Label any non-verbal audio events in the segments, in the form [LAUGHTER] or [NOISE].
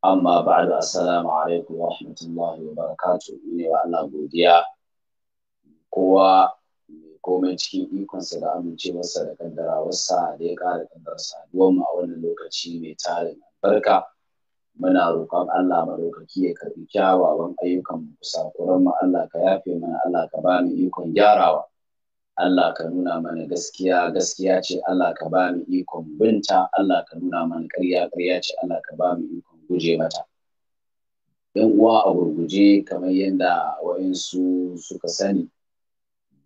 amma ba da assalamu alaikum wa rahmatullahi wa barakatu ne wa Allah godiya kowa komai cikin ikonsa da amincewarsa da kaddarawarsa da ya ƙara kaddara saduwar mu a wannan lokaci mai tarin albarka muna roƙon Allah madaukaki ya karbi kyawawan ayyukan mu kusakuran mu Allah ka yafe mana Allah ka ba mu ikon gyarawa Allah ka nuna mana gaskiya gaskiya ce Allah ka ba mu ikon binta Allah ka nuna mana ƙarya ƙarya ce Allah ka ba mu ikon guje mata yan uwa a gurguje kamar yadda waɗansu suka sani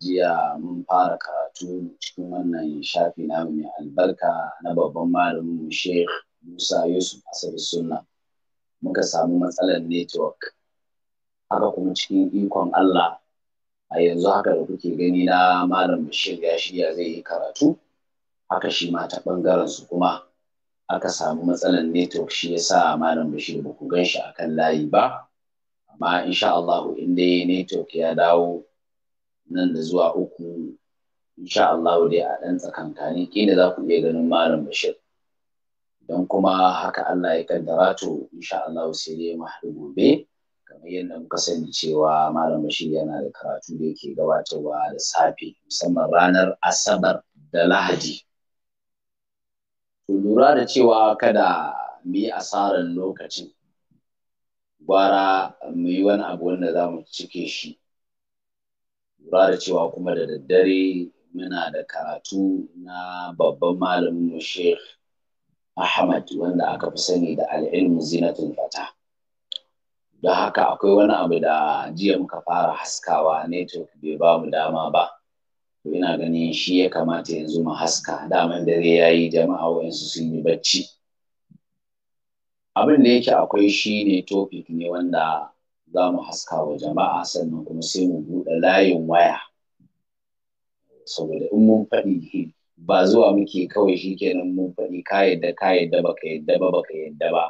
jiya mun fara karatu cikin wannan shafi na mai albarka na babban malamin sheikh musa yusuf asali sunna muka samu matsalar network haka kuma cikin ikon allah a yanzu haka da kuke gani na malam bashir ya shirya zai yi karatu haka shi mata ta ɓangaren su kuma aka samu matsalar network shi ya sa malam bashir ba ku gan shi akan layi ba amma insha Allah in dai network ya dawo nan da zuwa uku insha Allah dai a ɗan tsakankani kila za ku iya ganin malam bashir don kuma haka Allah ya kaddara to insha Allah sai dai mu haɗu gobe kamar yadda muka sani cewa malam bashir yana da karatu da yake gabatarwa da safe musamman ranar asabar da lahadi to lura da cewa kada mu yi asarar lokacin gwara mu yi wani abu wanda za mu cike shi lura da cewa kuma da daddare muna da karatu na babban malamin mu sheikh ahmad wanda aka fi sani da al'ilmu zinatin fata don haka akwai wani abu da jiya muka fara haskawa network bai ba mu dama ba ina ganin shi ya kamata yanzu mu haska daman dare ya yi jama'a wa'insu sun yi bacci abin da yake akwai shi ne topic ne wanda za mu haska wa jama'a sannan kuma sai mu buɗe layin waya saboda in mun faɗi ba zuwa muke kawai shi kenan mun faɗi ka yadda ka yadda ba ka yadda ba ka yadda ba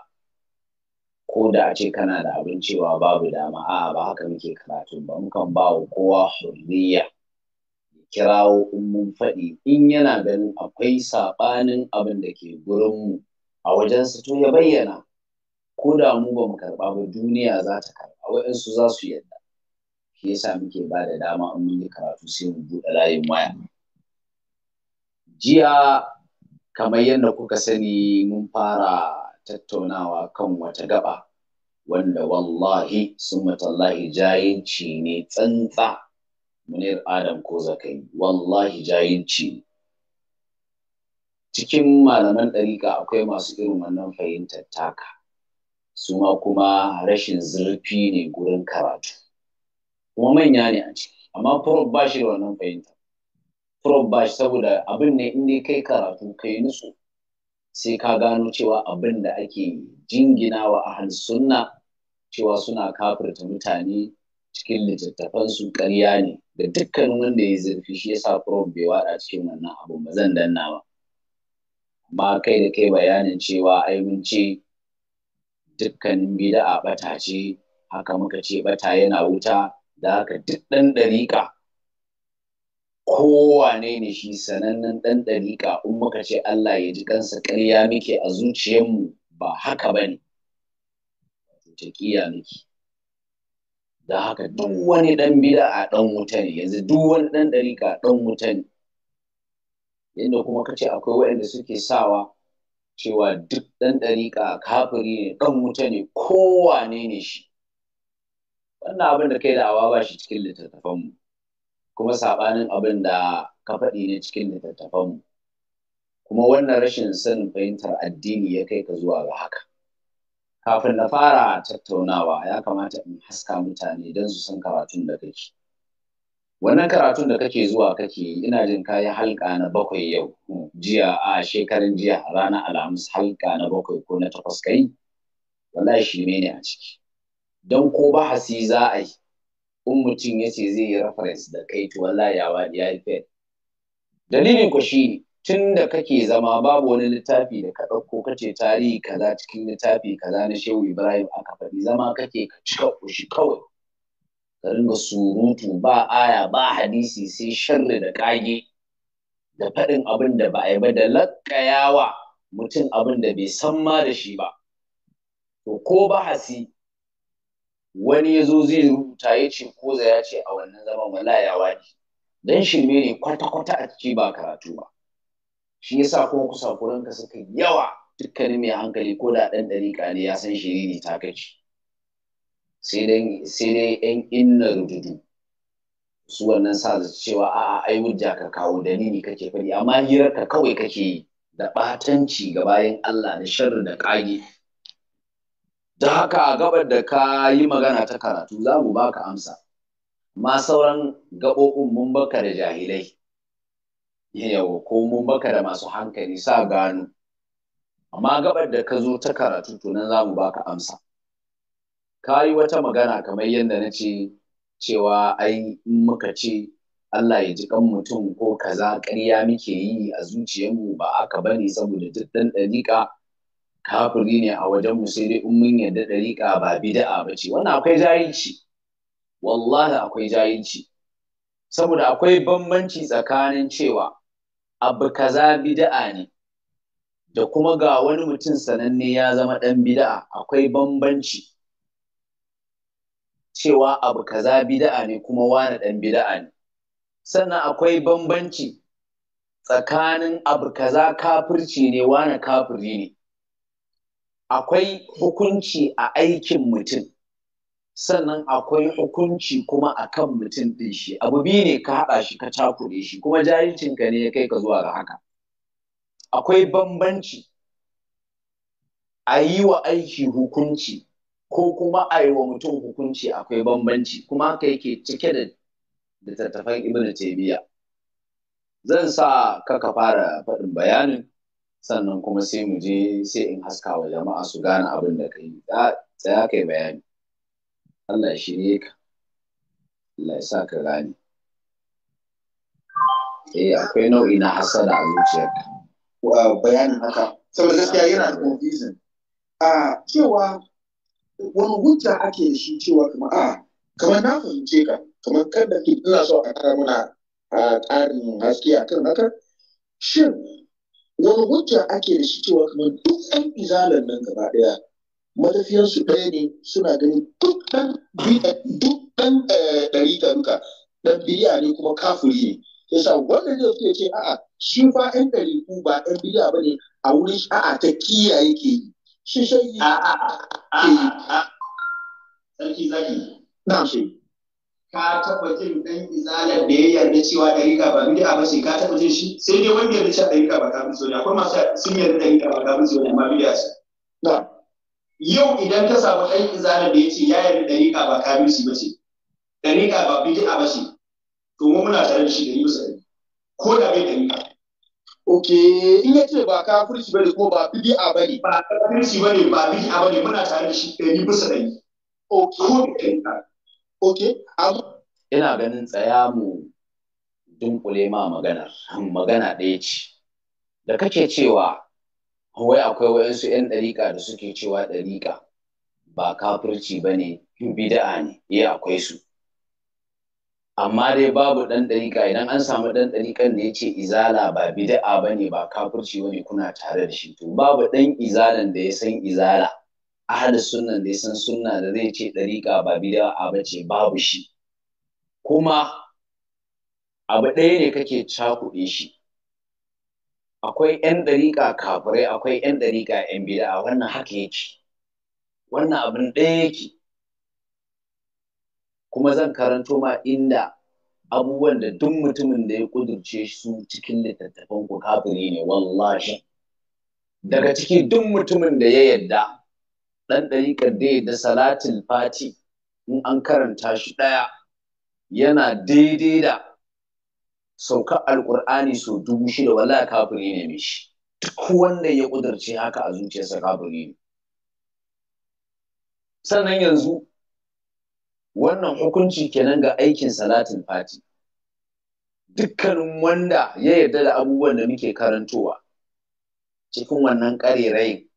ko da a ce kana da abin cewa babu dama a'a ba haka muke karatu ba mukan ba wa kowa hurriya kirawo in mun faɗi in yana ganin akwai saɓanin abin da ke gurinmu a wajen to ya bayyana ko da mu ba mu karɓa ba duniya za ta karɓa wa'insu za su yadda shi yasa muke ba da dama in mun yi karatu sai mu buɗe layin waya jiya kamar yadda kuka sani mun fara tattaunawa kan wata gaba wanda wallahi sun matallahi jayanci ne tsantsa munir adam ko zakai wallahi jayinci cikin malaman ɗariƙa akwai masu irin wannan fahimtar taka su ma kuma rashin zurfi ne gurin karatu kuma manya ne a ciki amma prof ba shi wannan fahimtar prof ba shi saboda abin ne in dai kai karatu kai nutsu sai ka gano cewa abin da ake jinginawa a sunna cewa suna kafirta mutane cikin littattafan su ƙarya ne da dukkan wanda ya zurfi shi yasa prof bai wada cikin wannan abu ba zan danna ba amma kai da kai bayanin cewa ai mun ce dukkanin bid'a bata ce haka muka ce bata yana wuta da haka duk ɗan ɗariƙa kowane ne shi sanannen ɗan ɗariƙa in muka ce Allah ya ji kansa ƙarya muke a zuciyarmu ba haka bane ne. Taƙiya muke. da haka duk wani ɗan bida a ɗan wuta ne yanzu duk wani ɗan ɗarika ɗan wuta ne yanda kuma kace akwai waɗanda suke sawa cewa duk ɗan ɗarika kafiri ne ɗan wuta ne ko wane ne shi wannan abin da kai da awa ba shi cikin mu, kuma saɓanin abin da ka faɗi ne cikin littattafan mu, kuma wannan rashin sanin fahimtar addini ya kai ka zuwa ga haka kafin na fara tattaunawa ya kamata in haska mutane don su san karatun da kake wannan karatun da kake zuwa kake ina jin kayi halka na bakwai yau jiya a shekarun jiya ranar alhamis halka na bakwai ko na takwas kai wallahi shi ne a ciki don ko ba hasi za a yi in mutum ya ce zai yi reference da kai to wallahi ya yi ya yi dalilin ku shi ne tun da kake zama babu wani littafi da ka ɗauko kace tarihi kaza cikin littafi kaza na shehu ibrahim aka faɗi zama kake ka cika ƙushi kawai ka rinka surutu ba aya ba hadisi sai sharri da ƙage da faɗin abin da ba a yi ba da laƙayawa mutum abin da bai san ma da shi ba to ko bahasi wani ya zo zai rubuta ya ce ko ya ce a wannan zaman wala ya wani dan shirme ne kwata-kwata a ciki ba karatu ba shi yasa kuma kusakuranka suka yi yawa dukkanin mai hankali ko da ɗan ɗariƙa ne ya san shiriri ta kaci sai dai yan inna rududu su wannan sa da cewa a ai hujja ka kawo dalili kake faɗi amma hirar ka kawai kake yi da ɓatanci ga bayan Allah da sharri da ƙage da haka a gabar da ka yi magana ta karatu za mu baka amsa ma sauran gaɓoɓin mun baka da jahilai yawa ko mun baka da masu hankali sa gano amma gabar da ka zo ta karatu to nan za mu baka amsa ka yi wata magana kamar yadda na ce cewa ai in muka ce Allah ya ji kan mutum ko kaza ƙarya muke yi a zuciyarmu ba aka bane saboda duk ɗan ɗariƙa kafiri ne a wajen mu sai dai in mun yarda ɗariƙa ba bida'a ba ce wannan akwai jahilci wallahi akwai jahilci saboda akwai bambanci tsakanin cewa abu kaza bid'a ne da kuma ga wani mutum sananne ya zama ɗan bida'a akwai bambanci cewa abu kaza bida'a ne kuma wani ɗan bida'a ne sannan akwai bambanci tsakanin abu kaza kafirci ne wani kafiri ne akwai hukunci a aikin mutum sannan akwai hukunci kuma akan mutum ɗin shi abu biyu ne ka haɗa shi ka cakuɗe shi kuma jahilcinka ne ya kai ka zuwa ga haka akwai bambanci a yi wa aiki hukunci ko kuma a yi wa mutum hukunci akwai bambanci kuma haka yake cike da littattafan ibnu taymiya zan sa ka ka fara faɗin bayanin sannan kuma sai mu je sai in haska wa jama'a su gane abin da kai tsaya kai bayani Allah ya shirye ka Allah ya sa ka gane eh akwai nau'i na hasada a zuciyarka wa bayanin haka saboda gaskiya yana da confusion a ah, cewa wani hujja ake da shi cewa kamar a ah, kamar na fahimce ka kamar kada ki ina so a kara mana a ƙarin haske akan haka shin wani hujja ake da shi cewa kamar duk ɗan izalan nan gaba ɗaya matafiyarsu ɗaya ne suna ganin duk eh, ɗan ɗari ɗaruka ɗan biliya ne kuma kafuri ne yasa wannan zai suke ce a'a shi fa ɗan ɗari ku ba ɗan biliya ba ne a wurin a'a ta kiyaye ke yi shi shan yi ke yi sarki zaki na shi ka taɓa jin ɗan izalar da ya yarda cewa ɗarika ba bid'a ba shi ka taɓa jin shi sai dai wanda yarda cewa ɗarika ba kafin soja akwai masu sun yarda ɗarika ba kafin soja amma bid'a su. yau idan ta samu aiki izana da ya ce ya yarda dariƙa ba kamirci ba ce dariƙa ba bid'a ba ce to mu muna tare da shi ɗari bisa ɗari ko da bai dariƙa Ok, in ya ce ba kafirci ba ne ko ba bid'a ba ne. Ba kafirci ba ne ba bid'a ba ne muna tare da shi ɗari bisa ɗari. Ok. Ko da dariƙa Ok, amma. Ina ganin tsaya mu dunkule ma magana, magana ɗaya ce. Da kake cewa wai akwai wayansu yan ɗariƙa da suke cewa ɗariƙa ba kafirci ba ne bida'a ne iya eh, akwai su amma dai babu ɗan ɗariƙa idan an samu ɗan ɗariƙan da ya ce izala ba bida'a ba ne ba kafirci ba ne kuna tare da shi to babu ɗan izalan da ya san izala ahada sunan da ya san sunna da zai ce ɗariƙa ba bidaa ba ce babu shi kuma abu ɗaya ne kake cakuɗe shi akwai 'yan ɗariƙa kafirai akwai 'yan ɗariƙa 'yan bida wannan haka yake wannan abin ɗaya yake kuma zan karanto ma inda abubuwan da duk mutumin da ya ƙudurce su cikin littattafan ku kafiri ne wallahi daga ciki duk mutumin da ya yadda ɗan ɗariƙar da yadda salatin fati in an karanta shi ɗaya yana daidai da sauka alkur'ani sau dubu shida wala kafiri ne mai shi duk wanda ya kudarce haka a zuciyarsa kafiri ne sannan yanzu wannan hukunci kenan ga aikin salatin fati dukkanin wanda ya yarda da abubuwan da muke karantowa cikin wannan ƙarerayin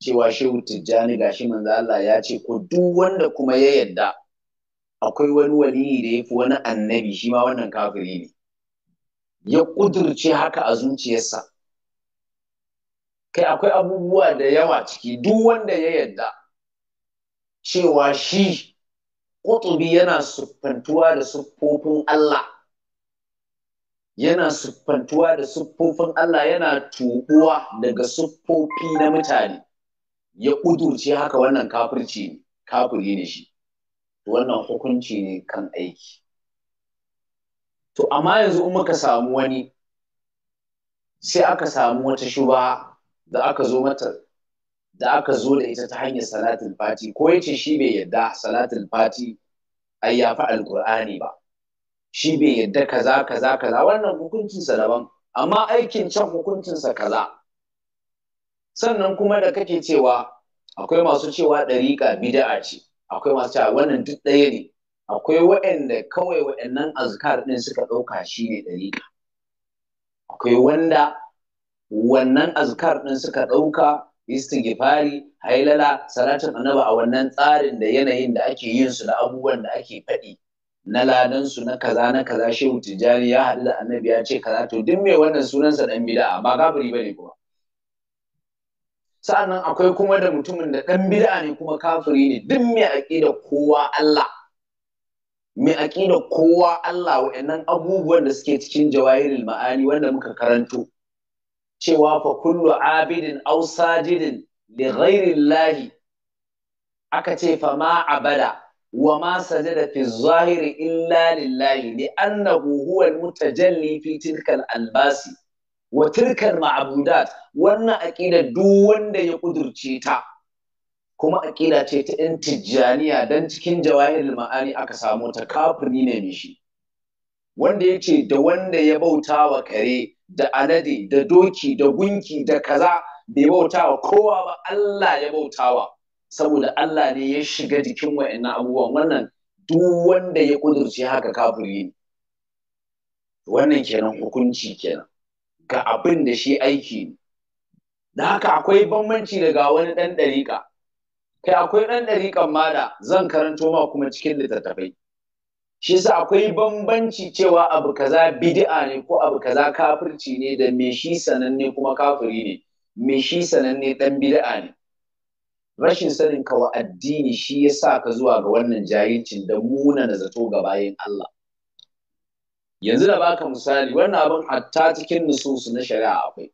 cewa shehu tijjani gashi manzo Allah ya ce ko duk wanda kuma ya yarda akwai wani waliyi da ya fi wani annabi shi ma wannan kafiri ne ya ƙudurce haka a zuciyarsa kai akwai abubuwa da yawa ciki duk wanda ya yadda cewa shi ƙutubi yana siffantuwa da siffofin Allah yana siffantuwa da siffofin Allah yana tuɓuwa daga siffofi na mutane ya ƙudurce haka wannan kafirci ne kafiri ne shi wannan hukunci ne kan aiki to amma yanzu in muka samu wani sai aka samu wata shuba da aka zo mata da aka zo da ita ta hanyar salatul fati ko yace shi bai yadda salatul fati ai ya fi ba shi bai yadda kaza kaza kaza wannan hukuncinsa daban amma aikin can hukuncinsa kaza sannan kuma da kake cewa akwai masu cewa dariƙa bida'a ce akwai masu cewa wannan duk ɗaya ne akwai waɗanda kawai waɗannan azkar ɗin suka ɗauka shi ne ɗariƙa akwai wanda wannan azkar ɗin suka ɗauka istighfari hailala salatin annaba a wannan tsarin da yanayin da ake yin su da abubuwan da ake faɗi na ladan su na kaza na kaza shehu tijjani ya haɗu da annabi ya ce kaza to duk mai wannan sunansa ɗan bid'a ba kafiri bane kuma sa'annan akwai kuma da mutumin da ɗan bid'a ne kuma kafiri ne duk mai aƙida kowa Allah mai aƙida kowa Allah wa'annan abubuwan da suke cikin jawahirul ma'ani wanda muka karanto cewa fa kullu abidin aw sajidin li ghairillahi aka ce fa ma abada wa ma sajada fi zahiri illa lillahi li annahu huwa al-mutajalli fi tilkal albasi wa tilkal ma'budat wannan aqida duk wanda ya kudurce ta kuma aƙida ce ta ‘yan tijjaniya don cikin jawahir ma'ani aka samu ta kafin ne mai shi wanda ya ce da wanda ya bauta wa kare da alade da doki da gunki da kaza bai bauta wa kowa ba Allah ya bautawa saboda Allah ne ya shiga jikin wa'in abubuwan wannan duk wanda ya ƙudurci haka kafiri ne wannan kenan hukunci kenan ga abin da shi aiki ne da haka akwai bambanci daga wani ɗan ɗariƙa kai akwai ɗan ɗariƙan ma zan karanto ma kuma cikin littattafai shi sa akwai bambanci cewa abu kaza bidi'a ne ko abu kaza kafirci ne da me shi sananne kuma kafiri ne me shi sananne ɗan bid'a ne rashin sanin kawa addini shi ya sa ka zuwa ga wannan jahilcin da muna zato ga bayan Allah yanzu da baka misali wannan abin hatta cikin nususu na shari'a akwai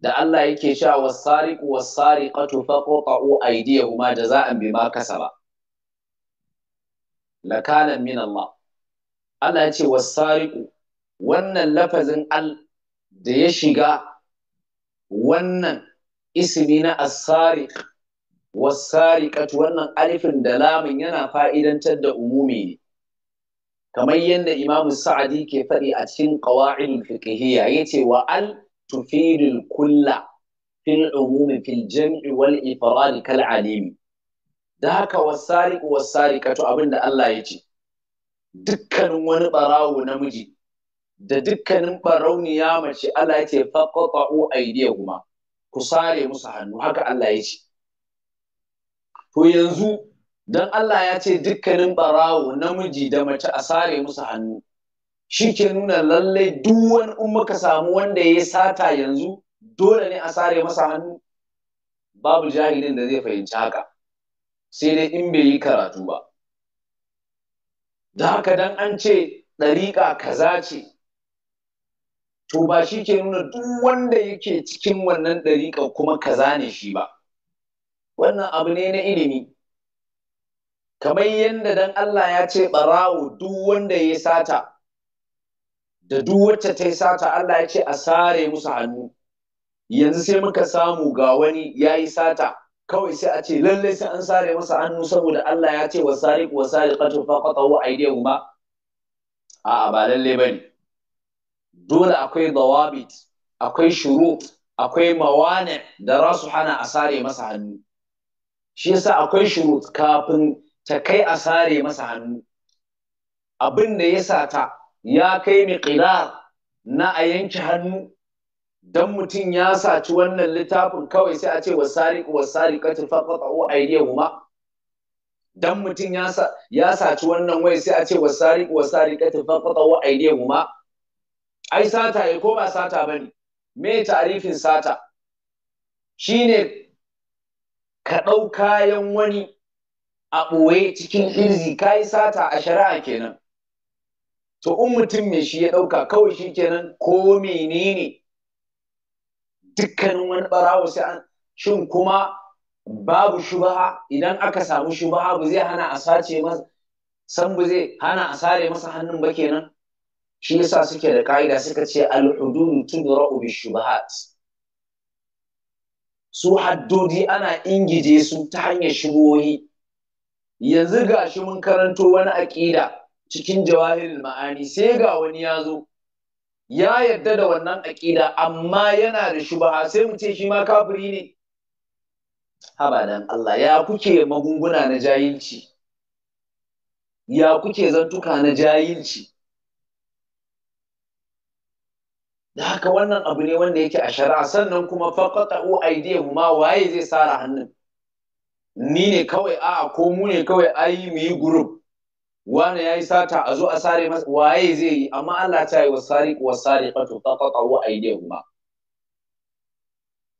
da Allah yake sha wasariqu wasariqatu faqta'u aydiyahuma jaza'an bima kasaba lakalan min Allah Allah ya ce wasariku, wannan lafazin al da ya shiga wannan ismi na as-sariq wannan alifin da lamin yana fa'idantar da umumi ne kamar yadda Imam Sa'adi ke faɗi a cikin qawa'id fiqhiyya yace wa al تفيد الكل في العموم في الجمع والإفراد كالعليم da haka wasariq wasariqatu abinda Allah ya ce dukkanin wani barawo namiji da dukkanin barauniya mace Allah ya ce faqatu aydiyahuma ku sare musu hannu haka Allah ya ce to yanzu dan Allah ya ce dukkanin barawo namiji da mace a sare musu hannu shi ke nuna lallai duk wani in muka samu wanda ya sata yanzu dole ne a sare masa hannu babu jahilin da zai fahimci haka sai dai in bai yi karatu ba da haka dan an ce ɗariƙa kaza ce to ba shi ke nuna duk wanda yake cikin wannan ɗariƙa kuma kaza ne shi ba wannan abu ne na ilimi kamar yadda dan Allah ya ce ɓarawo duk wanda ya sata da duk wacce ta yi sata Allah ya ce a sare musu hannu yanzu sai muka samu ga wani ya yi sata kawai sai a ce lallai sai an sare masa hannu saboda Allah ya ce wasariqu wasariqatu yau ba. a'a ba lallai ba ne. dole akwai dawabit akwai shuru akwai mawane da za su hana a sare masa hannu shi yasa akwai shuru kafin ta kai a sare masa hannu abin da ya sata ya kai miƙilar na a yanki hannu Don mutum ya saci wannan littafin kawai sai a ce wa wa wasari katil faqatu aydihuma dan huma Don mutum ya saci wannan wai sai a ce wa wasari wasari katil faqatu huma ai sata ya ko ba sata ne, me tarifin sata ne ka ɗau kayan wani a ɓoye cikin irzi yi sata a shari'a kenan so in mutum mai shi ya ɗauka kawai shi kenan ko menene dukkanin wani ɓarawo sai an shin kuma babu shubaha idan aka samu shubaha ba zai hana a sace masa san ba zai hana a sare masa hannun ba kenan shi yasa suke da ka'ida suka ce al-hudud tudra'u bi shubahat su haddodi ana ingije su ta hanyar shubohi yanzu gashi mun karanto wani aƙida cikin jawahirin ma'ani sai ga wani ya zo ya yarda da wannan aƙida amma yana da shubaha sai mu ce shi ma kafiri ne Haba dan Allah ya kuke magunguna na jahilci ya kuke zantuka na jahilci da haka wannan abu ne wanda yake a shari'a sannan kuma u mu ma waye zai sara hannun ni ne kawai a'a ko mu ne kawai ayi mu yi group wani yi sata a zo a sare masa waye zai yi amma Allah ta yi wasariq wa aidiya kuma?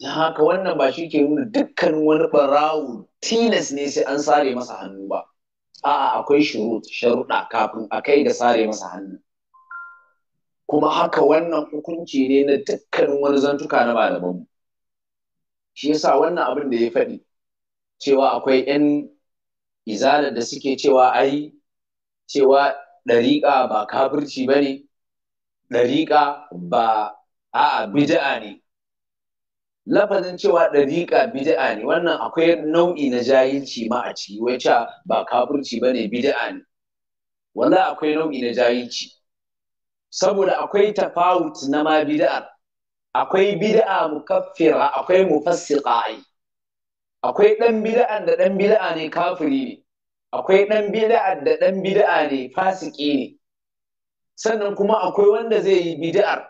dan haka wannan ba shi ke nuna dukkan wani barawo tilas ne sai an sare masa hannu ba a'a akwai shurut sharuɗa kafin a kai ga sare masa hannu kuma haka wannan hukunci ne na dukkanin wani zantuka na mu shi yasa wannan abin da ya faɗi cewa akwai 'yan izalar da suke cewa ai cewa ɗariƙa ba kafirci ba ne ɗariƙa ba a'a bid'a ne lafazin cewa ɗariƙa bid'a ne wannan akwai nau'i na jahilci ma a ciki wacce ba kafirci ba ne bid'a ne wanda akwai nau'i na jahilci saboda akwai tafawut na ma bid'ar akwai bid'a mukaffira akwai mufassiqa ai akwai ɗan bid'an da ɗan bid'a ne kafiri ne akwai ɗan bida'a da ɗan bida'a ne fasiki ne sannan kuma akwai wanda zai yi bida'ar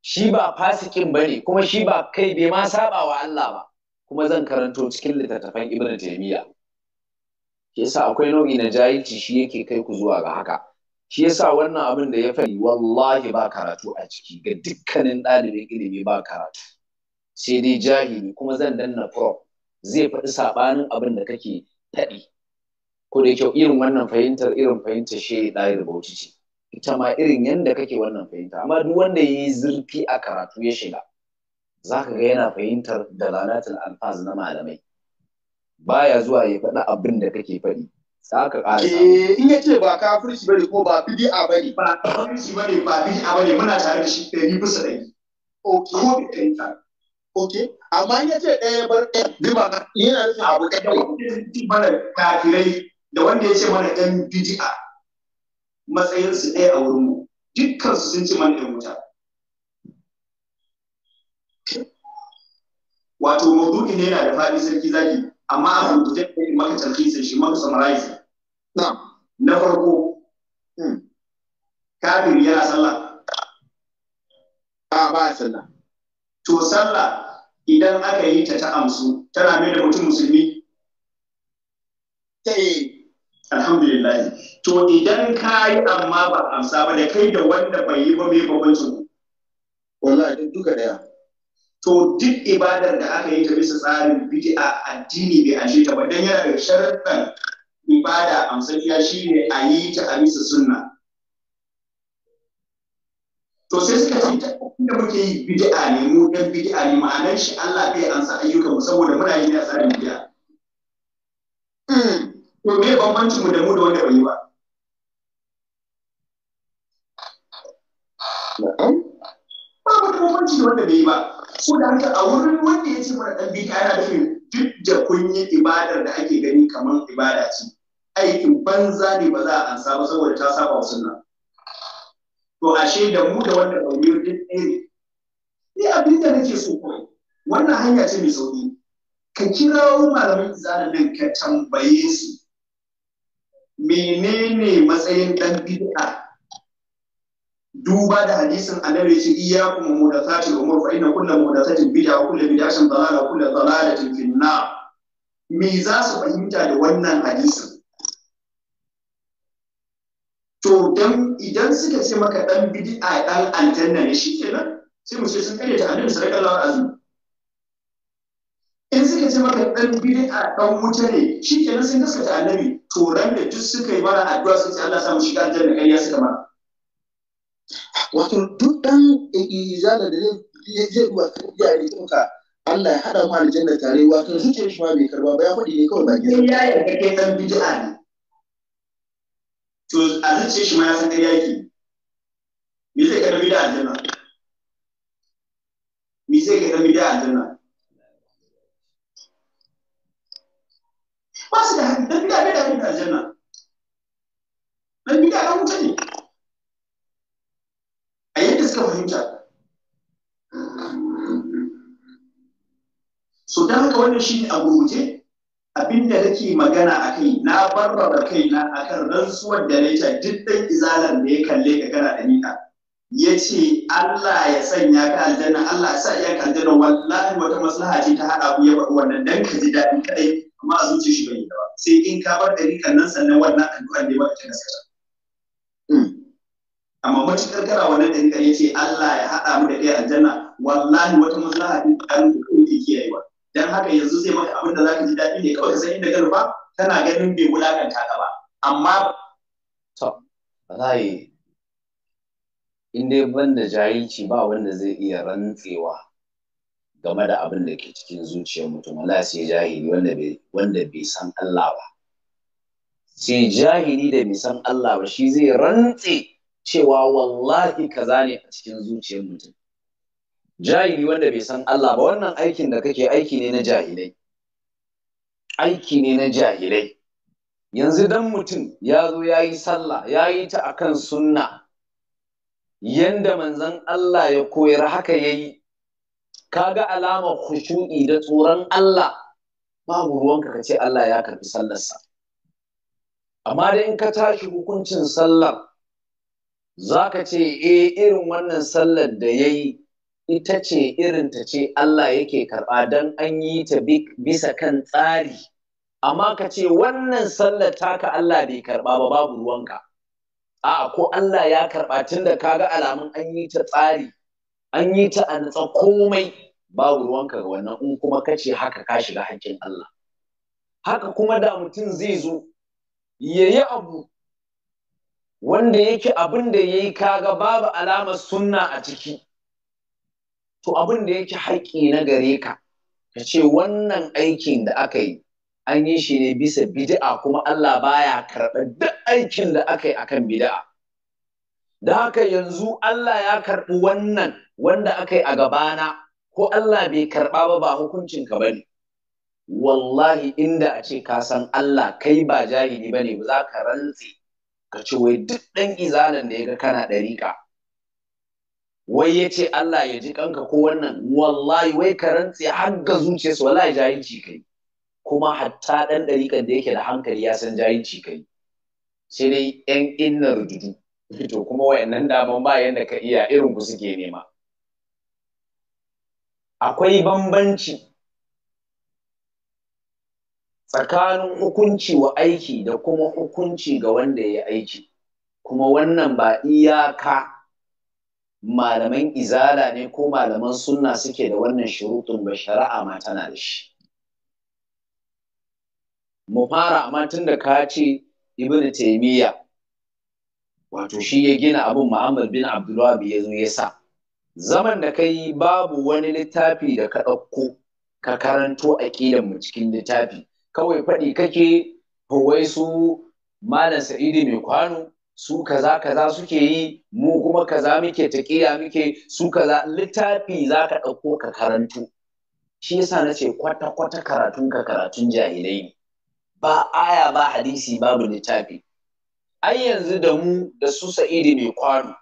shi ba fasikin ba ne kuma shi ba kai bai ma saba wa Allah ba kuma zan karanto cikin littattafan ibn taymiya shi yasa akwai nau'i na jahilci shi yake kai ku zuwa ga haka shi yasa wannan abin da ya faɗi wallahi ba karatu a ciki ga dukkanin ɗalibin ilimi ba karatu sai dai jahili kuma zan danna prop zai faɗi saɓanin abin da kake faɗi ko da yake irin wannan fahimtar irin fahimtar shi ɗaya da bauchi ce ita ma irin yanda kake wannan fahimta amma duk wanda yayi zurfi a karatu ya shiga zaka ga yana fahimtar dalalatul alfaz na malamai baya zuwa ya faɗi abin da kake faɗi saka ƙara eh in yace ba kafirci bane ko ba bid'a bane ba kafirci bane ba bid'a bane muna tare da shi ɗari bisa ɗari okay ko bid'a okay amma in yace ɗaya bar ɗaya yana nufin abu ɗaya mana kafirai da wanda ya ce mana ɗan bidi'a matsayinsu ɗaya a wurinmu dukkan su sun ce mana ɗan wuta wato maudu'in ne yana da faɗi sarki zaki amma a rubuta ɗaya maka talhisin shi maka summarize na farko hmm. kafir yana sallah a ba sallah to sallah idan aka yi ta ta amsu tana mai da mutum musulmi eh. alhamdulillah to idan ka yi amma ba amsa ba da kai da wanda bai yi ba mai bambancin wallahi duk duka daya to duk ibadar da aka yi ta bisa tsarin bid'a addini bai ashe ta ba dan yana da sharuɗan ibada amsakiya shine a yi ta a bisa sunna to sai suka ce da muke yi bid'a ne mu dan bid'a ne ma'anar shi Allah bai amsa ayyukan mu saboda muna yi a tsarin bid'a hmm. to me bambancin mu da mu da wanda bai yi ba ba mu da bambanci da wanda bai yi ba ko da haka a wurin wanda ya ce mana dan ka yana nufin duk da kun yi ibadar da ake gani kamar ibada ce aikin banza ne ba za a ansa ba saboda ta saba wa sunna to ashe da mu da wanda bai yi duk ɗaya ne ni abin da nake so kawai wannan hanya ce mai sauki ka kirawo malamin izanin nan ka tambaye su menene matsayin dan bid'a duba da hadisin annabi ce iyyakum muhdathatil umur fa inna kullu muhdathatin bid'a wa kullu bid'atin dalala wa kullu dalalatin fin nar me za su fahimta da wannan hadisin to dan idan suka ce maka dan bid'a dan aljanna ne shikenan sai mu ce sun kare ta annabi sallallahu alaihi wasallam ka ce maka dan bid'a dan wuta ne shi ke nan sun gaskata annabi to ran da duk suka yi mana addu'a sun ce Allah ya samu shiga aljanna kai ya suka ma wato duk dan izala da zai zai duba ya yi tunka Allah ya hada mu aljanna tare wato zuciyar shi ma bai karba ba ya faɗi ne kawai ba baki ya yi yarda kai dan bid'a ne to a zuciyar shi ma ya san kai yake me zai karbi da aljanna me zai karbi da aljanna wannan ne a gurguje abinda kake magana a kai na kai na a kan rantsuwar da naita duk dan izalar da ya kalle ka gara da nika ya ce Allah ya sanya ka aljanna Allah ya sa ya ka aljanna wallahi wata maslaha ce ta haɗa ku ya faɗi wannan dan ka ji daɗin kaɗai amma a zuciya shi bai yi ba sai in ka bar ɗari kan nan sannan wannan addu'ar ne ba ta gaskata hmm. amma matuƙar kara wannan ka ya ce Allah ya haɗa mu da kai aljanna wallahi wata maslaha ne ba ku da kiyaye kiyayewa dan haka yanzu zai maka abin da za ka ji daɗi ne kawai san inda ka rufa kana ganin bai wulakanta ka ba amma to wallahi in dai banda jahilci ba wanda zai iya rantsewa game da abin da ke cikin zuciyar mutum Allah sai jahili wanda bai wanda bai san Allah ba sai jahili da bai san Allah ba shi zai rantse cewa wallahi kaza ne a cikin zuciyar mutum jahili wanda bai san Allah ba wannan aikin da kake aiki ne na jahilai aiki ne na jahilai yanzu dan mutum ya zo ya yi sallah ya yi ta akan sunna yanda manzon Allah ya koyar haka ya yi kaga alamar khushu'i da tsoron Allah babu ruwanka ka ce Allah ya karbi sallarsa amma da in ka tashi hukuncin sallar za ka ce eh irin wannan sallar da ya yi ita ce irinta ce Allah yake karɓa don an yi ta bisa kan tsari amma ka ce wannan sallar taka Allah bai karɓa ba babu ruwanka a'a ko Allah ya karɓa tun da kaga alamun an yi ta tsari an yi ta a natsa komai babu ruwanka ga wannan in kuma ka ce haka ka shiga hakkin Allah haka kuma da mutum zai zo ya yi abu wanda yake abin da ya yi kaga babu alamar sunna a ciki to abin da yake haƙƙi na gare ka ka ce wannan aikin da aka yi an yi shi ne bisa bid'a kuma Allah baya karɓar duk aikin da aka yi akan bid'a da haka yanzu Allah ya karɓi wannan wanda aka yi a gabana ko Allah bai karɓa ba ba hukuncin ka bane wallahi inda a ce ka san Allah kai ba jahili bane ba za ka rantse ka ce wai duk ɗan izalan da ya ga kana ɗariƙa wai ya ce Allah ya ji kanka ko wannan wallahi wai ka rantse har ga zuciyarsa wallahi jahilci kai kuma hatta ɗan ɗarikan da yake da hankali ya san jahilci kai sai dai ƴan innar rududu to kuma wayannan daman ba yanda ka iya irin ku suke nema akwai bambanci tsakanin hukunci wa aiki da kuma hukunci ga wanda ya yi aiki kuma wannan ba iyaka malaman izala ne ko malaman sunna suke da wannan shurutun ba shari'a ma tana da shi mu fara amma tun da ka ce ibnu taymiya wato shi ya gina abin muhammad bin abdullahi ya zo ya sa zaman da ka yi babu wani littafi da ka ɗauko ka karanto a mu cikin littafi kawai faɗi kake huwai su malam sa'idi mai kwano su kaza kaza suke yi mu kuma kaza muke taƙiya muke su kaza littafi za ka ɗauko ka karantu shi yasa na ce kwata kwata karatun ka karatun jahilai ne ba aya ba hadisi babu littafi ai yanzu da mu da su sa'idi mai kwano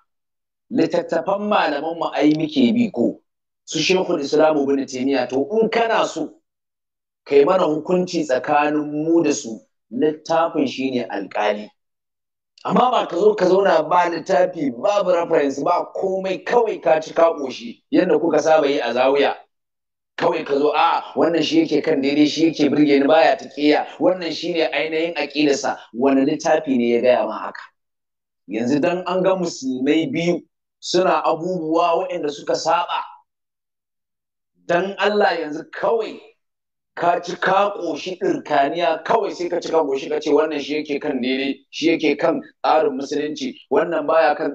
littattafan malaman mu ai muke bi ko su shehu islamu bin taimiya to in kana so kai mana hukunci tsakanin mu da su littafin shine alƙali amma ba ka zo ka zauna ba littafi babu reference ba komai kawai ka ci ka ƙoshi yadda kuka saba yi a zawiya kawai ka zo a wannan shi yake kan daidai shi yake birge ni baya ta kiya wannan shi ne ainihin aƙidarsa wani littafi ne ya gaya ma haka yanzu dan an ga musulmai biyu suna abubuwa waɗanda suka saba dan Allah yanzu kawai ka ci ka ƙoshi ɗirkaniya kawai sai ka ci ka ƙoshi ka ce wannan shi yake kan daidai shi yake kan tsarin musulunci wannan baya kan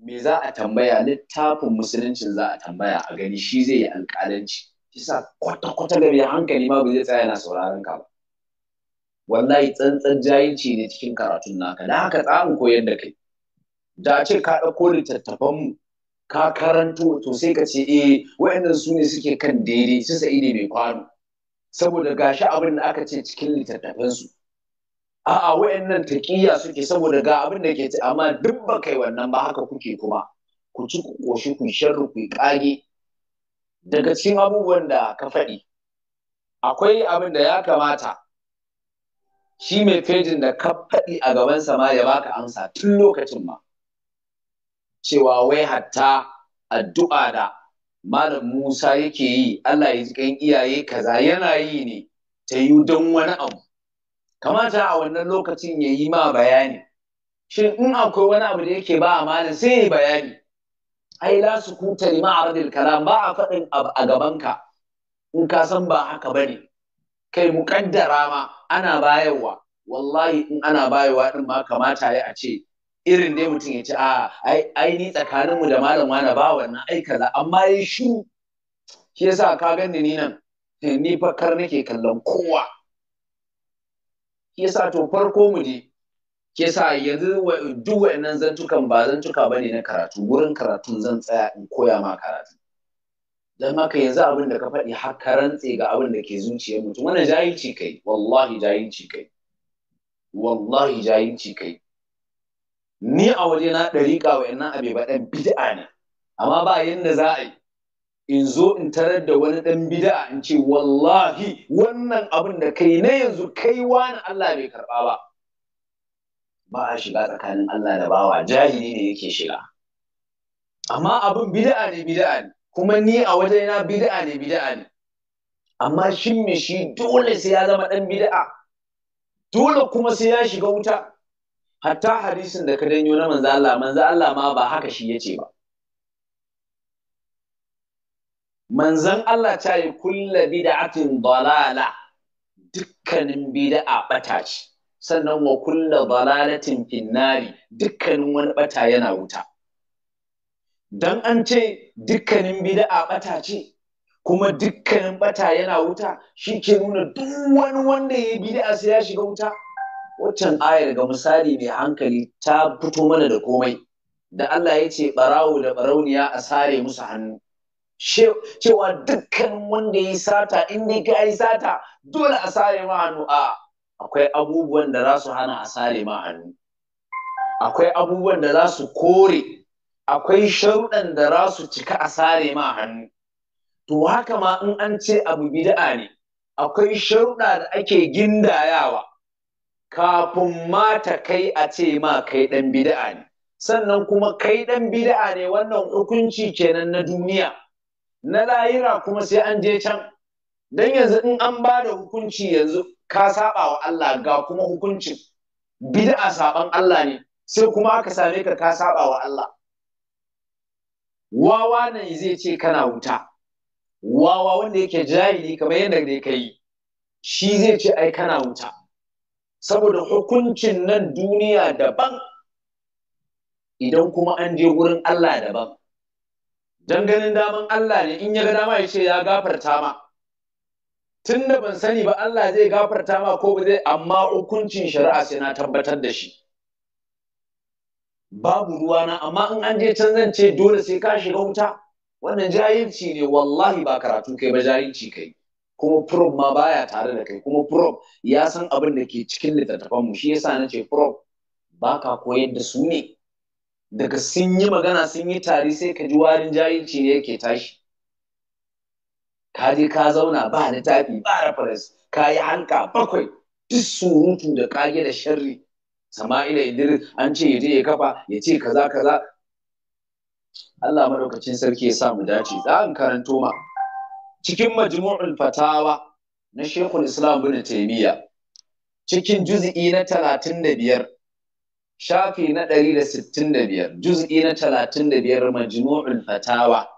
me za a tambaya littafin musuluncin za a tambaya a gani shi zai yi alƙalanci kisa kwata-kwata da mai hankali ma ba zai tsaya na sauraron ka ba wallahi tsantsan jayinci ne cikin karatun naka da haka tsarin koyar da kai da ce ka ɗauko littattafan mu ka karanto to sai ka ce eh Waɗannan su ne suke kan daidai su sa ne mai kwano saboda gashi abin da aka ce cikin littattafansu a'a wayannan taƙiyya suke saboda ga abin da ke ci amma duk ba kai wannan ba haka kuke kuma ku ci ku koshi ku sharru ku kage daga cikin abubuwan da ka faɗi akwai abin da ya kamata shi mai fejin da ka faɗi a gaban sama ya baka amsa tun lokacin ma cewa wai hatta addu'a da malam Musa yake yi Allah ya ji iyaye kaza yana yi ne ta yi don wani abu kamata a wannan lokacin ya yi ma bayani shin in akwai wani abu da yake ba malam sai ya bayani ai la sukuta li ma'aradil kalam ba a faɗin a gabanka in ka san ba haka bane kai muƙaddara ma ana bayarwa wallahi in ana bayarwa din ma kamata ya a ce irin dai mutum ya ce a ai ni tsakaninmu da malam wani ba wannan ai kaza amma ya shu shi yasa ka gani ni nan eh, ni fakar nake kallon kowa shi yasa to farko mu je shi yasa yanzu duk wa'annan zantukan ba zantuka bane na karatu wurin karatun zan tsaya in koya ma karatu dan haka yanzu abin da ka faɗi har ka rantse ga abin da ke zuciyar mutum wannan jahilci kai wallahi jahilci kai wallahi jahilci kai ni a waje na ɗariƙa wa yannan abe ba ɗan bid'a ne amma ba da za a yi in zo in tarar da wani ɗan bid'a in ce wallahi wannan abin da kai na yanzu kai na Allah bai karɓa ba ba a shiga tsakanin Allah da bawa jahili ne yake shiga amma abin bid'a ne bid'a ne kuma ni a waje na bid'a ne bid'a ne amma shin me shi dole sai ya zama ɗan bid'a dole kuma sai ya shiga wuta hatta hadisin da ka danyo na manzo Allah manzo Allah ma ba haka shi yace ba Manzan Allah ta yi kulla bid'atin dalala dukkanin bid'a bata ce sannan wa kulla dalalatin finnari dukkanin wani bata yana wuta dan an ce dukkanin bid'a bata ce kuma dukkanin bata yana wuta shi ke nuna duk wani wanda ya yi bid'a sai ya shiga wuta waccan ayar ga misali mai hankali ta fito mana da komai da Allah ya ce barawo da barauniya a sare musu hannu cewa dukkan wanda ya sata in dai ka yi sata dole a sare ma hannu a akwai abubuwan da za su hana a sare ma hannu akwai abubuwan da za su kore akwai sharuɗan da za su cika a sare ma hannu to haka ma in an ce abu bid'a ne akwai sharuɗa da ake gindayawa kafin ma ta kai a ce ma kai ɗan bida'a ne sannan kuma kai ɗan bida'a ne wannan hukunci kenan na duniya na layira kuma sai an je can don yanzu in an ba da hukunci yanzu ka saba wa Allah ga kuma hukuncin bid'a saban Allah ne sai kuma aka same ka ka saba wa Allah wawa nan zai ce kana wuta wawa wanda yake jahili kamar yadda da ka yi shi zai ce ai kana wuta saboda hukuncin nan duniya daban idan kuma an je wurin Allah daban dan ganin daman Allah ne in ya ga dama ya ce ya gafarta ma tunda ban sani ba Allah zai gafarta ma ko ba zai amma hukuncin shari'a sai na tabbatar da shi babu ruwa na, amma in an je can zan ce dole sai ka shiga wuta wannan jahilci ne wallahi ba karatu kai ba jahilci kai kuma prof ma baya tare da kai kuma prof ya san abin da ke cikin littattafan mu shi yasa na ce prof baka koyar da su ne daga sun yi magana sun yi tari sai ka ji warin jayinci ne yake tashi ka je ka zauna ba tafi, ba reference ka yi hanka bakwai duk surutu da kage da sharri sama'ila idris an ce ya ya kafa ya ce kaza kaza Allah madaukakin sarki ya sa mu dace za mu karanto ma cikin majmu'ul fatawa na shekul Islam bin taimiyya, cikin juz'i na 35 shafi na 165 juz'i na 35 majmu'ul fatawa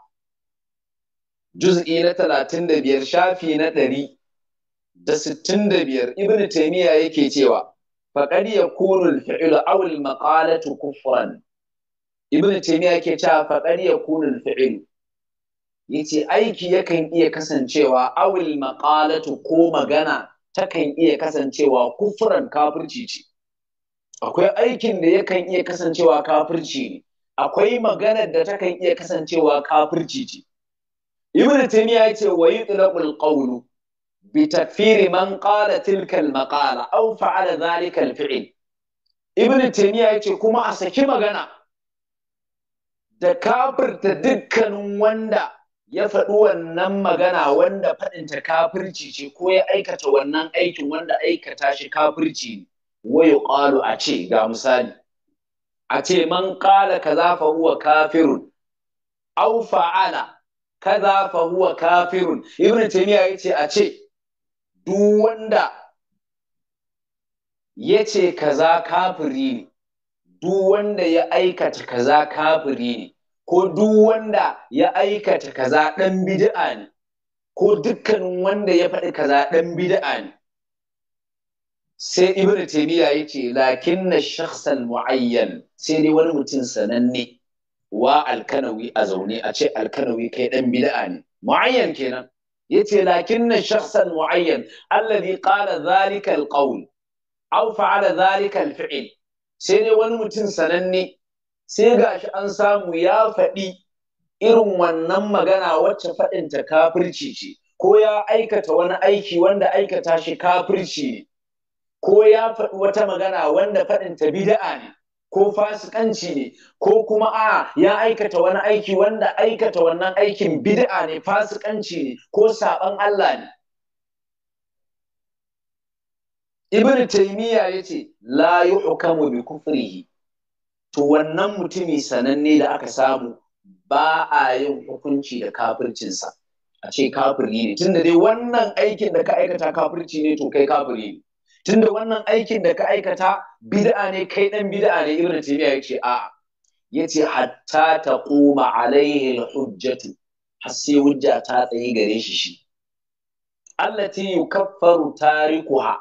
juz'i na 35 shafi na 100 da Ibn Taymiyyah yake cewa faqad yakunu al-fi'lu aw al-maqalatu kufran Ibn Taymiyyah yake cewa faqad yakunu al-fi'lu yace aiki yakan iya kasancewa awil maqalatu ko magana takan iya kasancewa kufran kafirci ce akwai aikin da yakan iya kasancewa kafirci ne akwai maganar da takan iya kasancewa kafirci ce ibn taymiya yace wa yutlaqul qawlu bi takfiri man qala tilka al maqala aw fa'ala dhalika al fi'l ibn taymiya yace kuma a saki magana da kafirta dukkanin wanda ya faɗi wannan magana wanda faɗinta kafirci ce ko ya aikata wannan aikin wanda aikata shi kafirci ne wayo ƙalu a ce ga misali a ce man ƙala ka fa huwa kafirun au fa'ala ka fa huwa kafirun ibnu taymiya yace a ce duk wanda yace kaza kafiri ne duk wanda ya aikata kaza kafiri ne ko duk wanda ya aikata kaza ɗan bid'a ne ko dukkanin wanda ya faɗi kaza ɗan bid'a ne sai ibn ce, yace na shakhsan muayyan sai dai wani mutum sananne wa alkanawi a zaune a ce alkanawi kai ɗan bid'a ne muayyan kenan Ya ce yace na shakhsan muayyan alladhi qala dhalika alqawl aw fa'ala dhalika alfi'l sai dai wani mutum sananne sai gashi an samu ya faɗi irin wannan magana wacce faɗinta kafirci ce ko ya aikata wani aiki wanda aikata shi kafirci ne ko ya faɗi wata magana wanda faɗinta bida'a ne ko fasikanci ne ko kuma a ya aikata wani aiki wanda aikata wannan aikin bid'a ne fasikanci ne ko saɓan Allah ne ibn taymiya yace la yuhkamu bi kufrihi to wannan mutumi sananne da aka samu ba a yin hukunci da kafircinsa a ce kafiri ne tunda dai wannan aikin da ka aikata kafirci ne to kai kafiri ne tunda wannan aikin da ka aikata bid'a ne kai dan bid'a ne irin Ya yace a yace hatta taquma alaihi alhujjatu har sai hujja ta tsaye gare shi shi allati yukaffaru tarikuha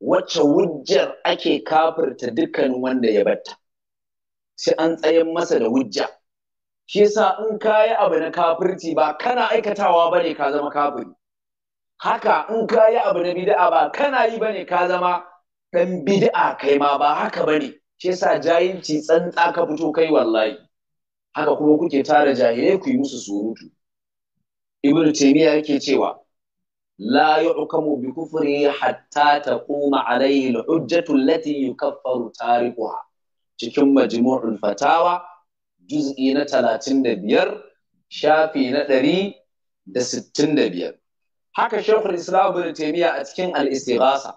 wacce hujjar ake kafirta dukkan wanda ya batta sai an tsayen masa da hujja shi yasa in ka yi abu na kafirci ba kana aikatawa ba ne ka zama kafiri haka in ka yi abu na bid'a ba kana yi ba ne ka zama ɗan bid'a kai ma ba haka ba ne shi yasa jahilci tsantsa ka fito kai wallahi haka kuma kuke tara jahilai ku yi musu surutu ibnu taymiya yake cewa la yu'kamu bi kufri hatta taquma alayhi al-hujjatu allati yukaffaru tariquha cikin majmu'ul fatawa juz'i na talatin da biyar shafi na ɗari da sittin da biyar haka shekul islam bin taimiyya a cikin al-istighasa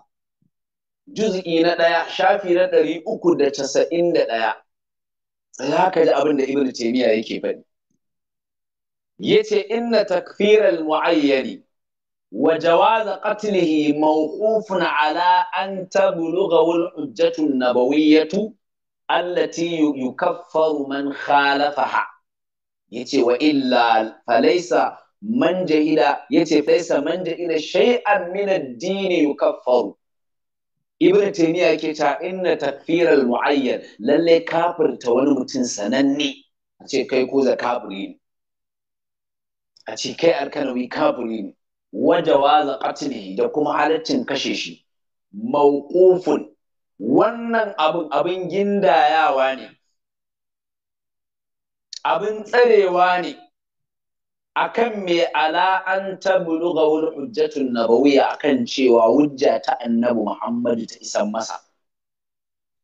juz'i na ɗaya shafi na ɗari uku da casa'in da ɗaya za ka ji abin da ibn taimiyya yake faɗi yace inna takfiral muayyani وجواز قتله موقوف على أن تبلغه الحجة النبوية allati yukaffaru man khalafaha yace wa illa falaisa man jahila yace falaisa man jahila shay'an min ad-din yukaffaru ibn taymiya yake ta inna takfir al Lallai lalle kafirta wani mutum sananne a ce kai ko za kafiri ne a ce kai ne da kuma halaccin kashe shi mawqufun wannan abin abin gindayawa ne abin tsarewa ne akan me ala an tabluga wal hujjatun nabawiyya akan cewa hujja ta annabi Muhammad ta isa masa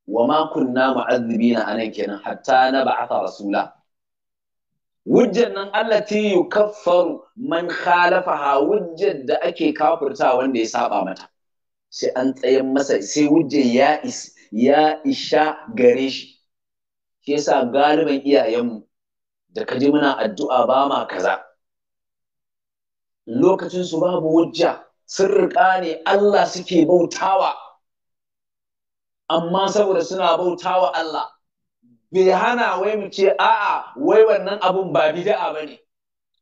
wa ma kunna mu'adhibina anan kenan hatta na ba'atha rasula hujjan nan allati yukaffaru man khalafaha hujjar da ake kafurta wanda ya saba mata sai an tsaye masa sai wuje ya isha gare shi shi yasa galiban iyayenmu da ka ji muna addu'a ba ma kaza lokacin su babu wujja sun riƙa ne Allah suke bautawa amma saboda suna bautawa Allah bai hana wai mu ce a'a wai wannan abun ba bid'a bane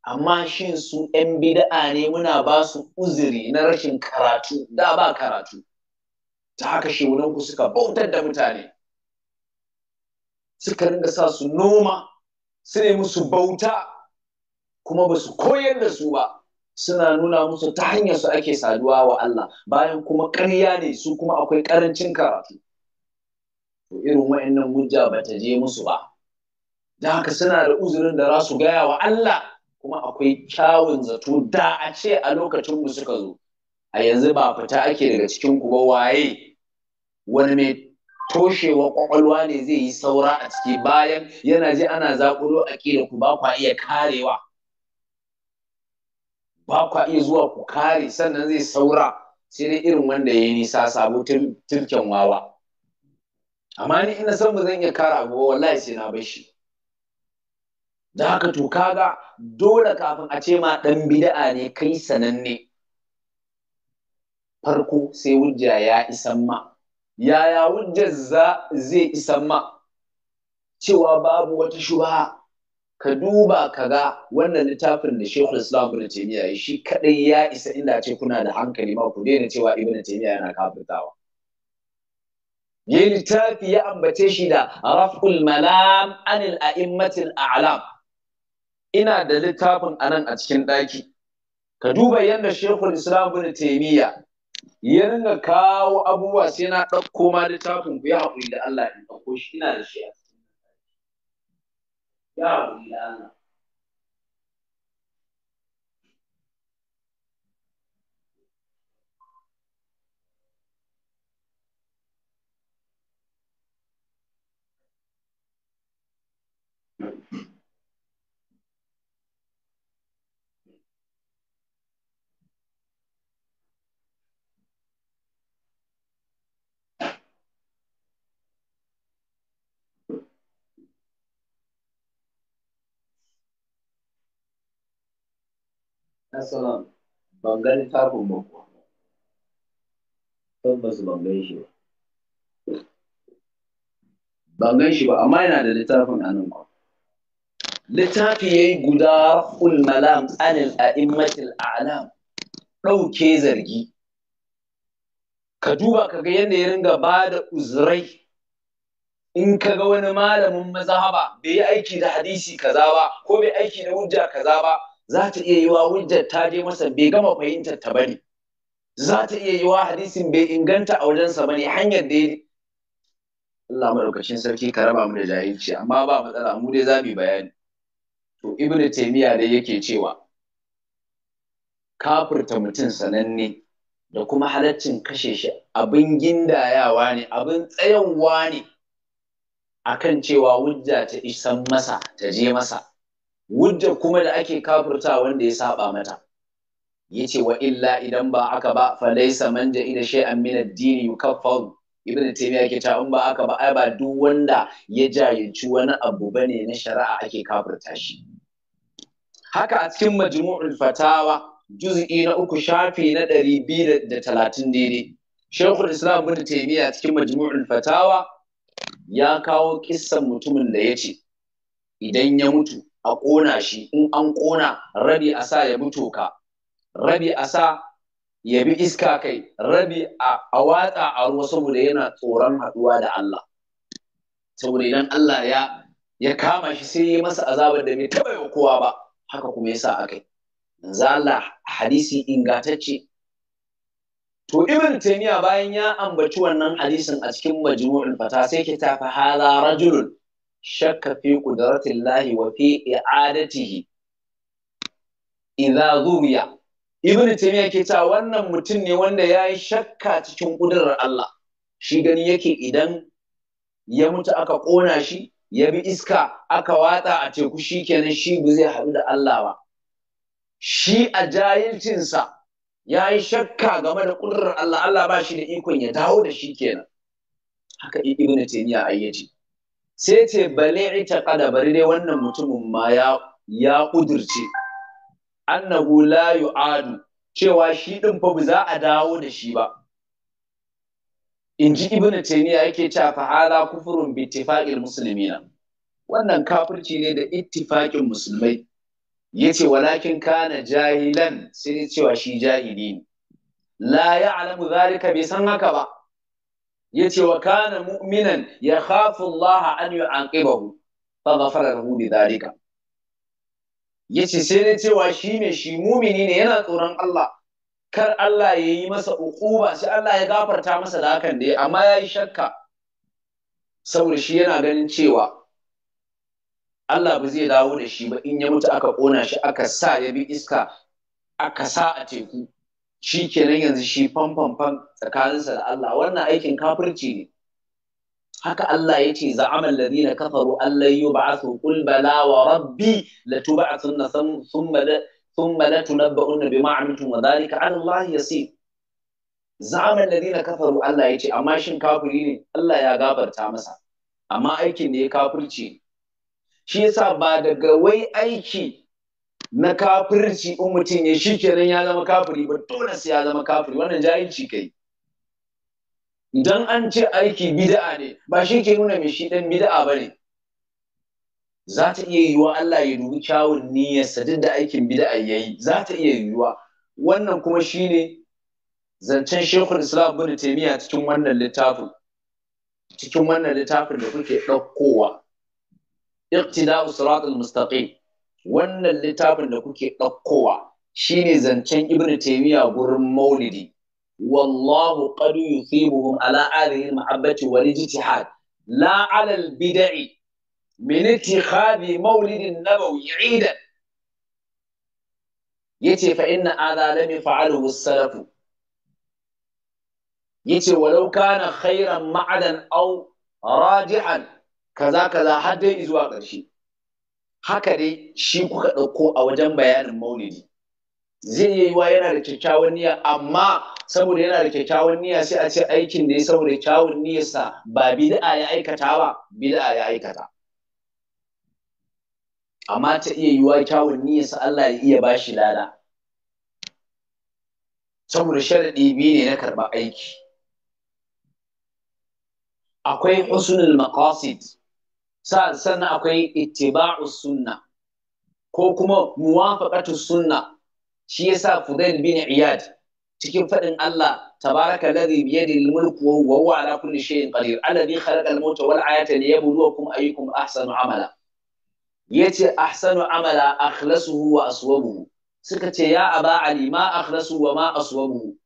amma shin su 'yan bida'a ne muna ba su uzuri na rashin karatu da ba karatu ta haka shewunanku suka bautar da mutane suka rinda sa su noma su ne musu bauta kuma ba su koyar da su ba suna nuna musu ta hanyar su ake saduwa wa Allah bayan kuma ƙarya ne su kuma akwai ƙarancin karatu to irin wa'annan hujja ba ta je musu ba da haka suna da uzurin da za su gaya wa Allah kuma akwai kyawun zato da a ce a lokacin mu suka zo a yanzu ba fita ake daga cikin ku ba waye wani mai toshewa kwakwalwa ne zai yi saura a ciki bayan yana je ana zaƙulo a ƙila ku ba kwa iya karewa ba kwa iya zuwa ku kare sannan zai saura sai dai irin wanda ya yi nisa sabo turken wawa amma ni ina san ba zan iya kara abu wallahi sai na bar shi da haka to kaga dole kafin a ce ma ɗan bida'a ne kai sananne farko sai wujja ya isan ma yaya wujjar za zai isan ma cewa babu wata shubha ka duba ka ga wannan littafin da Sheikhul Islam Ibn Taymiyyah ya shi kadai ya isa inda ce kuna da hankali ma ku daina cewa Ibn Taymiyyah yana kafirtawa yayi littafi ya ambace shi da raf'ul malam anil a'immatil a'lam ina da littafin a nan a cikin ɗaki ka duba yadda shekul islam bin taimiyya ya ringa kawo abubuwa sai na ɗauko ma littafin ku ya haƙuri da Allah in ɗauko shi ina da shi a cikin ya haƙuri da Allah Thank you. Assalam. Ban ga littafin ba kuwa. Tabbas ban gan shi ba. Ban gan shi ba, amma yana da littafin a nan Littafi ya yi guda ulmalam anil a'immatil a'lam ɗauke zargi. Ka duba ka ga yadda ya ringa ba da uzurai in ka ga wani malamin mazhaba bai yi aiki da hadisi kaza ba ko bai aiki da hujja kaza ba za ta iya yiwa hujjar ta je masa bai gama fahimtar ta bane za ta iya yiwa hadisin bai inganta a wajensa bane hanyar da ya Allah maɗaukacin sarki ka raba mu da jahilci amma ba matsala mu dai za mu bayani to Ibn taymiya dai yake cewa kafirta mutum sananne da kuma halaccin kashe shi abin gindayawa ne abin tsayawa ne akan cewa hujja ta isan masa ta je masa wujja kuma da ake kafirta wanda ya saba mata yace wa illa idan ba aka ba fa laysa man ja ila shay'an min ad-din yukaffaru ibnu taymiya yake ta in ba aka ba ai ba duk wanda ya jayyanci wani abu bane na shari'a ake kafirta shi haka a cikin majmu'ul fatawa juz'i na uku shafi na ɗari biyu da talatin daidai shekul islam bin a cikin majmu'ul fatawa ya kawo kissan mutumin da ya ce idan ya mutu a ƙona shi in an ƙona rabi a sa ya bi toka rabi a sa ya bi iska kai rabi a watsa a ruwa saboda yana tsoron haɗuwa da Allah saboda idan Allah ya ya kama shi sai yi masa azabar da bai taɓa yi kowa ba haka kuma ya sa kai. kai Allah hadisi ingatacce to ibn taymiya bayan ya ambaci wannan hadisin a cikin majmu'ul fata sai ke tafi hala rajulun shakka fi lahi wa fi i'adatihi idza zuwiya ibn taymiya ke cewa wannan mutum ne wanda ya yi shakka cikin ƙudurar Allah shi gani yake idan ya mutu aka ƙona shi ya bi iska aka watsa a teku shi kenan shi ba zai haɗu da Allah ba shi a jahilcinsa ya yi shakka game da ƙudurar Allah Allah ba shi da ikon ya dawo da shi kenan haka ibn taymiya ayyaci sai ce bale ita kada bari dai wannan mutumin ma ya kudurce. kudirce annahu la yu'adu cewa shi din fa za a dawo da shi ba in ji ibnu taymiya yake cewa fa hala kufrun bi ittifaqil muslimina wannan kafirci ne da ittifaqin musulmai yace walakin kana jahilan sai cewa shi jahili ne la ya'lamu zalika bai san haka ba yace wa kana mu'minan ya yakhafu Allah an yu'aqibahu fa ghafara lahu bi dhalika yace sai ne cewa shi ne shi mumini ne yana tsoron Allah kar Allah ya yi masa ba, sai Allah ya gafarta masa da hakan da amma ya yi shakka saboda shi yana ganin cewa Allah ba zai dawo da shi ba in ya mutu aka ƙona shi aka sa ya bi iska aka sa a teku shi kenan yanzu shi fanfanfan tsakaninsa da Allah wannan aikin kafirci ne haka Allah ya ce za na alladhina kafaru Allah a su bala wa rabbi latub'athunna thumma thumma latunabba'unna bima 'amiltum wa ya 'ala Allah a za'ama alladhina kafaru Allah ya ce amma shin kafiri ne Allah ya gabarta masa amma aikin ne kafirci shi yasa ba daga wai aiki na kafirci in mutum ya shi kenan ya zama kafiri ba dole sai ya zama kafiri wannan jahilci kai idan an ce aiki bid'a ne ba shi ke nuna mai shi dan bid'a ba ne za ta iya yiwuwa Allah ya dubi kyawun niyyarsa duk da aikin bid'a ya yi za ta iya yiwuwa wannan kuma shine zancen shekul islam bin taimiyya cikin wannan littafin cikin wannan littafin da kuke ɗaukowa iqtida'u siratal mustaqim wannan littafin da kuke ɗaukowa shine zancen ibn taimiya gurin maulidi wallahu qad yuthibuhum ala alihi al-mahabbati wal ijtihad la ala al-bid'i min ittikhadi maulidin nabawi idan yace fa inna hadha lam yaf'aluhu as-salaf yace walau kana khairan ma'adan aw raji'an kaza kaza har dai zuwa ƙarshe haka dai shi kuka ɗauko a wajen bayanin maulidi zai iya wa yana da kyakkyawan niyya amma saboda yana da kyakkyawan niyya sai a ce aikin da ya saboda kyawun niyyarsa ba bid'a ya aikata ba bid'a ya aikata amma ta iya yi wa kyawun niyyarsa Allah ya iya bashi lada saboda sharaɗi biyu ne na karɓar aiki akwai husnul maqasid sannan akwai ittiba'u sunna ko kuma muwafaqatu sunna shi yasa Fudail bin Iyad cikin fadin Allah tabaraka alladhi bi yadihi mulku wa huwa ala kulli shay'in qadir alladhi khalaqa al-mauta wal hayata liyabluwakum ayyukum ahsanu amala yace ahsanu amala akhlasuhu wa aswabuhu suka ce ya aba ali ma akhlasu wa ma aswabuhu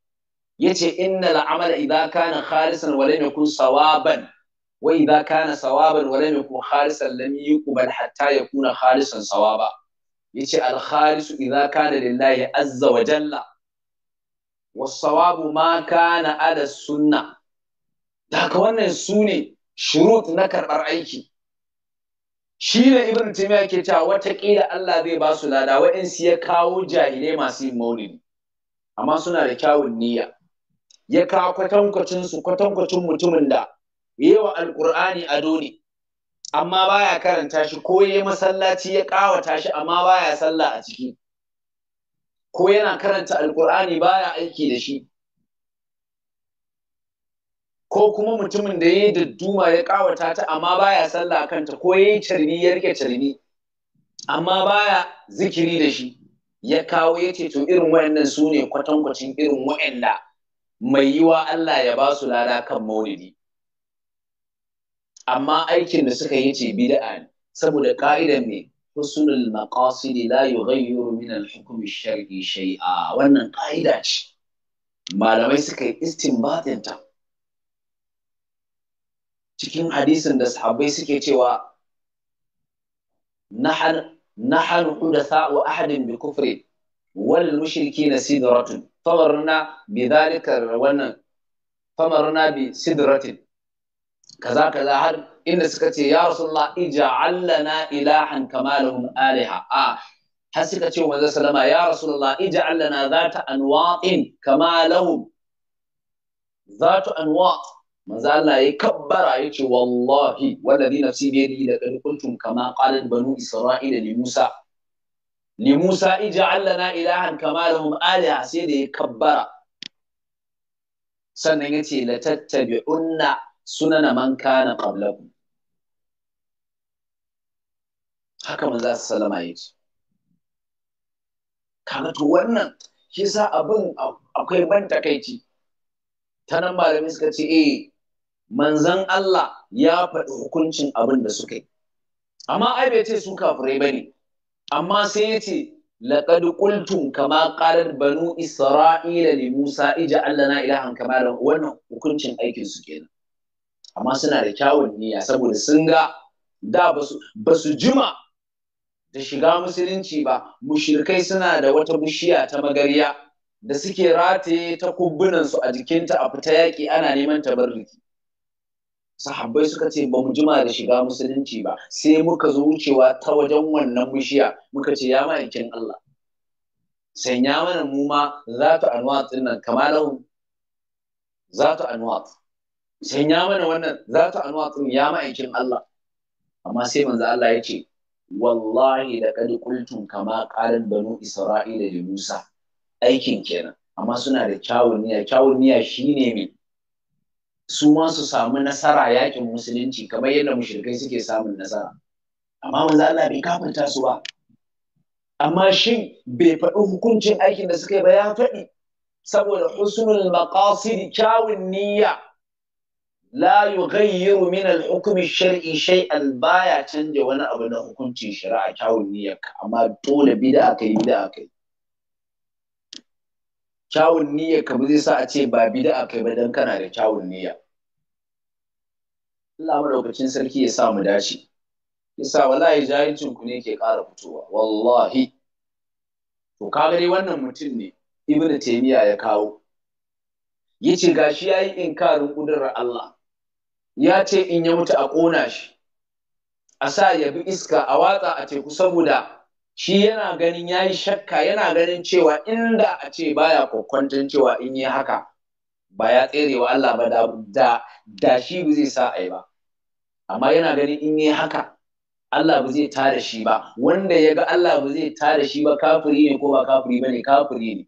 yace innal amala idza kana khalisan wa lam yakun sawaban wa idza kana sawaban wa lam yakun khalisan lam yuqbal hatta yakuna khalisan sawaba yace al khalisu idza kana lillahi azza wa jalla was sawabu ma kana ala sunna daga wannan sune shurut na karɓar aiki shi ne ibn taymiya ke cewa watakila Allah zai basu su lada wa'ansu ya kawo jahilai masu yin maulidi amma suna da kyawun niyya ya kawo kwatankwacin kwatankwacin mutumin da yawa Alƙur'ani ado ne amma baya karanta shi ko yayi masallaci ya kawata shi amma baya sallah a ciki ko yana karanta alkur'ani baya aiki da shi ko kuma mutumin da yayi dadduma ya kawata ta amma baya sallah kanta ko yayi carbi ya rike carbi amma baya zikiri da shi ya kawo ya ce to irin wayannan su ne kwatankwacin irin wayanda mai yiwa Allah ya ba su lada kan maulidi amma aikin da suka yi ce bida'a ne saboda ƙa'ida me husnul maqasid la yughayyiru min al-hukm ash-shar'i shay'a wannan ka'ida ce malamai suka yi istinbatin ta cikin hadisin da sahabbai suke cewa nahar nahar hudatha'u ahadin bi kufri wal mushrikina sidratun famarna bi dhalika wannan famarna bi sidratin kaza kaza har inda suka ce ya rasulullah ij'al lana ilahan kama lahum aliha a har suka ce manzo sallama ya rasulullah ij'al lana zata anwa'in kama lahum zatu anwa' manzo Allah ya kabbara ya ce wallahi wallazi nafsi bi yadihi la qad kuntum kama qalat banu isra'ila li musa li musa ij'al lana ilahan kama lahum aliha sai da ya kabbara sannan ya ce la tattabi'unna sunana man kana qablakum haka su sallama ya ce kaga to wannan shi sa abin akwai ban takaici ta nan malamai suka ce eh manzan Allah ya faɗi hukuncin abin da suka yi amma ai bai ce su kafirai bane amma sai ya ce لقد قلتم كما قالت بنو إسرائيل لموسى اجعل لنا إلها كما لهم wannan hukuncin aikin su kenan amma suna da kyawun niyya saboda sun ga da ba su jima da shiga musulunci ba mushirkai suna da wata bishiya ta magarya da suke rataye ta kubbunansu a jikinta a fita yaƙi ana neman ta riki. sahabbai suka ce ba mu jima da shiga musulunci ba sai muka zo wucewa ta wajen wannan bishiya muka ce ya ma'aikin Allah sanya mana mu ma za ta anwat din nan kamalahum za ta anwat sanya mana wannan za ta anuwa tun ya ma'aikin Allah amma sai manzo Allah ya ce wallahi da kadi kultun kama ƙarin banu isra'ila da Musa aikin kenan amma suna da kyawun niyya kyawun niyya shine mai. su ma su samu nasara yakin musulunci kamar yadda mushrikai suke samun nasara amma manzo Allah bai kafanta su ba amma shi bai faɗi hukuncin aikin da suka yi ba ya faɗi saboda husnul maqasid kyawun niyya la yughayyiru min al-hukm ash-shar'i shay'an baya canza wani abu na hukuncin shari'a kyawun ka, amma dole bid'a da aka yi. kyawun niyyarka ba zai sa a ce ba bid'a yi ba dan kana da kyawun niyya Allah madaukakin sarki ya sa mu dace yasa wallahi jahilcin ku ne ke ƙara fitowa wallahi to ka dai wannan mutum ne ibnu taymiya ya kawo yace gashi yayi inkarin kudurar Allah ya ce in ya mutu a ƙona shi a sa ya bi iska a watsa a teku saboda shi yana ganin ya yi shakka yana ganin cewa inda a ce baya kwakwantar cewa in yi haka ba ya tsere wa Allah ba da, shi ba zai sa a yi ba amma yana ganin in yi haka Allah ba zai tada shi ba wanda ya ga Allah ba zai tada shi ba kafiri ne ko ba kafiri ba ne kafiri ne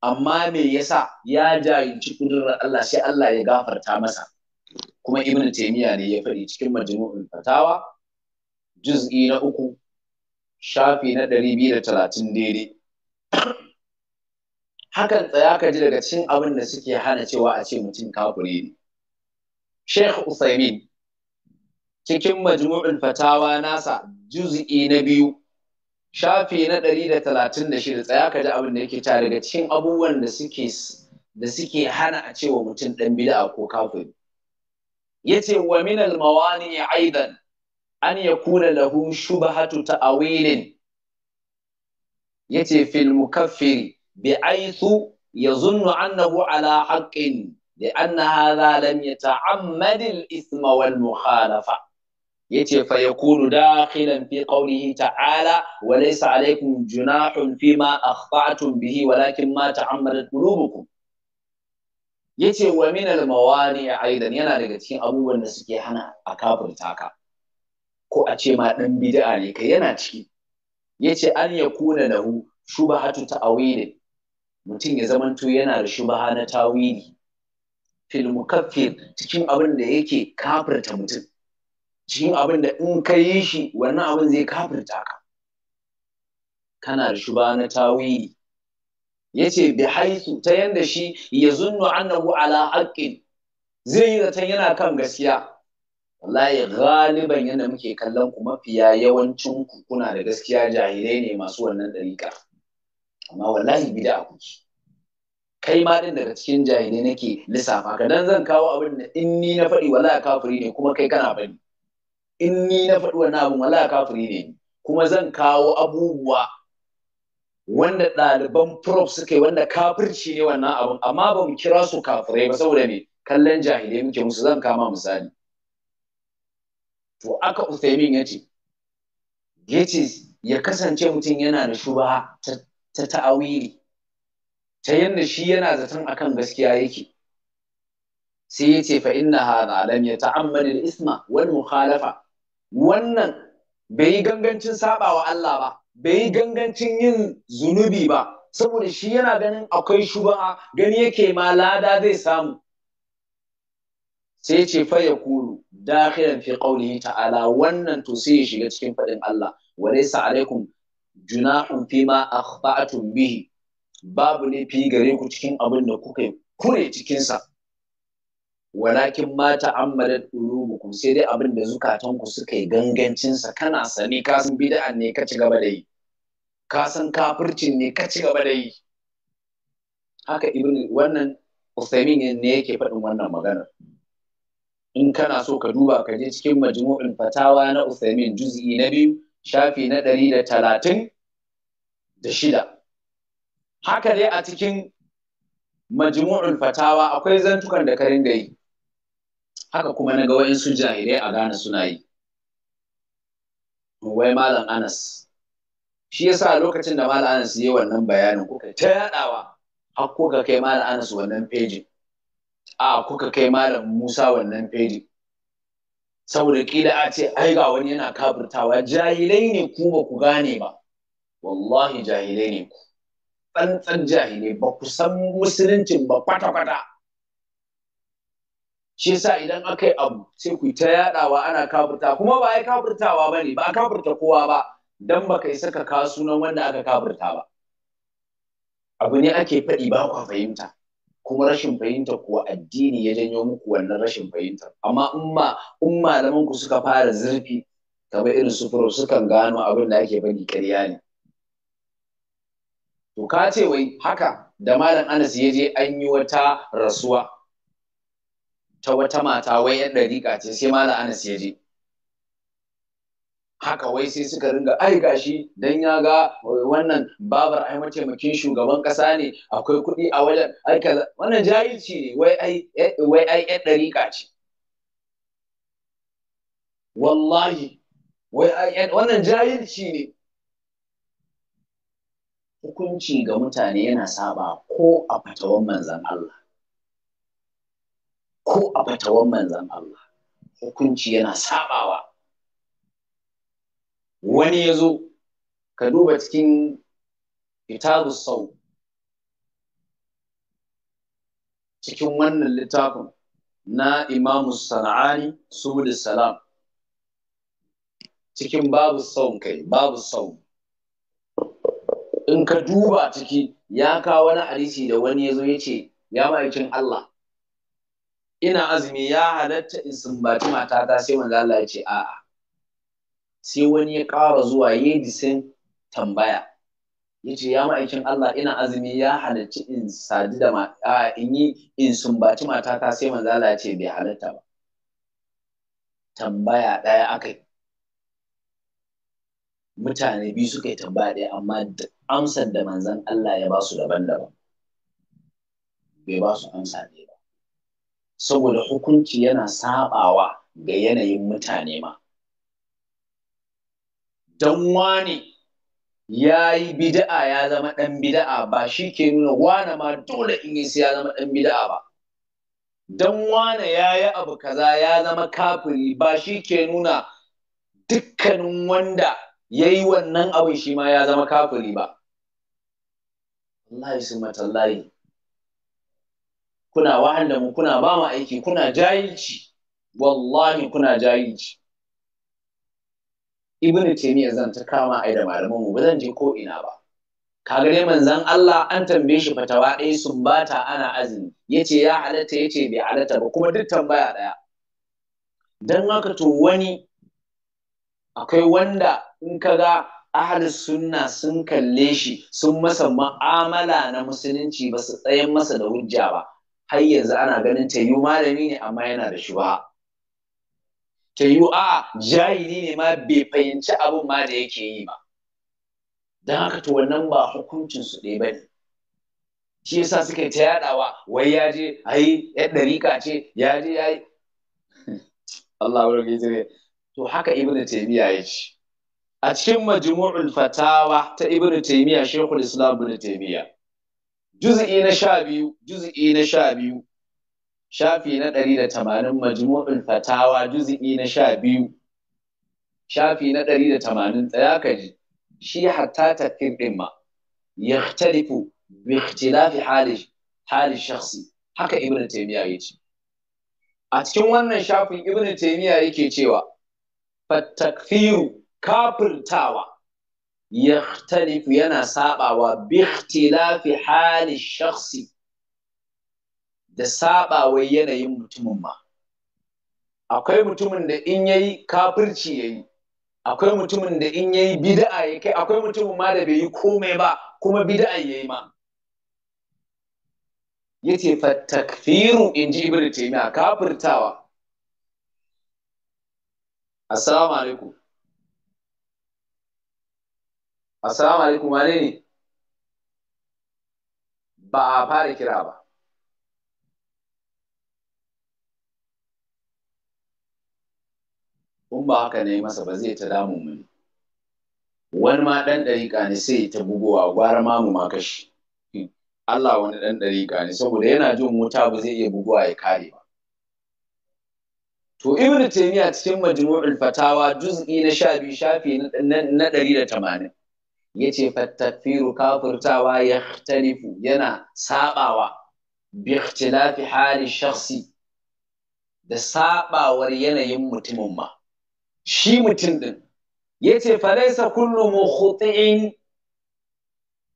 amma me yasa ya jayanci kudurar Allah sai Allah ya gafarta masa kuma ibn taymiya ne ya faɗi cikin majmu'ul fatawa juz'i na uku shafi na 230 biyu da talatin daidai hakan tsaya ka ji daga cikin abin da suke hana cewa a ce mutum kafure ne Sheikh Usaimin cikin majmu'ul fatawa nasa juz'i na biyu shafi na 136 da talatin da shida tsaya ka ji abin da yake tare daga cikin abubuwan da suke da suke hana a cewa mutum dan bid'a ko kafiri yace wa min al mawani aidan an yakuna lahu shubhatu ta'awilin yace fil mukaffir bi aithu yazunnu annahu ala haqqin li anna hadha lam yata'ammad al ithma wal mukhalafa yace fa yakunu dakhilan fi qawlihi ta'ala wa laysa alaykum junahun fima akhta'tum bihi walakin ma ta'ammadat qulubukum yace wa min al mawani aidan yana daga cikin abubuwan da suke hana a kafirta ka ko a ce ma dan bid'a ne kai yana ciki yace an ya yakuna lahu shubahatu ta'wilin mutum ya zamanto yana da shubaha na tawili fil mukaffir cikin abin da yake kafirta mutum cikin abin da in ka yi shi wannan abin zai kafirta ka kana da shubaha na tawili yace bi haisu ta yanda shi ya zunnu annahu ala haqqin zai yi zaton yana kan gaskiya wallahi galiban yanda muke kallon ku mafiya yawancin ku kuna da gaskiya jahilai ne masu wannan dariƙa amma wallahi bid'a kuke kai ma din daga cikin jahilai nake lissafa ka dan zan kawo abin da in ni na faɗi wallahi kafiri ne kuma kai kana bani in ni na faɗi wannan abin wallahi kafiri ne kuma zan kawo abubuwa wanda ɗaliban prof suka yi wanda kafirci ne wannan abun amma ba mu kira su kafirai ba saboda me kallon jahilai muke musu zan kama misali to aka Uthaymin ya ce ya ya kasance mutum yana da shuba ta ta'awiri. ta yadda shi yana zaton akan gaskiya yake sai ya ce fa inna hadha ya ta'ammali da isma wani mukhalafa wannan bai yi gangancin wa Allah ba bai yi gangancin yin zunubi ba saboda shi yana ganin akwai shuba'a gani yake ma lada zai samu sai ce faya ya kulu dakhilan fi qawlihi ta'ala wannan to sai ya shiga cikin faɗin Allah wa laysa alaikum junahun fi ma akhta'tum bihi babu ne fi gare ku cikin abin da kuka kure cikinsa. walakin ma ta'ammadat qulubukum sai dai abin da zukatanku suka yi gangancinsa, sa kana sani ka san bid'an ne ka ci gaba da yi ka san kafircin ne ka ci gaba da yi haka ibn wannan Usaimin ne yake faɗin wannan magana in kana so ka duba ka je cikin majmu'in fatawa na Usaimin juz'i na biyu shafi na ɗari da talatin da shida haka dai a cikin majimu'in fatawa akwai zantukan da ka ringa yi haka kuma na ga wayansu jahilai a Ghana suna yi wai malam Anas shi yasa lokacin da malam Anas yi wannan bayanin kuka ta yaɗawa. har kuka kai malam Anas wannan fejin. a kuka kai malam Musa wannan fejin. saboda kila a ce ai ga wani yana kafirtawa jahilai ne ku ba ku gane ba wallahi jahilai ne ku tsantsan jahilai ba ku san musuluncin ba kwata-kwata shi yasa idan aka yi abu sai ku ta yaɗawa ana kafurta, kuma ba ai kafirtawa bane ba a kafirta kowa ba dan baka yi saka ka sunan wanda aka kafurta ba abu ne ake faɗi ba kwa fahimta kuma rashin fahimta kuwa addini ya janyo muku wannan rashin fahimtar amma umma in malaman ku suka fara zurfi kamar irin su furo sukan gano abin da ake faɗi ƙarya ne to ka ce wai haka da malam Anas ya je an yi wata rasuwa ta wata mata wai yan dariƙa ce sai mala anas ya je haka wai sai suka ringa ai gashi dan ya ga wannan babar ai mataimakin shugaban kasa ne akwai kuɗi a wajen ai kaza wannan jahilci ne wai ai eh, wai ai yan dariƙa ce wallahi wai ai wannan jahilci ne hukunci ga mutane yana saba ko a fatawan manzon Allah ko a fatawan manzan Allah hukunci yana sabawa wani ya zo ka duba cikin kitabu sau cikin wannan littafin na imamu sana'ani subul salam cikin babu saum kai babu sau. in ka duba ciki ya kawo wani hadisi da wani ya zo ya ce ya ma'aikin Allah ina azumi ya halatta in sumbaci matata sai manzo Allah ya ce a'a sai wani ya ƙara zuwa ya disin tambaya ya ce ya ma'aikin Allah ina azumi ya halarci in sadu da mata in yi in sumbaci matata sai manzo Allah ya ce bai halatta ba tambaya ɗaya aka yi mutane biyu suka yi tambaya ɗaya amma amsar da manzon Allah ya ba su daban-daban bai ba su amsa ɗaya saboda hukunci yana sabawa ga yanayin mutane ma dan wane ya yi bida'a ya zama ɗan bida'a ba shi ke nuna wane ma dole in yi ya zama ɗan bida'a ba dan wane ya yi abu kaza ya zama kafiri ba shi ke nuna dukkanin wanda ya yi wannan abin shi ma ya zama kafiri ba. Allah ya su kuna wahanda mu kuna ba mu aiki kuna jahilci wallahi kuna jahilci ibnu taymiya zan ta kama ai da malaman mu bazan je ko ina ba kaga dai manzon Allah an tambaye shi fatawa ɗaya sumbata ana azumi yace ya halatta yace bai halatta ba kuma duk tambaya ɗaya dan haka to wani akwai wanda in kaga ahli sunna sun kalle shi sun masa ma'amala na musulunci ba su tsayen masa da hujja ba har yanzu ana ganin ta malami ne amma yana da shuba ta yiwu a jahili ne ma bai fahimci abin ma da yake yi ba don haka to wannan ba hukuncin su ɗaya ba ne shi yasa suka ta yaɗawa wai ya je ai yan ɗarika ce ya je ya yi [LAUGHS] Allah wurin ya to haka ibnu taymiya ya ce a cikin majmu'ul fatawa ta ibnu taymiya shekul islam ibnu taymiya juz'i na sha biyu juz'i na sha biyu shafi na ɗari da tamanin majmu'ul fatawa juz'i na sha biyu shafi na ɗari da tamanin tsaya ka ji shi hatta tafkir ɗin ma yahtalifu bi ikhtilafi hali hali shakhsi haka ibnu taymiya yace a cikin wannan shafin Ibn taymiya yake cewa fatakfiru kafirtawa yahtalifu yana sabawa bi lafi hali shaksi da sabawa yanayin mutumin ma akwai mutumin da in yayi kafirci yayi akwai mutumin da in yayi bid'a yake akwai mutumin ma da bai yi komai ba kuma bid'a yayi ma yace fa takfiru inji ibnu taymiya kafirtawa assalamu alaikum assalamu alaikum wane ne ba a fara kira ba in ba haka ne masa ba zai ta damu mu wani ma ɗan ɗariƙa ne sai ta bugowa gwara ma mu Allah wani ɗan ɗariƙa ne saboda yana jin wuta ba zai iya bugowa ya kare ba to Ibn taymiya cikin majmu'ul fatawa juz'i na sha biyu, shafi na ɗari da tamanin. yace fattafiru kafirtawa yahtalifu yana sabawa bi hali shaksi da sabawar yanayin mutumin ma shi mutum din yace falaisa kullum mukhti'in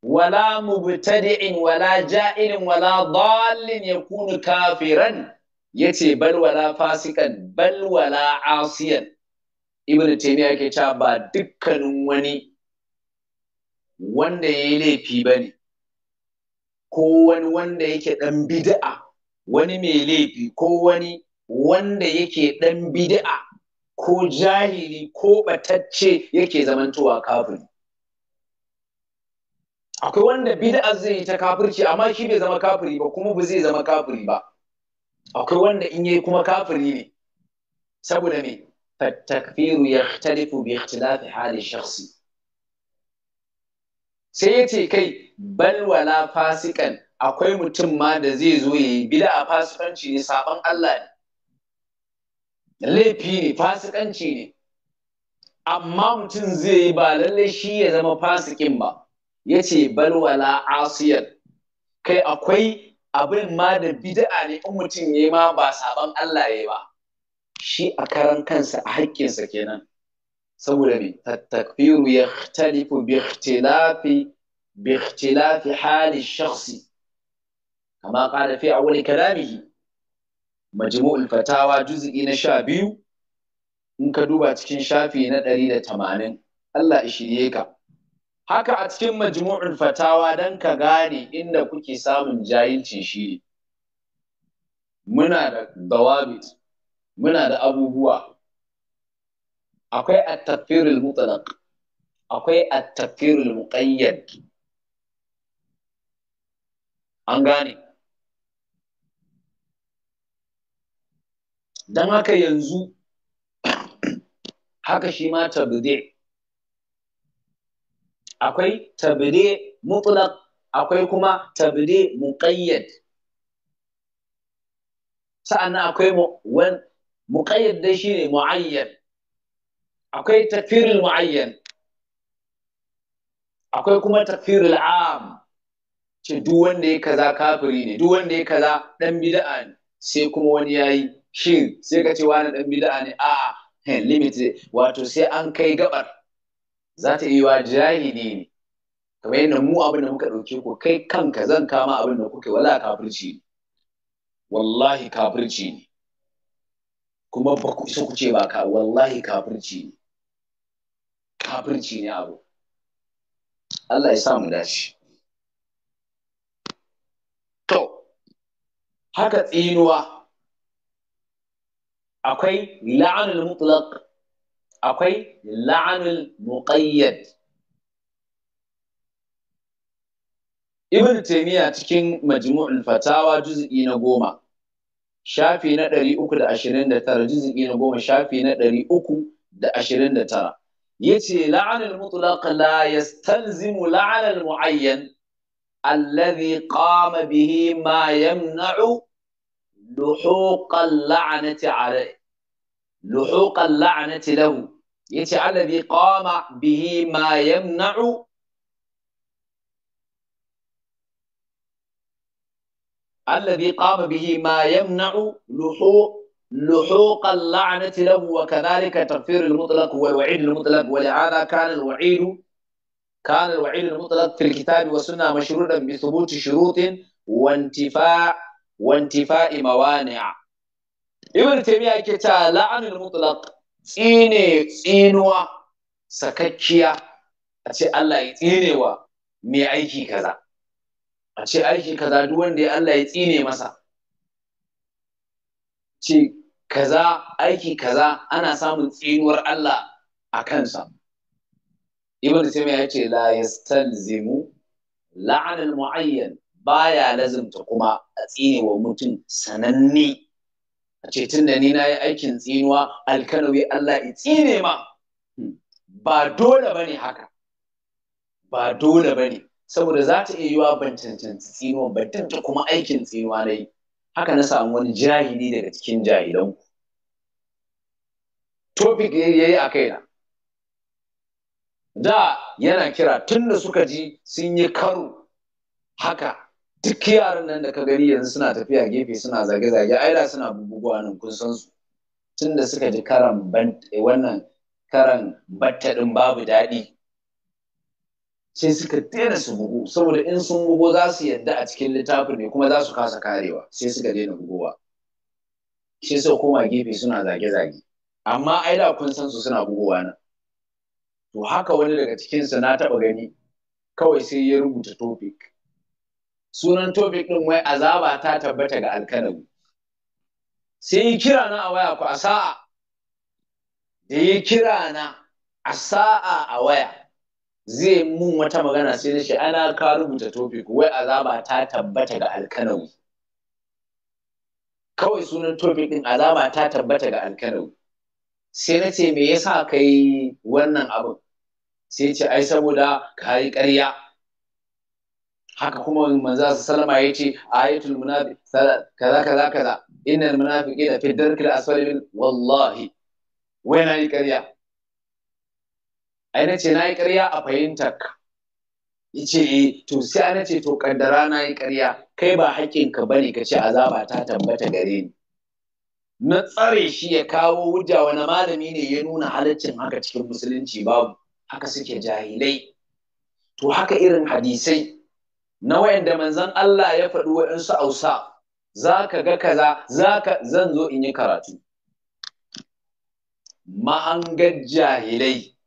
wala mubtadi'in wala ja'ilin wala ya kunu kafiran yace bal wala fasikan bal wala asiyan ibnu taymiya yake cewa ba dukkanin wani wanda ya yi laifi ba ne ko wani wanda yake ɗan bid'a wani mai laifi ko wani wanda yake ɗan bid'a ko jahili ko ɓatacce yake zamantowa kafiri akwai wanda bid'a zai yi ta kafirci amma shi bai zama kafiri ba kuma ba zai zama kafiri ba akwai wanda in yi kuma kafiri ne saboda me fa takfiru yahtalifu bi ikhtilafi hali shakhsi sai ya ce kai balwala fasikan akwai mutum ma da zai zo ya yi bida a fasikanci ne sabon Allah ne laifi ne fasikanci ne amma mutum zai yi ba lalle shi ya zama fasikin ba ya ce balwala asiyar kai akwai abin ma da bida'a ne in mutum ya ma ba sabon Allah ya ba shi a karan kansa a haƙƙinsa kenan saboda me takfiru yahtalifu bi ikhtilafi bi ikhtilafi hali shakhsi kama qala fi awwal kalamihi majmu'ul fatawa juz'i na sha biyu in ka duba cikin shafi na ɗari da tamanin Allah ishirye ka haka a cikin majmu'ul fatawa don ka gane inda kuke samun jahilcin shi muna da dawabit muna da abubuwa akwai at-tafsirul akwai at-tafsirul muqayyad an gane dan haka yanzu [COUGHS] haka shi ma tabdi akwai tabdi mutlaq akwai kuma tabdi muqayyad sa'annan akwai muqayyad shi shine muayyan akwai tafirul mu'ayyan akwai kuma tafirul am ce duwanda ya kaza kafiri ne duk wanda ya kaza dan bid'a ne sai kuma wani yayi shi sai ka ce wani dan bid'a ne a limited. wato sai an kai gabar za ta yi wa jahili ne kamar yadda mu abin da muka ɗauke ku kai kanka zan kama abin da kuke wala kafirci ne wallahi kafirci ne kuma ba ku isa ku ce ba wallahi kafirci ne kafirci ne abu Allah ya samu dashi to haka tsinuwa akwai la'anul mutlaq akwai la'anul muqayyad ibn taymiya cikin majmu'ul fatawa juz'i na goma shafi na 329 juz'i na goma shafi na 329 يجي لعن المطلق لا يستلزم لعن المعين الذي قام به ما يمنع لحوق اللعنة عليه لحوق اللعنة له يجي الذي قام به ما يمنع الذي قام به ما يمنع لحوق لحوق اللعنة له وكذلك تكفير المطلق والوعيد المطلق ولهذا كان الوعيد كان الوعيد المطلق في الكتاب والسنة مشروطا بثبوت شروط وانتفاء وانتفاء موانع ابن تيمية كتا لعن المطلق tsine tsinuwa sakakkiya a ce Allah ya tsinewa mai aiki kaza a ce aiki kaza duk wanda ya Allah ya tsine masa ce kaza aiki kaza ana samun tsinuwar Allah a kansa ibn taymiya ya ce la yastalzimu zimu al-mu'ayyan baya lazimta kuma a tsinewa mutum sananni. a ce tun da ni yi aikin tsinuwa alkanawi Allah ya tsine ma hmm. ba dole bane haka ba dole ne. saboda za ta iya yiwa ban cancanci tsinuwa ban kuma aikin tsinuwa na yi haka na samu wani jahili daga cikin jahilan ku topic ya yi a kaina da yana kira tun da suka ji sun yi karo haka duk yaran nan da ka gani yanzu suna tafiya gefe suna zage-zage aida suna buguwa nan kun san su tun da suka ji karan eh, wannan karan batta din babu daɗi sai suka daina su bugu saboda in sun bugu za su yadda a cikin littafin ne kuma za su kasa karewa sai suka daina bugowa shi sai koma gefe suna zage-zage amma ai da kun san su suna bugowa nan to haka wani daga cikin su na taba gani kawai sai ya rubuta topic sunan topic din wai azaba ta tabbata ga Alkanabu. sai ya kira na a waya ku a sa'a da ya kira na a sa'a a waya zai mun wata magana sai na shi ana ka rubuta topic wai azaba ta tabbata ga alkanawi kawai sunan topic din azaba ta tabbata ga alkanawi sai na ce me yasa kai wannan abu sai ce ai saboda ka yi ƙarya haka kuma manzo sallama ya ce ayatul munafi kaza kaza kaza innal munafiqina fi darkil asfali wallahi wai na yi ƙarya ai na ce na yi ƙarya a fahimtar ka yace eh, to sai ana ce to kaddara na yi karya. kai ba haƙƙinka ne ka ce azaba ta tambata gare ni na tsare shi ya kawo wuja wani malami ne ya nuna halaccin haka cikin musulunci babu haka suke jahilai to haka irin hadisai na wayanda manzon Allah ya faɗi waɗansu ausa za ka ga kaza za ka zan zo in yi karatu mahangar jahilai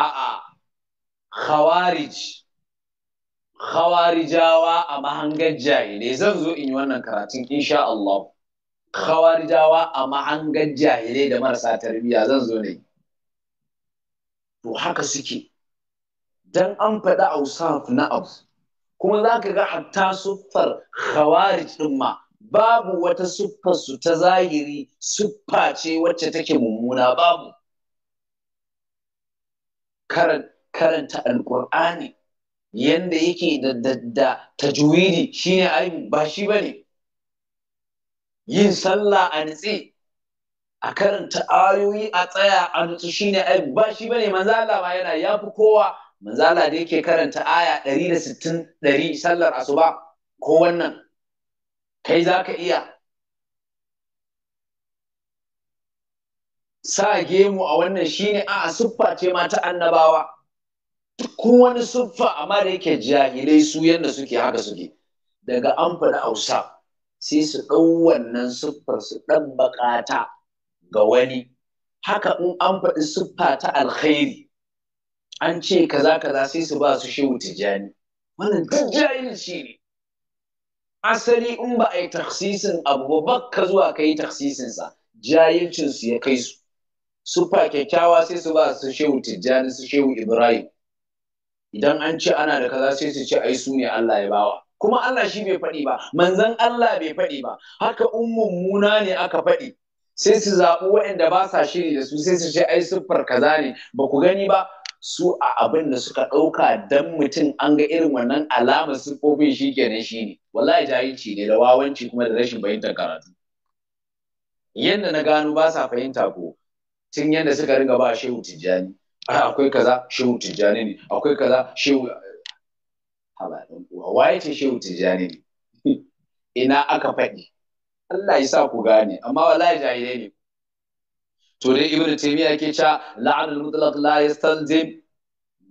a'a khawarij khawarijawa a mahangar jahilai zan zo in yi wannan karatun insha Allah khawarijawa a mahangar jahilai da marasa tarbiyya zan zo ne to haka suke dan an faɗi ausaf na abu kuma za ka ga hatta siffar khawarij ɗin ma babu wata siffar su ta zahiri siffa ce wacce take mummuna babu karanta alƙur'ani yanda yake da da tajwidi shine aibu ba shi bane yin sallah a nitse a karanta ayoyi a tsaya a nutsu shine aibu ba shi bane manzo Allah ba yana yafi kowa manzo da yake karanta aya 160 100 sallar asuba ko wannan kai zaka iya sa gemu a wannan shine a siffa ce ma ta annabawa duk wani siffa amma da yake jahilai su yadda suke haka suke daga an faɗi Hausa, sai su ɗau wannan siffar su ɗan baƙata ga wani haka in an faɗi siffa ta alkhairi an ce kaza kaza sai su ba su shehu tijjani wannan duk jahilci ne asali in ba a yi taksisin abu ba ka zuwa ka yi taksisinsa jahilcinsu ya kai su sufa kyakkyawa sai su ba su shehu tijjani su shehu ibrahim idan an ce ana da kaza sai su ce ai su ne Allah ya bawa kuma Allah shi bai faɗi ba manzon Allah bai faɗi ba haka in mummuna ne aka faɗi sai su zaɓi waɗanda ba sa shiri da su sai su ce ai siffar kaza ne ba ku gani ba su a abin da suka ɗauka dan mutum an ga irin wannan alamar siffofin shi kenan shi ne wallahi jahilci ne da wawanci kuma da rashin fahimtar karatu yadda na gano ba sa fahimta ko tun yadda suka ringa ba shehu tijjani ah, akwai kaza shehu tijjani ne akwai kaza shehu haba waye ce shehu tijjani ne [LAUGHS] ina aka faɗi Allah ya sa ku gane amma wallahi jahilai ne to dai ibnu taymiya ke cewa la'anul mutlaq la yastalzim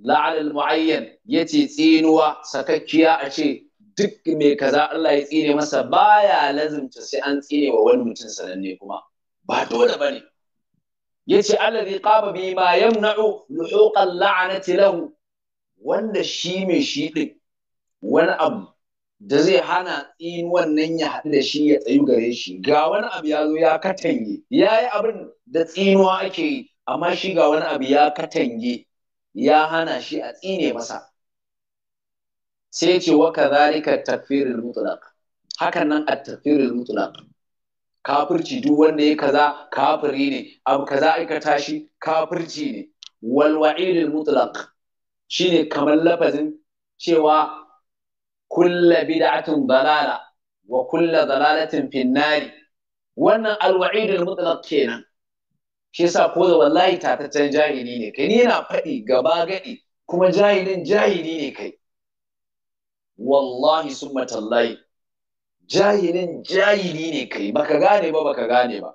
la'anul muayyan yace tsinuwa sakakkiya a ce duk mai kaza Allah ya tsine masa baya lazimta sai an tsine wa wani mutum sananne kuma ba dole bane yace alladhi qama yau yamna'u luhuqal la'nati lahu wanda shi mai shi din wani abu da zai hana tsin wannan ya haɗu da shi ya tsayu gare shi ga wani abu ya zo ya katange ya yi abin da tsinuwa ake yi amma shi ga wani abu ya katange ya hana shi a tsine masa sai ce wa zarika tafirin mutlaq hakan nan a tafirin mutlaq kafirci duk wanda ya kaza kafiri ne abu kaza aikata shi kafirci ne wal wa'idul mutlaq shine kamar lafazin cewa kulla bid'atin dalala wa kulla dalalatin finnari wannan alwa'idul mutlaq kenan shi yasa ko da wallahi tataccen jahili ne kai ni yana faɗi gaba gadi kuma jahilin jahili ne kai wallahi summa tallahi jahilin jahili ne kai baka gane ba baka gane ba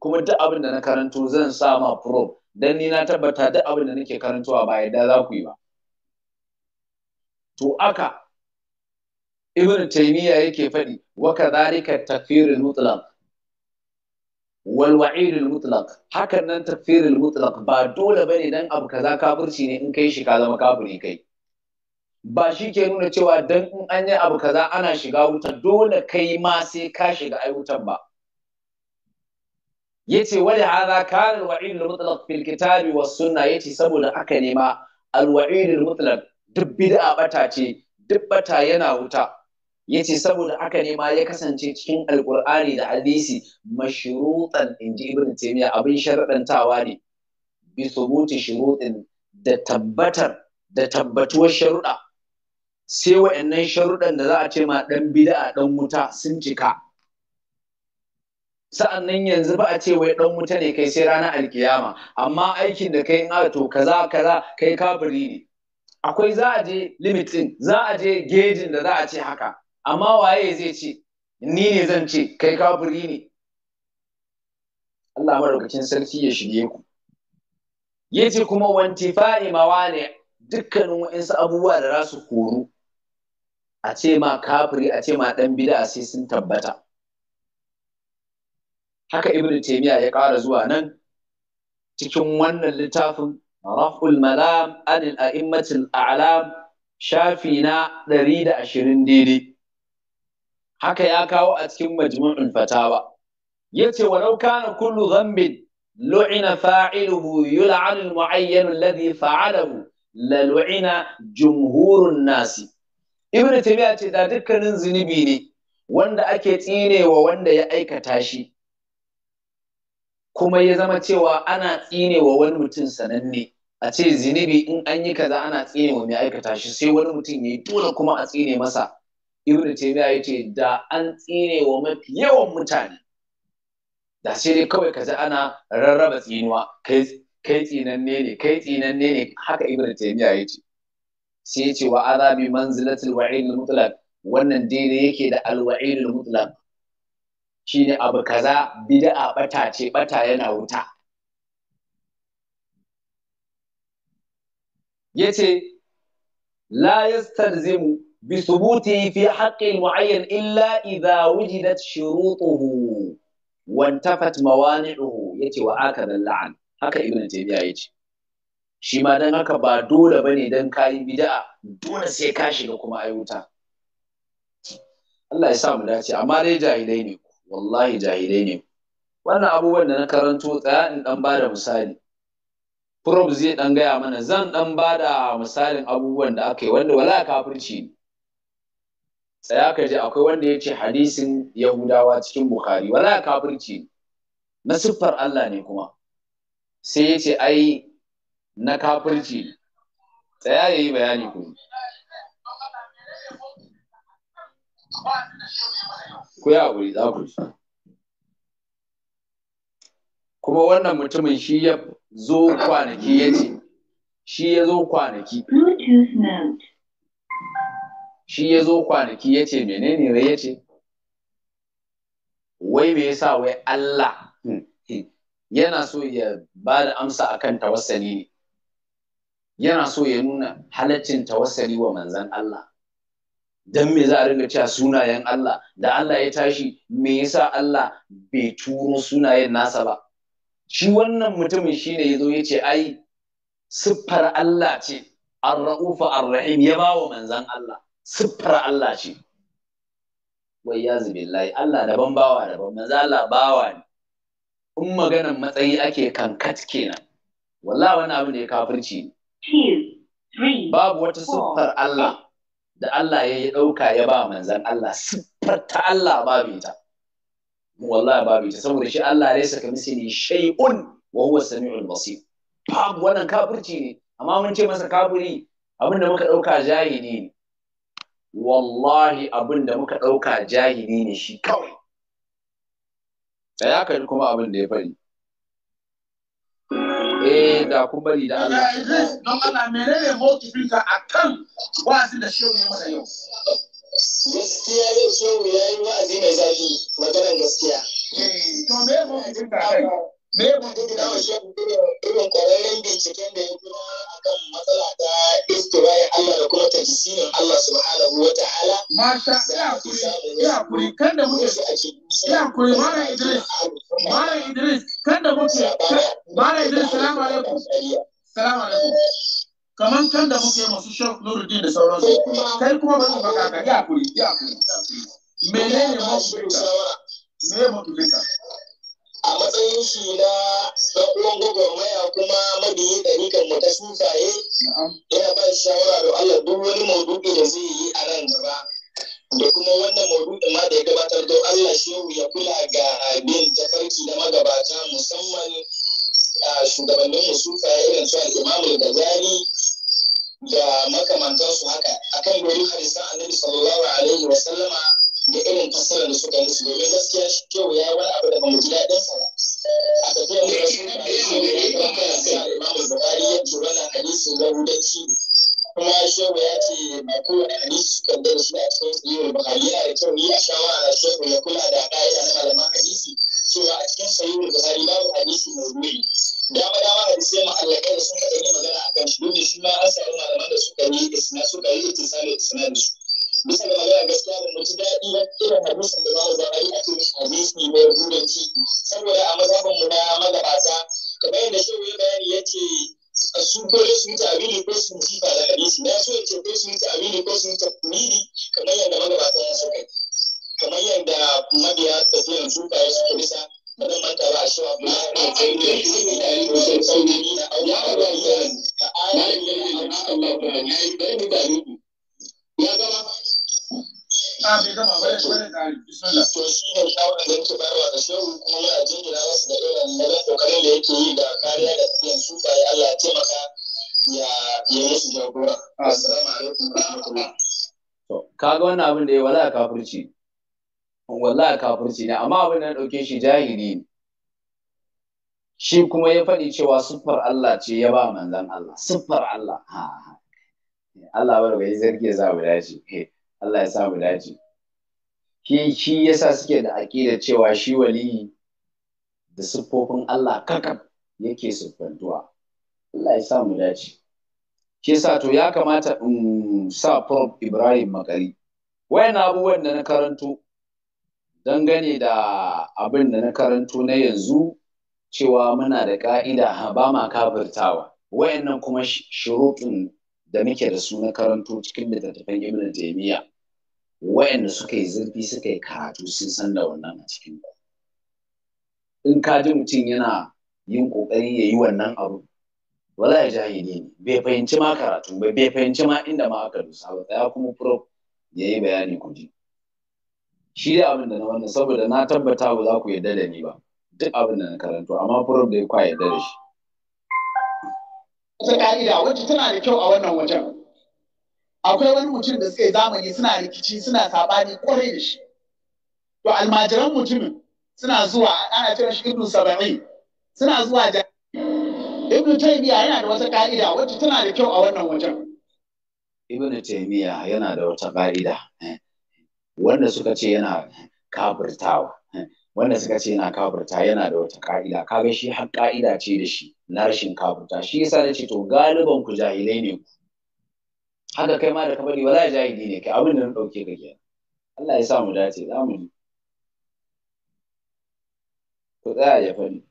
kuma duk abin da na karanto zan sa ma furo dan ni na tabbata duk abin da nake karantowa ba yadda za ku yi ba to aka ibn taymiya yake faɗi wa kadhalika takfirul mutlaq wal wa'idul mutlaq hakan nan takfirul mutlaq ba dole bane dan abu kaza kafirci ne in kai shi ka zama kafiri kai ba shi ke nuna cewa don in an yi abu kaza ana shiga wutar dole kai ma sai ka shiga ai wutar ba yace wali hadha kan al mutlaq fil kitab wa sunnah yace saboda aka nema al-wa'id mutlaq duk bid'a bata ce duk bata yana wuta yace saboda aka nema ya kasance cikin alqur'ani da hadisi mashrutan inji ibn taymiya abin sharadantawa ne bi subuti shurutin da tabbatar da tabbatuwar sharuda sai wa'annan sharuɗan da za a ce ma ɗan bid'a ɗan wuta sun cika sa'an nan yanzu ba a ce wai ɗan wuta ne kai sai ranar alkiyama amma aikin da kai in kaza kaza kai kaburi ne akwai za a je limitin za a je gejin da za a ce haka amma waye zai ce ni ne zan ce kai kaburi ne Allah madaukakin sarki ya shige ku Ya ce kuma Wanti mawa ne dukkanin wa'insu abubuwa da za su koru a ce ma kafiri a ce ma ɗan bida sai sun tabbata haka ibn taymiya ya ƙara zuwa nan cikin wannan littafin raf'ul malam anil a'immatil a'lam shafi na ɗari da ashirin daidai haka ya kawo a cikin majmu'ul fatawa yace walau kana kullu zambin lu'ina fa'iluhu yul'anu al-mu'ayyan alladhi fa'alahu la lu'ina jumhurun nasi ibn taymiya ce da dukkanin zunubi ne wanda ake tsinewa wanda ya aikata shi kuma ya zama cewa ana tsinewa wani mutum sananne a ce zunubi in an yi kaza ana tsinewa mai aikata shi sai wani mutum ya yi tura kuma a tsine masa ibn taymiya ya ce da an tsinewa mafi yawan mutane da sai dai kawai kaza ana rarraba tsinuwa kai tsinanne ne kai tsinanne ne haka ibn taymiya ya ce sai ya ce wa azabi manzilatul wa'id mutlaq wannan daidai yake da alwa'id mutlaq shine abu kaza bid'a bata ce bata yana wuta yace la yastalzimu bi thubuti fi haqqin mu'ayyan illa idha wujidat shurutuhu wa intafat mawani'uhu yace wa akala la'an haka ibn taymiya yace shi ma don haka ba dole ba ne don kayi bida'a dole sai ka shiga kuma ai wuta Allah ya sa mu dace amma dai jahilai ne wallahi jahilai ne wannan abubuwan da na karanto tsaya in dan bada misali prof zai dan gaya mana zan dan da misalin abubuwan da aka yi wanda wala kafirci ne tsaya ka je akwai wanda ya ce hadisin yahudawa cikin bukhari wala kafirci na siffar Allah ne kuma sai ya ce ai na kafirci tsaya ya yi bayani ku ku yi abu za ku kuma wannan mutumin shi ya zo kwanaki ya ce shi ya zo kwanaki shi ya zo kwanaki ya ce menene rai ya ce wai me yasa wai Allah hmm, hmm, yana so ya ba da amsa akan tawassali ne yana so ya nuna halaccin tawassali wa manzan Allah dan me za a riga cewa sunayen Allah da Allah ya tashi me yasa Allah bai turo sunayen nasa ba shi wannan mutumin shine ne ya ce ai siffar Allah ce ar raufa rahim ya bawa manzan Allah siffar Allah ce wai ya billahi Allah daban bawa daban manzan Allah bawa ne in maganan matsayi ake kankat kenan Wallah wani abu ne kafirci ne babu wata siffar Allah da Allah ya yi ɗauka ya ba manzan Allah siffar ta Allah babu ita wallahi babu ita saboda shi Allah ne saka ne shai'un wa huwa sami'ul basir babu wannan kafirci ne amma mun ce masa kafiri abin da muka ɗauka jahili ne wallahi abin da muka ɗauka jahili ne shi kawai tsaya ya kuma abin da ya faɗi eh da kun bari da Allah menene motifin ka kan wa'azi da shehu mana yau gaskiya wa'azi mai zafi maganar gaskiya eh, to me motifin ka kai me ya mun da dawo shi irin kwararren binciken da ya kuma akan matsala ta istiwaye Allah da kuma tajsirin Allah subhanahu wa ta'ala masha ya kuri ya kuri kan da muke ya kuri malam Idris malam Idris kan da muke malam Idris salamu alaikum salamu alaikum kaman kan da muke masu shan Nuruddin da sauransu kai kuma ba ka baka ya kuri ya kuri menene mutunta me mutunta a matsayin shi na ɗan uwan gwagwarmaya kuma mabiyi ɗarikan mu ta sufaye yana ba shawara da Allah duk wani maudu'i da zai yi a nan gaba da kuma wannan maudu'i ma da ya gabatar da Allah shehu ya kula ga bin tafarki na magabata musamman a shugabannin mu sufaye irin su al'imamu da gazali da makamantansu haka akan gori hadisan annabi sallallahu alaihi wa sallama da irin fassara da suka musu domin gaskiya shi kyau ya yi wani abu da ba mu ji daɗin sa a tafiyar da shi da shehu ya yi kan kan sa imamu buhari ya ce wannan hadisi na hudanci kuma shehu ya ce ba kowane hadisi suka da shi a cikin sayyidul bukari yana da kyau ni a shawara da shehu ya kula da ka'ida na malaman hadisi cewa a cikin sayyidul Buhari babu hadisi mai ruwi dama dama hadisai ma'allakai da suka yi magana a kan shi domin shi ma an samu malaman da suka yi isna suka yi da isna da su bisa ga magana gaskiya da mutu daɗi na irin hadisin da mu zama yi a ce mishi hadisi mai rudanci saboda a mazhabin mu na magabata kamar yadda shehu ya bayani ya ce su dole su ta abini ko su ji ba da hadisi na so ya ce ko sun ta abini ko sun ta kuniri kamar yadda magabata ya suka kamar yadda mabiya tafiyan suka ya suka bisa ba zan manta ba a shi wa ba a kai ne shi ne da yi wasu sauri na auya a ruwa ya ka ayyana a Allah ba ya yi bai da ya gama a bai gama da kuma irin da yake yi kariya da taimaka ya musu jagora kaga wannan abin da ya wala kafirci wallahi kafirci ne amma abin nan dauke shi jahili ne shi kuma ya faɗi cewa siffar Allah ce ya ba manzon Allah siffar Allah ha Allah barka yi zargi ya za mu dace eh, Allah ya sa mu dace Ke shi yasa suke da aƙida cewa shi waliyi da siffofin Allah kakan yake siffantuwa Allah ya sa mu dace Ke sa to ya kamata in sa prof Ibrahim Makari wayan abubuwan da na karanto dangane da abin da na karanto na yanzu cewa muna da ka'ida ba ma kafirtawa wayannan kuma shurutun da muke da su na karanto cikin littattafan ibn jami'a wa'anda suka yi zurfi suka yi karatu sun san da wannan a cikin ku in ka ji mutum yana yin kokari ya yi wannan abu wala ya jahili ne bai fahimci ma karatu ba bai fahimci ma inda ma aka dusa ba tsaya kuma prof ya yi bayani ku ji shi dai abin da na wannan saboda na tabbata ba za ku yarda da ni ba duk abin da na karanto amma prof da ya kwa yarda da shi wata ka'ida wacce tana da kyau a wannan wajen akwai wani mutum da suka yi zamani suna rikici suna saɓani kwarai da shi to almajiran mutumin suna zuwa ana cewa shi ibnu sabani suna zuwa da ibnu taymiya yana da wata ka'ida wacce tana da kyau a wannan wajen ibnu taymiya yana da wata ka'ida eh, wanda suka ce yana kafirtawa wanda suka ce yana kafurta yana da wata ka'ida kaga shi har ka'ida ce da shi na rashin kafurta shi yasa na ce to galiban ku jahilai ne ku haka kai ma da ka bari wala jahili ne kai abin da na dauke ka kenan Allah ya sa mu dace za mu ku tsaya ya fadi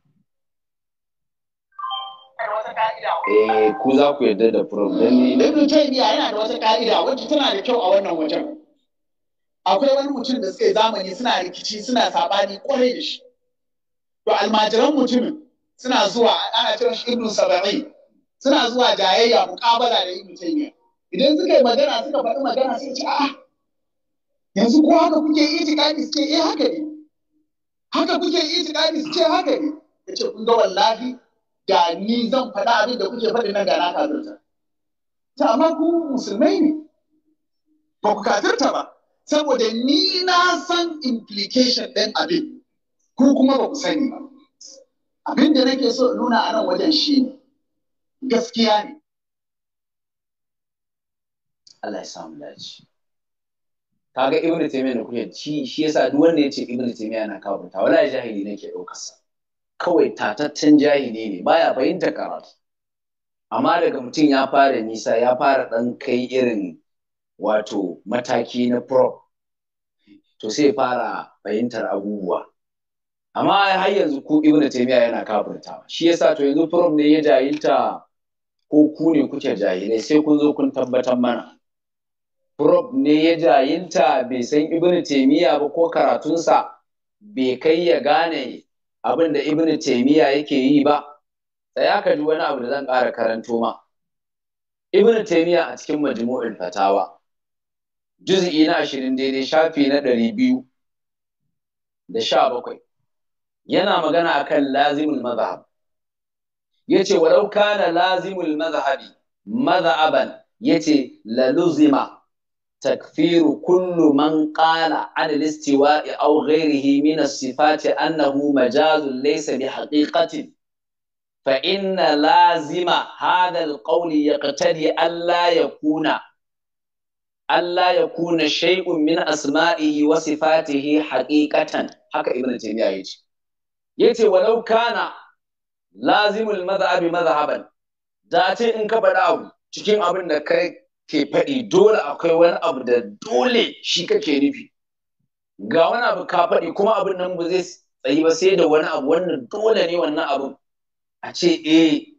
Eh, ku za ku yarda da problem. Ibn Taymiyyah yana da wata ka'ida wacce tana da kyau a wannan wajen. akwai wani mutum da suka yi zamani suna rikici suna sabani kwarai da shi to almajiran mutumin suna zuwa ana kiran shi ibnu sabai suna zuwa jayayya muƙabala da ibnu taymiya idan suka yi magana suka faɗi magana sai ce a'a yanzu ko haka kuke itikadi suke eh haka ne haka kuke itikadi suke haka ne yace kun ga wallahi da ni zan faɗa abin da kuke faɗi nan ga na kafirta ta amma ku musulmai ne ba ku kafirta ba saboda ni na san implication ɗin abin ku kuma ba ku sani ba abin da nake so nuna a nan wajen shi ne gaskiya ne Allah ya samu dace kaga ibnu taymiya da kuke ci shi yasa duk wanda yace ibnu taymiya kawo ta wala jahili nake daukar sa kawai tataccen jahili ne baya fahimta karatu amma daga mutum ya fara nisa ya fara dan kai irin wato mataki na prof to sai fara fahimtar abubuwa amma har yanzu ko ibn taymiya yana kafirta shi yasa to yanzu prof ne ya jahilta ko ku ne kuke jahilai sai kun zo kun tabbatar mana prof ne ya jahilta bai san ibn taymiya ba ko karatunsa bai kai ya gane abin da ibn taymiya yake yi ba sai ka ji wani abu da zan ƙara karanto ma ibn taymiya a cikin majmu'ul fatawa juz'i na ashirin daidai shafi na ɗari biyu da sha bakwai yana magana akan lazimul mazhab yace walau kana lazimul mazhabi mazhaban yace la luzima takfiru kullu man qala an al-istiwa'i aw ghayrihi min as-sifati annahu majazun laysa bi haqiqatin fa inna lazima hadha al-qawli yaqtadi an la yakuna Allah ya kuna shay'un min asma'ihi wa sifatihi haqiqatan haka ibnu taymiya yace yace walau kana lazimul madhhabi madhhaban da ce in ka faɗa abu cikin abin da kai ke faɗi dole akwai wani abu da dole shi kake nufi ga wani abu ka faɗi kuma abin nan ba zai tsayi ba sai da wani abu wannan dole ne wannan abu a ce eh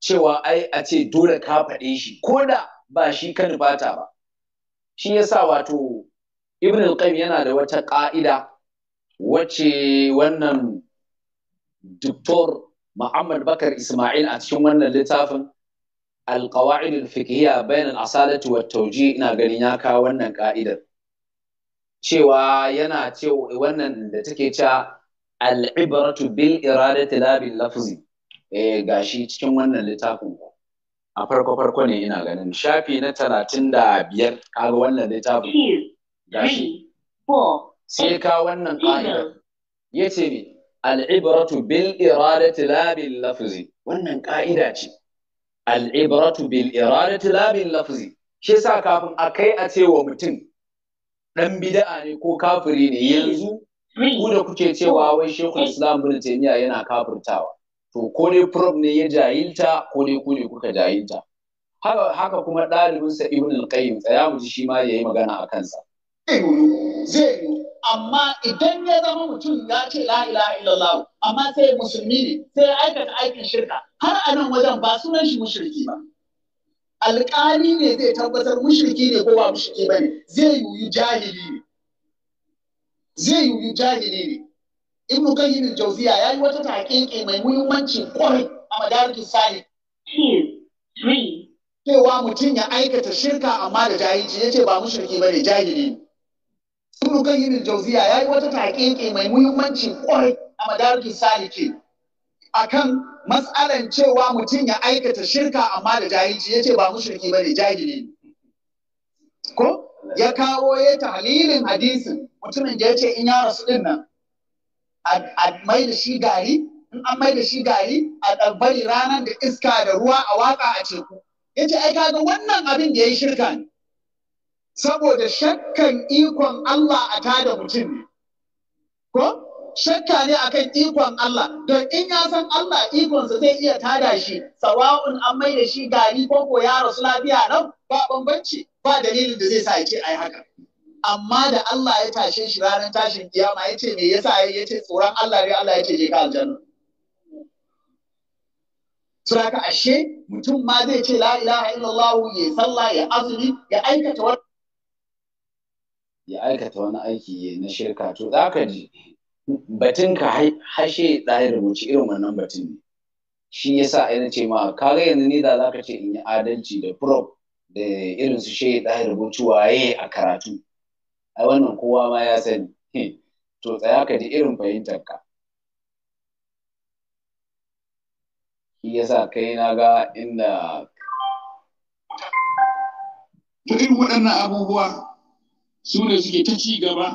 cewa ai a ce dole ka faɗe shi ko da ba shi ka nufata ba shi yasa wato ibn al-qayyim yana da wata ƙa'ida wacce wannan doktor Muhammad Bakar Ismail a cikin wannan littafin al-qawaid al-fiqhiyya bayan al-asalati wa tawji ina ganin ya kawo wannan ka'idar cewa yana cewa wannan da take cewa al-ibratu bil iradati la bil lafzi eh gashi cikin wannan littafin ko. a farko farko ne ina ganin shafi na talatin da biyar kaga wannan bu gashi sai ka wannan ka'idar. ya ce ne al'ibratu bil iradati la bil lafzi wannan ƙa'ida ce al'ibaratu bil iradati la bil lafzi shi sa kafin a kai a ce wa mutum ɗan bida'a ne ko kafiri ne yanzu ku da kuke cewa wai shekul islam bin jami'a yana kafurtawa? to ko ne prof ne ya jahilta ko ne ku ne kuka jahilta haka haka kuma ɗalibinsa ibn al-qayyim tsaya mu ji shi ma yayi magana a kansa zai yiwu amma idan ya zama mutum ya ce la ilaha illallah amma sai musulmi ne sai ya aikata aikin shirka har a nan wajen ba sunan shi mushriki ba alƙali ne zai tabbatar mushriki ne ko ba mushriki ba ne zai yiwu jahili ne zai yiwu jahili ne ibn qayyim al-jawziya yi wata taqiqi mai muhimmanci kwarai a madarikin sani. cewa mutum ya aikata shirka amma da jahilci yace ba mushriki ne jahili ne ibn qayyim al-jawziya yi wata taqiqi mai muhimmanci kwarai a madarikin salik akan matsalan cewa mutum ya aikata shirka amma da jahilci yace ba mushriki shirki jahili ne ko ya kawo ya tahlilin hadisin mutumin da ya ce in ya rasu din nan a mai da shi gari in an mai da shi gari a bari ranar da iska da ruwa a waka a teku yace ai ga wannan abin da ya yi shirka ne saboda shakkan ikon Allah a tada mutum ne ko shakka ne akan ikon Allah don in ya san Allah ikonsa zai iya tada shi sawa'un an mai da shi gari ko ko ya rasu lafiya nan ba bambanci ba dalilin da zai sa ya ce ai haka amma da Allah ya tashe shi ranar tashin kiyama ya ce me yasa ya ce tsoron Allah ne Allah ya ce je ka aljanna Suraka ashe mutum ma zai ce la ilaha illallah ya sallah ya azumi ya aikata wani ya aikata wani aiki ya na shirka to za ka ji batun ka hashe ɗaya wuce irin wannan batun ne shi yasa ina ce ma kaga yanzu ne da za ka ce in yi adalci da prop da irin su shi ɗaya rubuci waye a karatu ai wannan kowa ma ya sani to tsaya ka ji irin fahimtar ka shi yasa kai na ga inda ta irin waɗannan abubuwa su ne suke ta ci gaba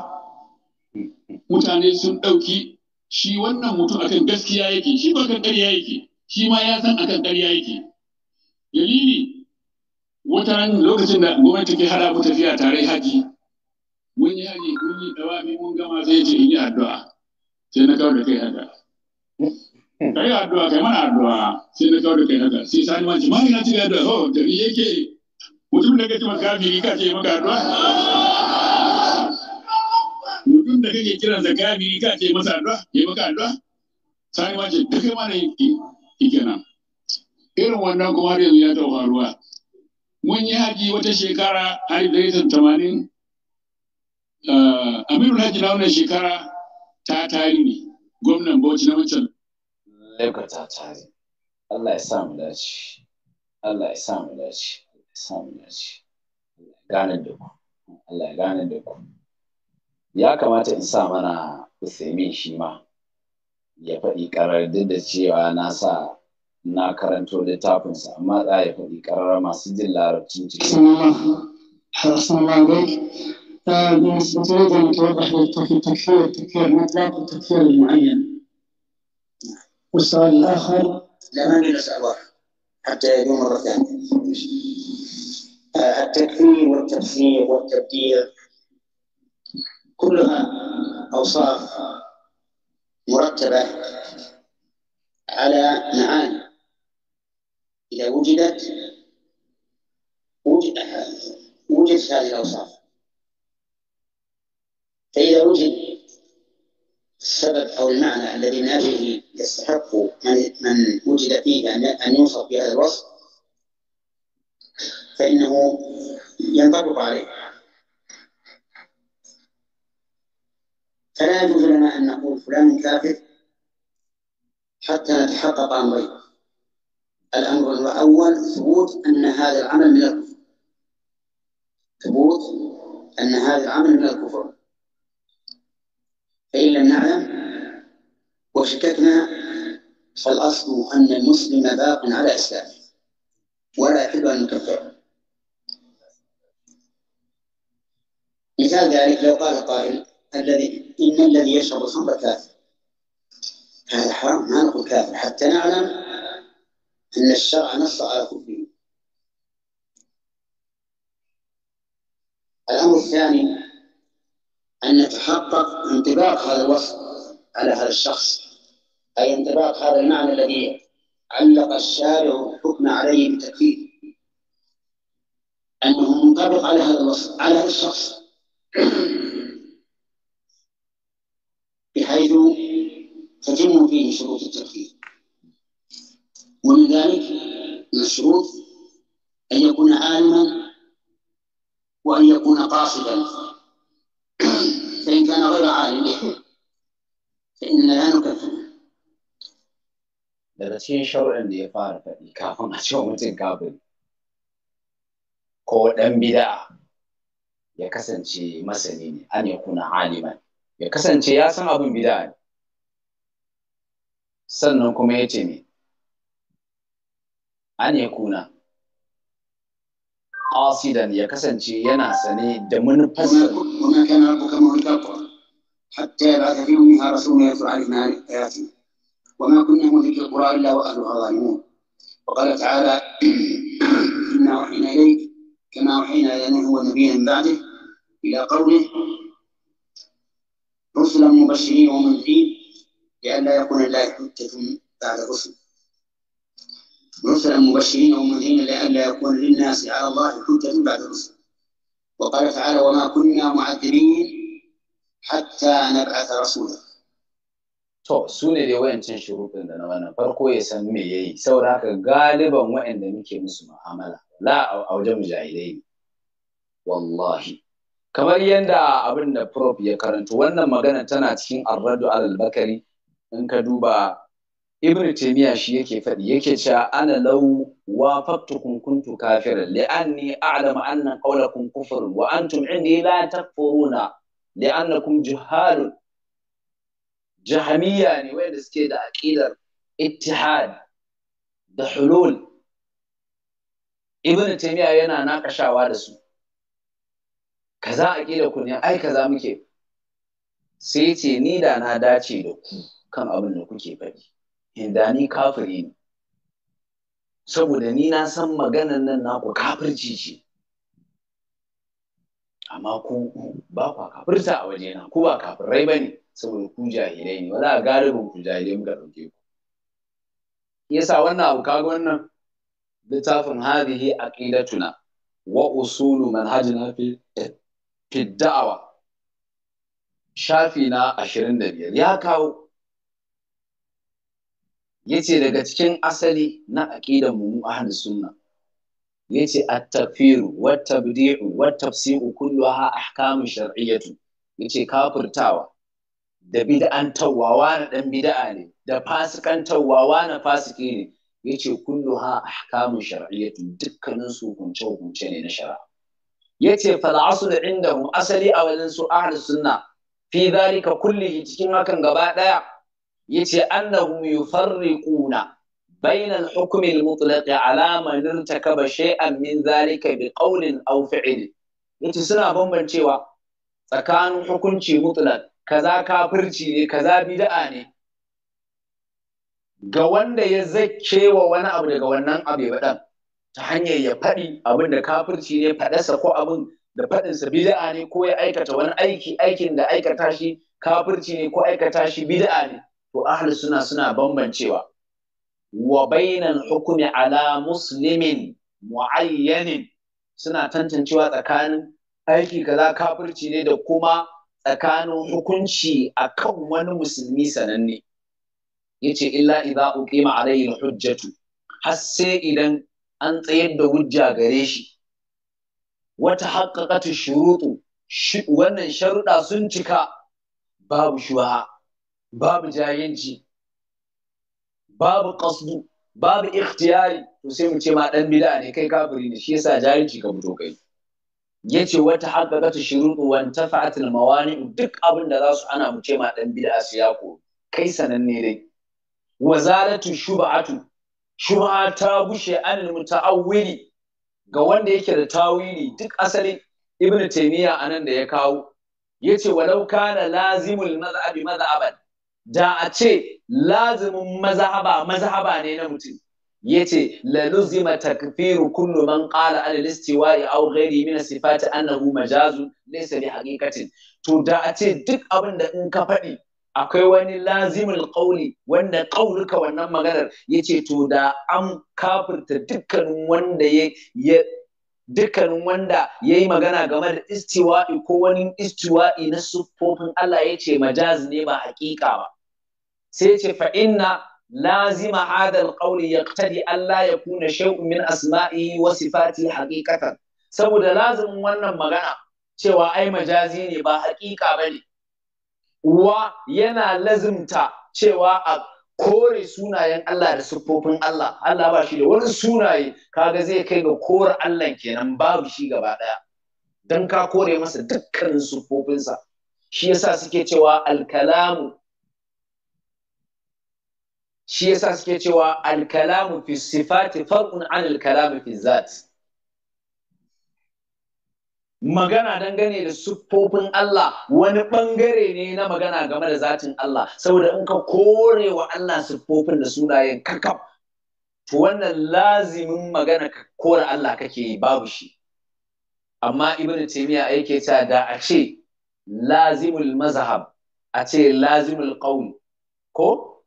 mutane sun ɗauki shi wannan mutum akan gaskiya yake shi ba kan ƙarya yake shi ma ya san akan ƙarya yake dalili wata lokacin da gwamnati ke hada mu tafiya tare haji mun yi haji mun yi dawafi mun gama sai ce yi addu'a sai na kawo da kai haka kai addu'a kai mana addu'a sai na kawo da kai haka sai sani ma jimani na cire addu'a ho oh, da ni yake mutum da kace maka kafiri ka ce maka addu'a mutum da kake kiran sa kafiri ka ce masa addu'a ya maka addu'a sani ma ce duka mana yake nan irin wannan kuma har yanzu ya taɓa mun yi haji wata shekara har da tamanin Eh, Aminu Hajji na wannan shekara ta tari ne, gwamnan Bauchi na wancan. Laifin ta tari. Allah ya sa mu dace. Allah ya sa mu dace. Allah ya sa mu dace. Allah ya Gane da ku. Allah ya gane da ku. Ya kamata in sa mana Usaimin shi ma ya faɗi ƙarar duk da cewa na sa na karanto littafinsa amma za ya faɗi ƙarar masu jin larabcin ciki. Assalamu alaikum. فمن المفروض أن توضح للتكفير تكفير مطلق وتكفير معين والسؤال الآخر لا ما عندي سؤال واحد حتى يجي مرة ثانية التكفير والتكفير والتبديع كلها أوصاف مرتبة على معاني إذا وجدت وجد وجدت هذه الأوصاف فإذا وجد السبب أو المعنى الذي من أجله يستحق من من وجد فيه أن أن يوصف بهذا الوصف فإنه ينطبق عليه فلا يجوز لنا أن نقول فلان كافر حتى نتحقق أمرين الأمر الأول ثبوت أن هذا العمل من الكفر ثبوت أن هذا العمل من الكفر فإن لم نعلم وشككنا فالأصل أن المسلم باق على إسلامه ولا يحب أن يكفر مثال ذلك لو قال قائل الذي إن الذي يشرب الخمر كافر هذا حرام ما نقول كافر حتى نعلم أن الشرع نص على كفره الأمر الثاني أن يتحقق انطباق هذا الوصف على هذا الشخص أي انطباق هذا المعنى الذي علق الشارع الحكم عليه بتكفير أنه منطبق على هذا الوصف على هذا الشخص [CLEARS THROAT] بحيث تتم فيه شروط التكفير ومن ذلك من الشروط أن يكون عالما وأن يكون قاصدا كان غير عالم فإننا لا نكفر daga cikin sharuɗin da ya fara faɗi kafin a ce mutum kafin ko ɗan bida'a ya kasance masani ne an ya kuna aliman ya kasance ya san abin bida'a ne sannan kuma ya ce ne an ya kuna asidan ya kasance yana sane da manufarsa حتى يبعث في يومها رسول يتلو عليهم آياتنا وما كنا مهلك القرى إلا وأهلها ظالمون وقال تعالى [CLEARS THROAT] إنا أوحينا إليك كما أوحينا إلى نوح ونبينا من بعده إلى قوله رسلا مبشرين ومنذرين لئلا يكون لله حجة بعد الرسل رسلا مبشرين ومنذرين لئلا يكون للناس على الله حجة بعد الرسل وقال تعالى وما كنا معذبين hatta na ba'atha to su ne dai wayancin shuruɗin da na wannan farko ya san me ya yayi saboda haka galiban wayanda muke musu mu'amala la a wajen mujahidai ne wallahi kamar yadda abin da prof ya karantu, wannan magana tana cikin arradu al-bakari in ka duba ibn taymiya shi yake faɗi yake cewa ana law wafaqtukum kuntu kafiran li'anni a'lamu anna qawlakum kufr wa antum indi la takfuruna li'annakum juhalun jahamiya ne wanda suke da aƙidar ittihad da hulul ibn taymiya yana nakashawa da su kaza aƙida ku ne ai kaza muke sai ce ni da na dace da ku kan abin da kuke faɗi inda ni kafiri ne saboda ni na san maganan nan naku kafirci ce amma ku ba kwa kafirta a wajena ku ba kafirai ba ne saboda ku jahilai ne wala galibin ku jahilai muka ɗauke ku yasa wannan abu kaga wannan littafin hadhihi aqidatuna wa usulu manhajin fi fi da'awa shafi na 25 ya kawo yace daga cikin asali na aqidan mu ahlus sunna yace at-takfiru wat tabdi'u wa tafsiru kulluha ahkamu shar'iyyatu yace kafurtawa da bid'an tawawa na dan bid'a ne da fasikan tawawa na fasiki ne yace kulluha ahkamu shar'iyyatu dukkanin su kunce-kunce ne na shari'a yace fal asl indahum asali a wajen su ahli sunna fi dhalika kullihi cikin hakan gaba daya yace annahum yufarriquna بين الحكم المطلق على من ارتكب شيئا من ذلك بقول او فعل yace suna bambancewa tsakanin hukunci مطلق كذا kafirci ne كذا bid'a ne ga wanda ya zace wa wani abu daga wannan abu ya ta hanyar ya faɗi abin da kafirci ne faɗarsa ko abin da faɗinsa bid'a ne ko ya aikata wani aiki aikin da aikata shi kafirci ne ko aikata shi bid'a ne to ahlus suna suna bambancewa wa hukumi ala muslimin mu'ayyanin suna tantancewa tsakanin aiki kaza kafirci ne da kuma tsakanin hukunci akan wani musulmi sananne yace illa idza uqima alayhi hujjatu har sai idan an tsayar da hujja gare shi wata haqqaqat shurutu wannan sharuɗa sun cika babu shuha babu jayinci babu kasdu, babu ikhtiyari to sai mu ce ma dan bid'a ne kai kafiri ne shi yasa jariki ka fito kai yace wata haqqaqatu shurutu wa intafa'at al-mawani duk abin da zasu ana mu ce ma dan bid'a su ya ko kai sananne dai wazalatu shub'atu shubha ta bushe an muta'awwili ga wanda yake da tawili duk asali ibnu taymiya anan da ya kawo yace walau kana lazimul madhhabi madhhaban da a ce lazimin mazhaba mazahaba ne na mutum yace la luzima takfiru kullu man qala an al-istiwa'i aw ghairi min sifati annahu majazun laysa bi haqiqatin to da a ce duk abin da in ka faɗi akwai wani lazimul qauli wanda qauluka wannan maganar yace to da an kafirta dukkanin wanda ya dukkanin wanda ya yi magana game da istiwa'i ko wani istiwa'i na siffofin Allah ya ce majaz ne ba haƙiƙa ba sai ce fa inna lazima hadal ya yaqtadi Allah ya kuna shay'un min asma'i wa sifati haqiqatan saboda lazimin wannan magana cewa ai majazi ne ba haƙiƙa bane wa yana lazimta cewa a kore sunayen Allah da siffofin Allah Allah ba shi da wani sunaye kaga zai kai ga kore Allah kenan babu shi gaba ɗaya, don ka kore masa dukkanin siffofinsa shi yasa suke cewa alkalamu shi yasa suke cewa alkalamu fi sifati farqun an alkalamu fi zati magana dangane da siffofin Allah wani bangare ne na magana game da zatin Allah saboda in ka kore wa Allah siffofin da sunayen kakaf to wannan lazimin magana ka kore Allah kake yi babu shi amma ibn taymiya yake ta da a ce lazimul mazhab a ce lazimul qawl ko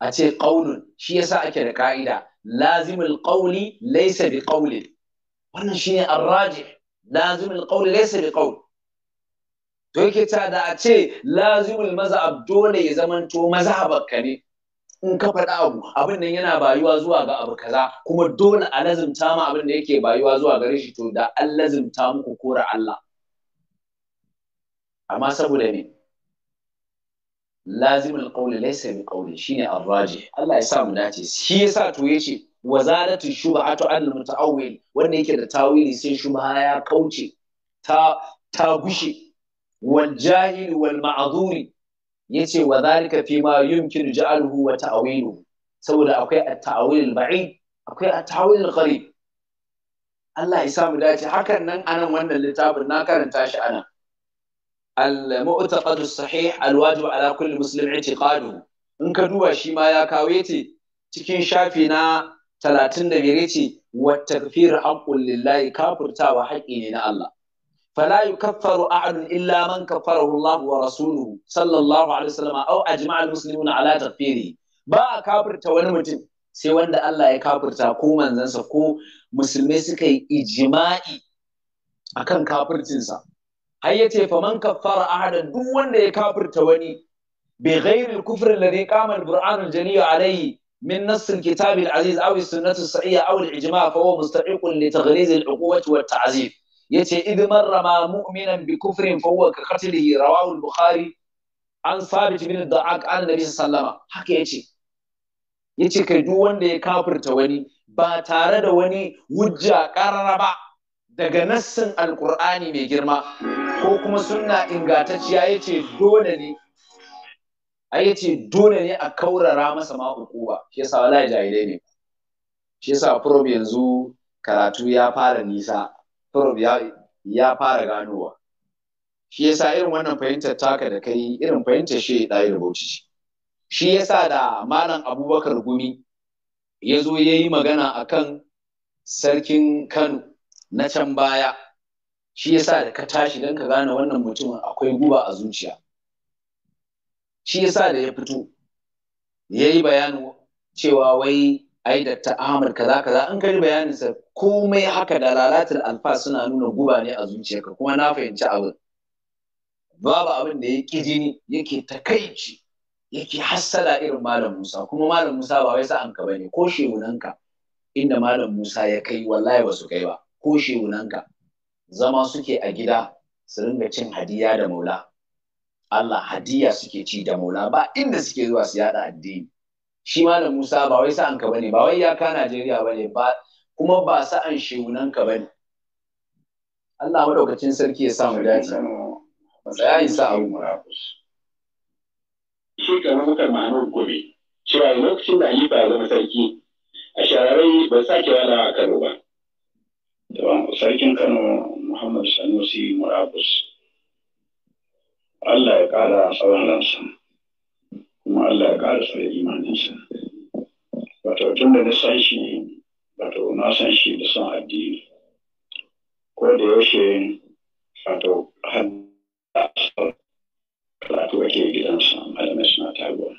a ce qaulun shi yasa ake da ka'ida lazimul qawli laysa bi shi wannan shine arrajih lazimul qawl laysa bi to yake ta da a ce lazimul mazhab dole ya zamanto mazhabarka ne in ka faɗa abu abin nan yana bayuwa zuwa ga abu kuma dole a lazimta ma abin da yake bayuwa zuwa gare shi to da an lazimta muku kora Allah amma saboda ne lazimul qawl laysa bi qawl shine arraji Allah ya sa mu dace shi yasa to yace wa zalatu shubhatu al wanda yake da tawili sai shubha ya kauce ta ta gushe wal jahil wal ma'dhuri yace wa zalika fi ma yumkinu ja'aluhu wa ta'wiluhu saboda akwai at-ta'wil al-ba'id akwai at-ta'wil al-qarib Allah ya samu dace hakan nan anan wannan littafin na karanta shi anan al-mu'taqad as-sahih al-wajib ala kulli muslim i'tiqaduhu in ka duba shi ma ya kawe yace cikin shafi na talatin da biyar yace wa takfir haqqul lillahi kafurtawa haƙƙi ne na Allah فلا يكفر illa man من كفره الله ورسوله صلى الله عليه وسلم أو أجمع المسلمون ala تكفيره ba a kafirta wani mutum sai wanda Allah ya kafurta ko manzansa ko musulmai suka yi ijima'i akan kafurcinsa har yace fa man kaffara ahadan duk wanda ya kafurta wani bi ghairi al-kufr alladhi qama al-qur'an al alayhi من نص الكتاب العزيز أو السنة الصحيحة أو الإجماع فهو مستحق لتغليظ العقوبة والتعذيب يتي إذ مر ما مؤمنا بكفر فهو كقتله رواه البخاري عن ثابت بن الضحاك عن النبي صلى الله عليه وسلم haka yace yace kai duk wanda ya kafirta wani ba tare da wani hujja karara ba daga nassin alqur'ani mai girma ko kuma sunna ingantacciya yace dole ne A yi ce, dole ne a kaurara masa ma hukuma shi yasa wala jahilai ne shi yasa prob yanzu karatu ya fara nisa prob ya ya fara ganowa shi yasa irin wannan fahimtar taka da kai irin fahimtar shi da ya bauchi shi yasa da malam Abubakar Gumi ya zo ya yi magana a kan sarkin Kano na can baya shi yasa da ka tashi don ka gane wannan mutumin akwai guba a zuciya shi yasa da ya fito ya yi bayanin cewa wai ai da za kaza za an kai bayaninsa komai haka da lalatar alfa suna nuna guba ne a zuciyarka kuma na fahimci abin babu abin da ya ƙi jini yake takaici yake hassala irin malam Musa kuma malam Musa ba wai ba bane ko shehunanka inda malam Musa ya kai wallahi ba su kai ba ko shehunanka zama suke a gida su ringa cin hadiya da maula Allah hadiya suke ci da maula ba inda suke zuwa su yada addini shi malam Musa ba wai sa'an ka bane ba wai ya ka Najeriya bane ba kuma ba sa'an shehunan ka bane Allah madaukakin sarki ya sa mu dace ya yi sa abu shi ka muka ma'anar gobe cewa lokacin da Ali ba zama sarki a shararai ba sake wala a Kano ba Da sarkin Kano Muhammad Sanusi Murabus Allah ya ƙara tsawon ransa kuma Allah ya ƙara tsawon imaninsa wato tun da na san shi wato na san shi da son addini ko da yaushe wato har karatu ake gidansa malamai suna taruwa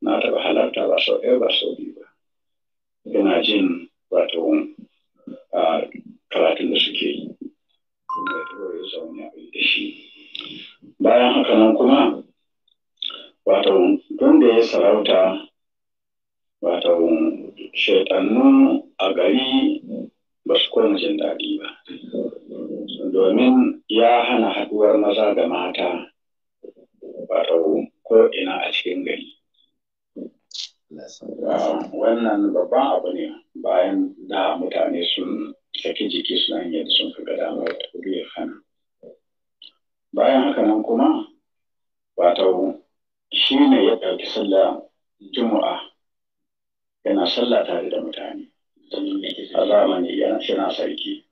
na taɓa halarta ba sau ɗaya ba sau biyu ba yana jin wato karatun da suke yi kuma ya taɓa zaune a da shi bayan haka nan kuma wato don da ya sarauta wato shaidannu a gari ba su kwana jin daɗi ba domin ya hana haɗuwar maza da mata wato ko ina a cikin gari wannan babban abu ne bayan da mutane sun saki jiki suna yadda sun fi ga damar da hana bayan haka nan kuma wato shi ne ya ɗauki sallah juma'a yana sallah tare da mutane a zamani yana sarki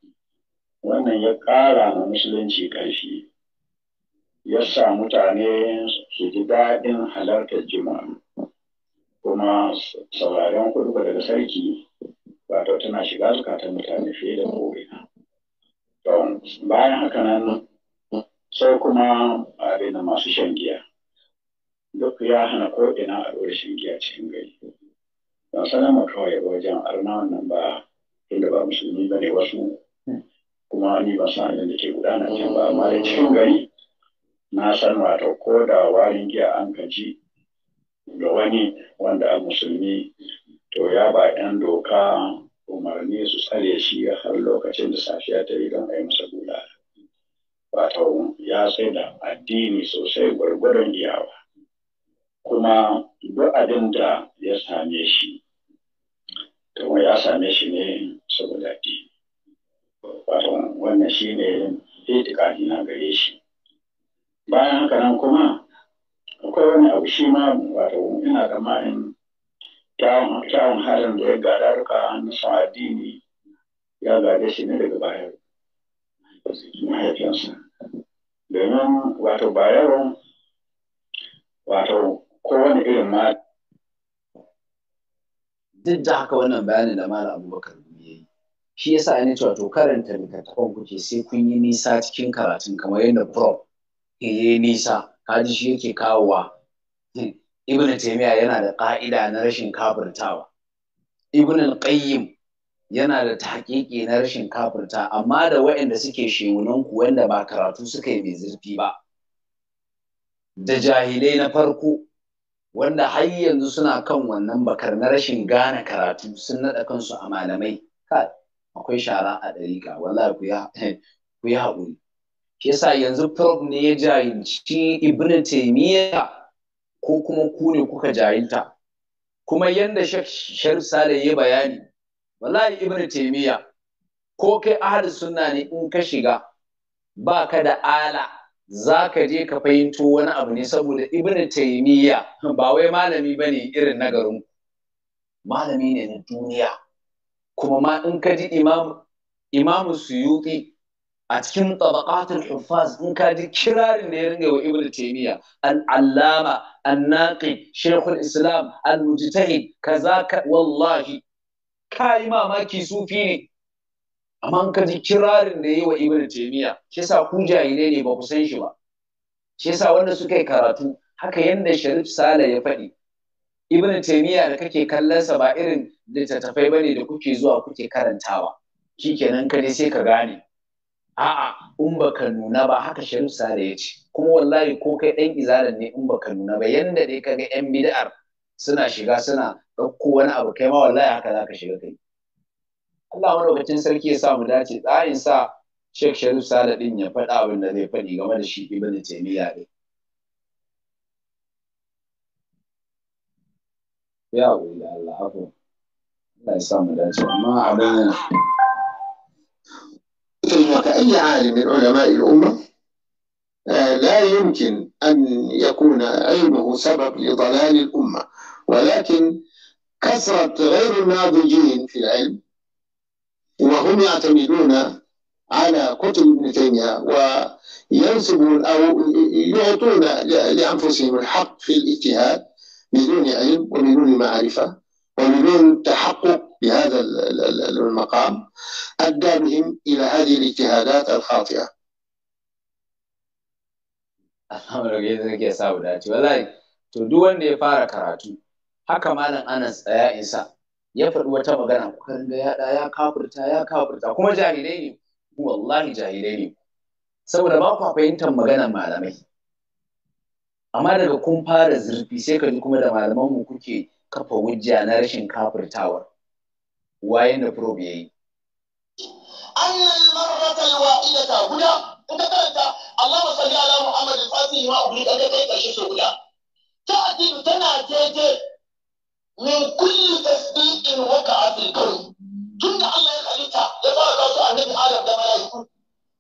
wannan ya ƙara na musulunci ƙarfi ya sa mutane su ji daɗin halartar juma'a kuma sauraren kuɗuka daga sarki wato tana shiga zukatan mutane fiye da ko'ina bayan haka nan sai kuma abin da masu shan giya duk ya hana ko'ina a ɗora shan giya cikin gari ba salama kawai wajen arna wannan ba tunda ba musulmi ba ne wasu kuma ni ba san abin da ke gudana can ba amma da cikin gari na san wato ko da warin giya an ka ji ga wani wanda a musulmi to ya ba ɗan doka umarni su tsare shi har lokacin da safiya ta yi don a yi masa bulala wato ya sai da addini sosai gwargwaron iyawa kuma duk abin da ya same shi kuma ya same shi ne saboda addini wato wannan shi ne itikadi na gare shi bayan haka nan kuma akwai wani abu shi ma wato ina tsammanin kyawun halin da ya gada duka na addini ya gada shi ne daga bayan mahaifinsa domin wato wato kowane irin ma duk da haka wannan bayanin da malam abubakar ya yi shi yasa ne cewa to karanta littattafan kuke sai kun yi nisa cikin karatun kamar yadda prof ya yi nisa kaji shi yake kawowa ibn taymiya yana da ƙa'ida na rashin kafirtawa ibn al-qayyim yana da taƙiƙi na rashin kafirta amma da waɗanda suke shehunanku wanda ba karatu suka yi mai zurfi ba da jahilai na farko wanda har yanzu suna kan wannan bakar na rashin gane karatu sun naɗa kansu a malamai akwai shara a ɗariƙa wallahi ku yi haƙuri shi yasa yanzu prof ne ya jahilci ibn taymiya ko kuma ku ne kuka jahilta kuma yanda shek sharif sale ya bayani wallahi ibnu taymiya ko kai ahad sunna ne in ka shiga ba ka da ala za ka je ka fahimto wani abu ne saboda ibnu taymiya ba wai malami bane irin na garin malami ne na duniya kuma ma in ka ji imam imam suyuti a cikin tabaqatul huffaz in ka ji kirarin da ya ringa wa ibnu taimiyya al-allama an-naqi shaykhul islam al-mujtahid kaza ka wallahi ka yi mamaki sufi ne amma ka ji kirarin da yi wa ibn taymiya shi yasa ku jahilai ne ba ku san shi ba shi yasa wanda suka yi karatu haka yanda sharif sala ya faɗi Ibn taymiya da kake kallon sa ba irin littattafai ne da kuke zuwa kuke karantawa shikenan ka dai sai ka gane a'a in baka nuna ba haka sharif sala ya ce kuma wallahi ko kai ɗan izalan ne in baka nuna ba yanda dai kaga yan bid'ar suna shiga suna ɗauko wani abu kai ma wallahi haka za ka shiga kai Allah lokacin sarki ya samu dace tsarin sa Sheikh Sharif Sada din ya faɗa abin da zai faɗi game da shi Ibn Taymiyyah din ya haƙuri da Allah afu Allah ya samu dace amma abin yana وكأي عالم من علماء الأمة لا يمكن أن يكون علمه سبب لضلال الأمة ولكن كثرة غير الناضجين في العلم وهم يعتمدون على كتب ابن تيمية وينسبون أو يعطون لأنفسهم الحق في الاجتهاد بدون علم وبدون معرفة وبدون تحقق بهذا المقام أدى بهم إلى هذه الاجتهادات الخاطئة [LAUGHS] to duk wanda ya fara karatu haka malam anas tsaya isa ya faɗi wata magana kukan ga ya ya kafurta ya kafurta kuma jahilai ne ku wallahi jahilai ne saboda ba ku fahimtar maganar malamai amma daga kun fara zurfi sai ka ji kuma da malaman mu kuke kafa wujja na rashin kafurtawar waye na probe yayi annal marratal wa'idata guda in ka karanta Allah salli ala muhammadin fatihi fatih ma ubri da kai kashi so guda ta tana jeje min kulli tasbiqin waka fil kawn tunda Allah ya halitta ya fara kawo su annabi Adam da malaiku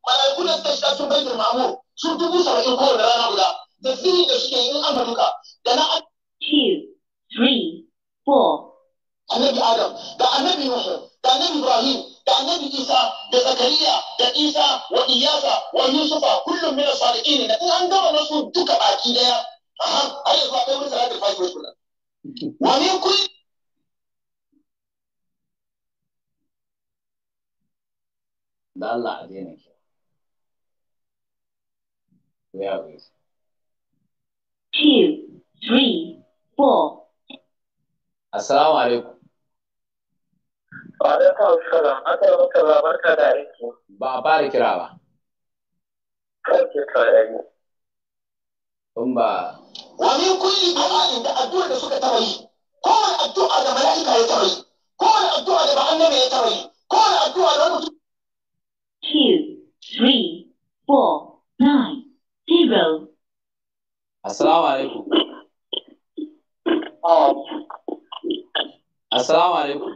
malaiku da suka shiga sun baitul Mamu sun dubu saba'in kowane rana guda tasbiqin da suke yin an duka da na two three four annabi Adam da annabi Nuhu da annabi Ibrahim da annabi Isa da Zakariya da Isa wa Iyasa wa Yusufa kullum min as-salihin da in an gama nasu duka baki daya har yanzu akwai mutane da fa'idoji wàlẹ́ kú. Dala adịghị nke ya Aka yi maka barka da aiki. Ba a fara kira ba. Kan ke kare wa min kulli du'a'in da addu'a da suka taba yi kowane addu'a da mala'ika ya taba yi kowane addu'a da annabi ya taba yi kowane addu'a da mutum two three four nine zero assalamu alaikum ah. assalamu alaikum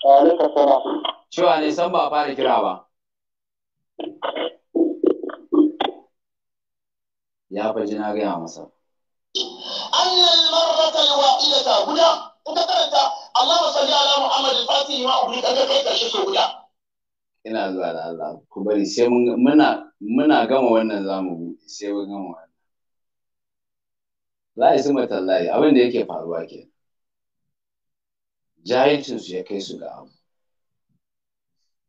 Alaikum salam. Cewa ne san ba fara kira ba. ya faji na gaya masa annal marrata ta guda in ka karanta Allahumma salli ala Muhammad al-Fatih ma ubri ka kai karshe so guda ina zuwa da Allah ku bari sai muna muna gama wannan zamu buɗe sai mun gama wannan la mata matallahi abin da yake faruwa ke Jahilcinsu ya kai su ga abu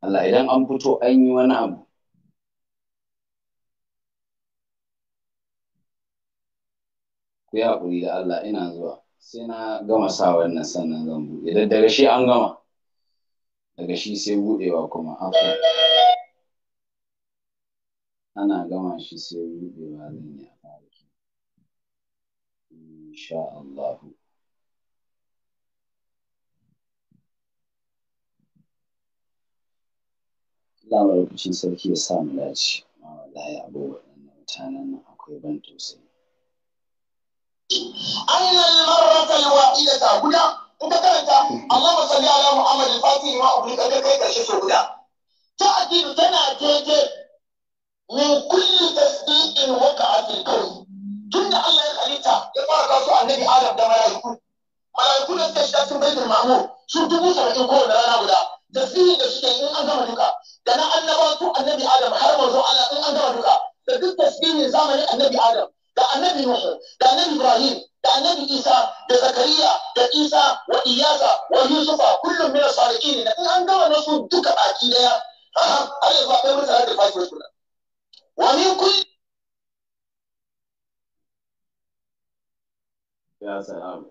Allah idan an fito an yi wani abu ku yi haƙuri da Allah ina zuwa sai na gama sa wannan sannan zan buɗe da daga shi an gama daga shi sai buɗewa kuma afa ana gama shi sai buɗewa zan yi a fara insha Allah Allah sarki ya sa mu dace. Wallahi abubuwan mutanen nan akwai ban tausayi. أن المرة الواحدة هنا أنت كانت اللهم صل على محمد الفاتح ما أغلق أنت كيف هنا تأتي تنا من كل تصديق وقع في الكون tunda Allah ya halitta ya fara kasu annabi Adam da malaiku malaiku da suka shiga sun baitul mamu sun dubu saba'in kowane rana guda tasbihin da suke in an gama duka da na annabawa annabi Adam har manzo Allah in an gama duka da duk tasbihin zamanin annabi Adam da annabi Nuhu da annabi Ibrahim da annabi Isa da Zakariya da Isa wa Iyaza wa Yusufa kullum min ne, in an gama na su duka baki daya har yanzu akwai mutane da fashi wasu wa ni kulli ya salamu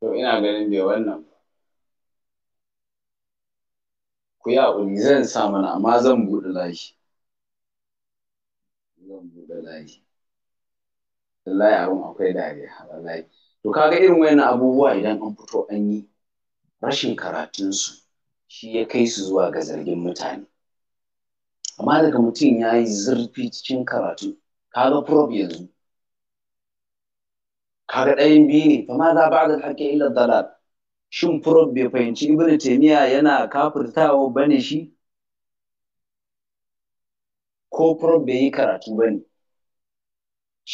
to ina ganin bai wannan ku yi abu zan sa mana amma zan buɗe lashi zan buɗe layi wallahi abin akwai dariya wallahi to kaga irin wayannan abubuwa idan an fito an yi rashin karatunsu shi ya kai su zuwa ga zargin mutane amma daga mutum ya yi zurfi cikin karatu kaga prof yanzu kaga ɗayan biyu ne fa ma za ba da haƙƙi illa dalal shin prof bai fahimci ibnu taymiya yana kafirtawa bane shi ko prof bai yi karatu ba ne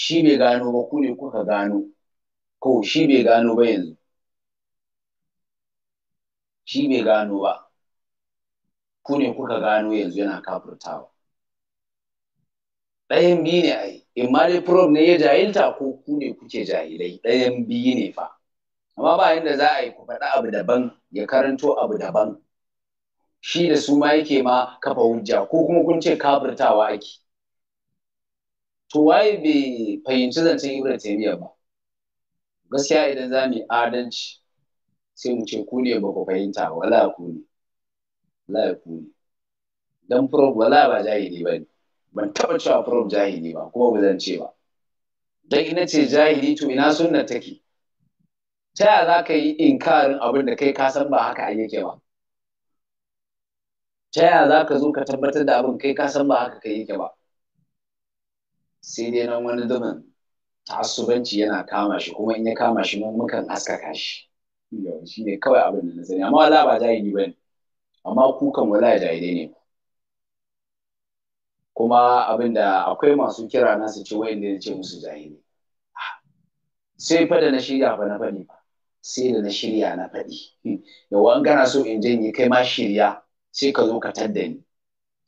shi bai gano ba ku ne kuka gano ko shi bai gano ba yanzu shi bai gano ba ku ne kuka gano yanzu yana kafurtawa ɗayan biyu ne ai in ma dai prof ne ya jahilta ko ku ne kuke jahilai ɗayan biyu ne fa amma ba yadda za a yi ku faɗa abu daban ya karanto abu daban shi da su ma yake ma kafa hujja ko kuma kun ce kafirtawa ake to waye bai fahimci zancen ibra taimiyya ba gaskiya idan za mu adalci sai mu ce ku ne ba ku fahimta wala ku ne wala ku ne dan prof wala ba jahili ba ne ban taba cewa prof jahili ba kuma ba zan ce ba dan ina ce jahili to ina sunna take ta yaya za ka yi inkarin abin da kai ka san ba haka yake ba ta za ka zo ka tabbatar da abin kai ka san ba haka kai yake ba sai dai nan wani zaman ta'assubanci yana kama shi kuma in ya kama shi mun mukan haskaka shi shi ne kawai abin da na sani amma wala ba jahili ba ne amma kukan wala jahilai ne kuma abin da akwai masu kira na su ce wayanda ya ce musu jahilai. sai fa da na shirya fa na faɗi sai da na shirya na faɗi yawa in kana so in janye kai ma shirya sai ka zo ka tadda ni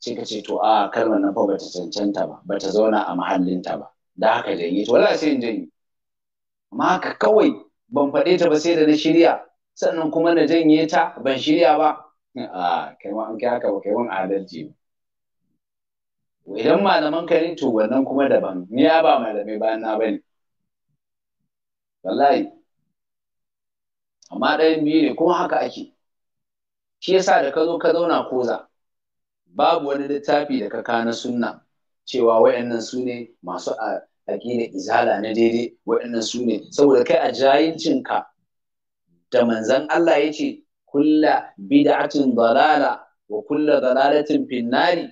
sai ka ce to a kalmar nan fa bata cancanta ba bata zauna a mahallinta ba da haka janye to wallahi sai in janye amma haka kawai ban faɗe ta ba sai da na shirya sannan kuma na janye ta ban shirya ba a kai ma an kai haka ba kai wani adalci ba idan malaman ka ni to wannan kuma daban ni ya ba malamai bayan na bane wallahi amma ɗayan biyu ne kuma haka ake shi yasa da ka zo ka zauna koza babu wani littafi da ka kana sunna cewa wayannan su ne masu aƙida izala na daidai wayannan su ne saboda kai a ka, da manzan Allah ya ce kulla bid'atin dalala wa kulla dalalatin finnari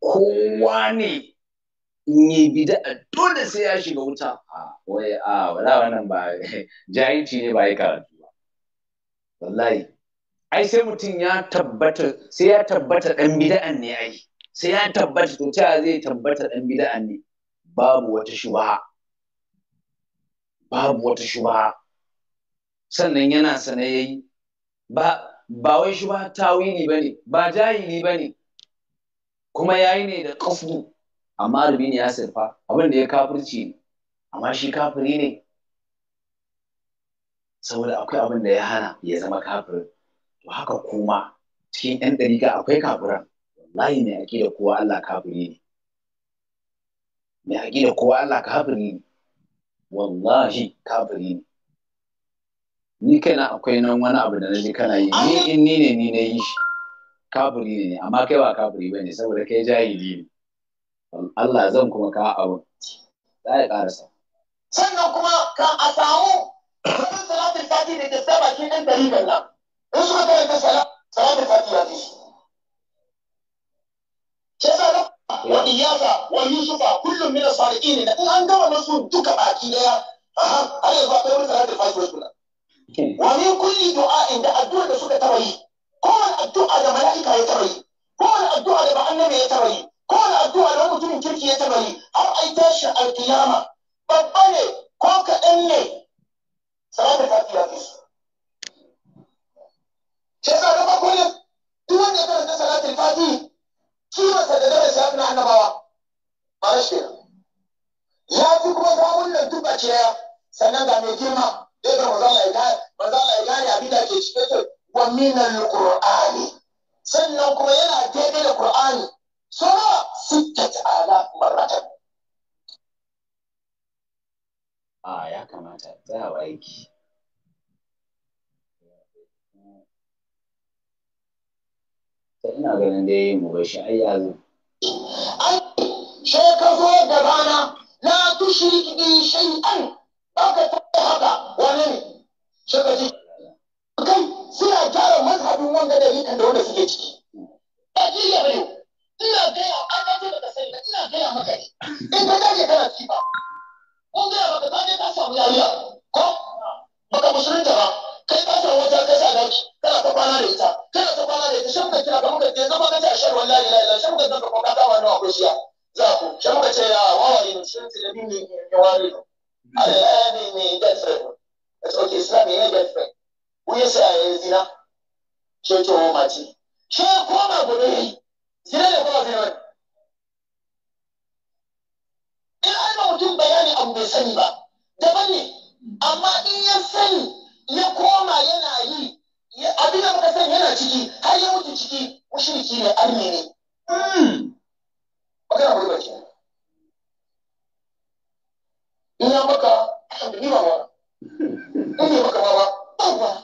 kowa ne in yi bid'a dole sai ya shiga wuta a wai a wala wannan ba [LAUGHS] jahilci ne ba ya karatu ba wallahi ai sai mutum ya tabbata sai ya tabbata dan bid'an ne ai sai ya tabbata to ta zai tabbata dan bid'an ne babu wata shubha babu wata shubha sannan yana sane ba ba wai shubha tawili bane ba jahili bane kuma yayi ne da qasdu amma rubin ya sirfa abin da ya kafirci ne amma shi kafiri ne saboda akwai abin da ya hana ya zama kafirin to haka kuma cikin ɗari ɗariƙa akwai kafiran wallahi mai da kowa Allah kafiri ne mai da kowa Allah kafiri ne wallahi kafiri ne ni kana akwai nan wani abu da na kana yi ni in ni ne ni na yi shi kafiri ne amma kai ba kafiri bane saboda kai jahili ne Allah zan kuma ka abu za ya karasa sannan kuma kan a samu [COUGHS] wani salatul fati da ta sa bakin ɗan dalilin nan in suka karanta salatul fati ya fi su ke sa wa iyaka wa yusufa kullum min as-salihin ne in an gama nasu duka baki daya har yanzu akwai wani salatul fati wasu kula wa min kulli du'a'in da addu'a da suka taba yi kowane addu'a da mala'ika ya taba yi kowane addu'a da annabi ya taba yi kowane addu'a da wani mutumin kirki ya taba yi har ai tashin alkiyama babba ne ko kaɗan ne salatul fati ya su Sai yasa na farko ne duk wanda ya karanta salatul Fati, kimarsa da daraja ya fi na annabawa ba rashin ya fi kuma samun nan duk a ciya sannan ga mai girma dai ga manzo Allah ya gane manzo Allah ya gane abin da ke cikin sai wa minal qur'ani sannan kuma yana daidai da qur'ani sura sittat ala marratan a ah, ya kamata za a aiki ina ganin da yi mu bar shi ai yazo ai she ka zo da rana la tushriki bi shay'an baka ta haka wani ne she ka ji kai suna gyara mazhabin wanga da rikan da wanda suke ciki aji ya bayo ina gaya an ka ce baka sani ina gaya maka ne in ka dage kana ciki ba kun gaya baka ka je ka samu yariya ko baka musulunta ba kai ka samu wata kasa da kana ta kwana da ita kana ta kwana da ita shi muka kira ka muka kira zama ka ce ashar wallahi la ilaha illallah shi muka ko ka kawo wannan akwai shiya za ku shi muka ce ya ah, wawari ne shi ne da bin ne ya wari ne al'adi ah, ne da tsare it's okay islam ne da tsare ku ya sa ya zina shi ce wa oh, mace shi ma gobe yi. zina da kuma zina in ana mutum bayani abu bai sani ba daban ne amma in ya sani ya koma yana yi abin da muka san yana ciki har ya mutu ciki mushriki ne arne ne hmm. magana mu riba kenan in ya maka ni ba ba in bai maka ba ba ba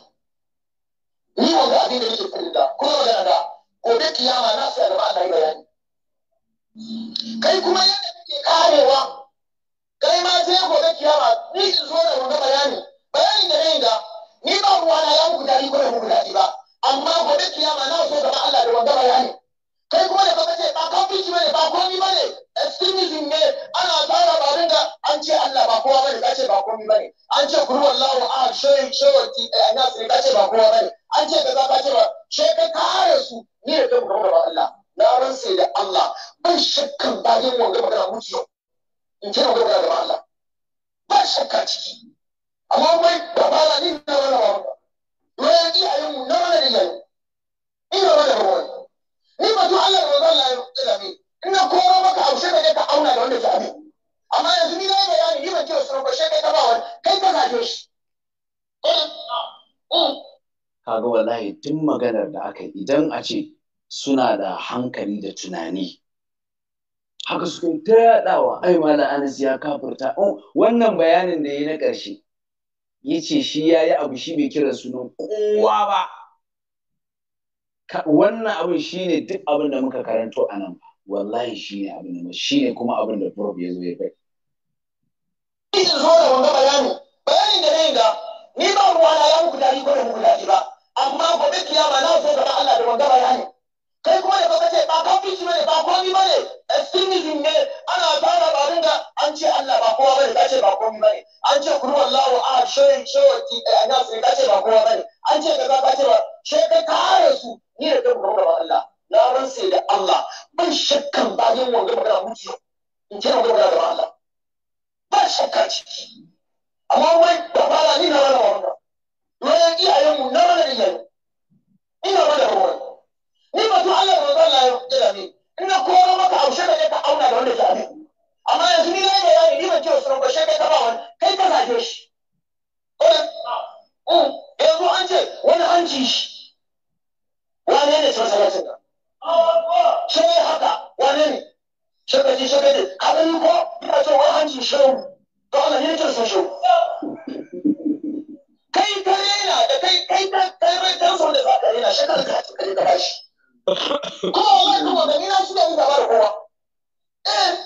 ni wanda abin da nake kurinta kuma magana da gobe kiyama na sai da Allah yi bayani kai kuma yadda kake karewa kai ma sai gobe kiyama ni in zo da wanda bayani bayanin da nayi da ni ba ruwa na ya muku dari ko ya muku dadi ba amma gobe kiyama na so gaba Allah da wanda bayani kai kuma da kaka ce ba kafirci bane ba komi bane extremism ne ana tara babin da an ce Allah ba kowa bane kace ba komi bane an ce kuru wallahu ahad shoyin shawati eh ina sai kace ba kowa bane an ce kaza kace ba she ka kare su ni da kuma gaba Allah na ransa da Allah ban shakkan bayan wanda magana mutu yau in kira gaba Allah ba shakka ciki Amma komai da bala ni na wala ba wai iyayen mu na wala ni na wala ba wani ni ba to Allah ba Allah ya rubuta ni ina koro maka abu sai ka auna da wanda ke abin amma yanzu ni na yi bayani ni ban ce wasu ba sai kai ka ba wani kai ka zaje shi kaga wallahi duk maganar da aka yi idan a ce suna da hankali da tunani haka suke ta yaɗawa ai mala anas ya kafirta oh, wannan bayanin da ya na ƙarshe ya ce shi ya yi abu shi bai kira sunan kowa ba wannan abin shi ne duk abin da muka karanto a nan wallahi shi ne abin da shi ne kuma abin da prof ya zo ya Ni Ina zo da wanda bayani bayanin da na yi da ni ba ruwa na ya muku tari ko da muku dari ba amma gobe kiyama na so gaba Allah da wanda bayani kai kuma da baka ce ba kafirci bane ba komi bane extremism ne ana tara ba dinga an ce Allah ba kowa bane kace ba komi bane an ce kuru wallahu ahad shoyin shawati eh, annas ne kace ba kowa bane an ce kaza kace ba she ka kare su ni da kan kuru ba Allah na ransa da Allah ban shakkan bayan wanga magana muke in ce wanga magana da Allah ba shakka ciki amma wai da bala ni na rana wanga wai iyayen mu na rana iyayen ina ba da wannan ni ba tun Allah ba zan layo ya dame ina koro maka abu shaka ka auna da wanda a bi? amma yanzu ni na yi bayani ni ban ce wasu ranko shaka ka ba wani kai ka zage shi mm. yanzu an ce wani an ci shi wane ne sun salatin ka ya haka wane ne shaka ji shaka ji kaga ko ina ce wani an ci shehu to Allah ne ce sun shehu kai ka rena da kai kai ka kai rai ta so da za ka rena shaka ka ka bashi kowa zai kuma gani na da da kowa eh,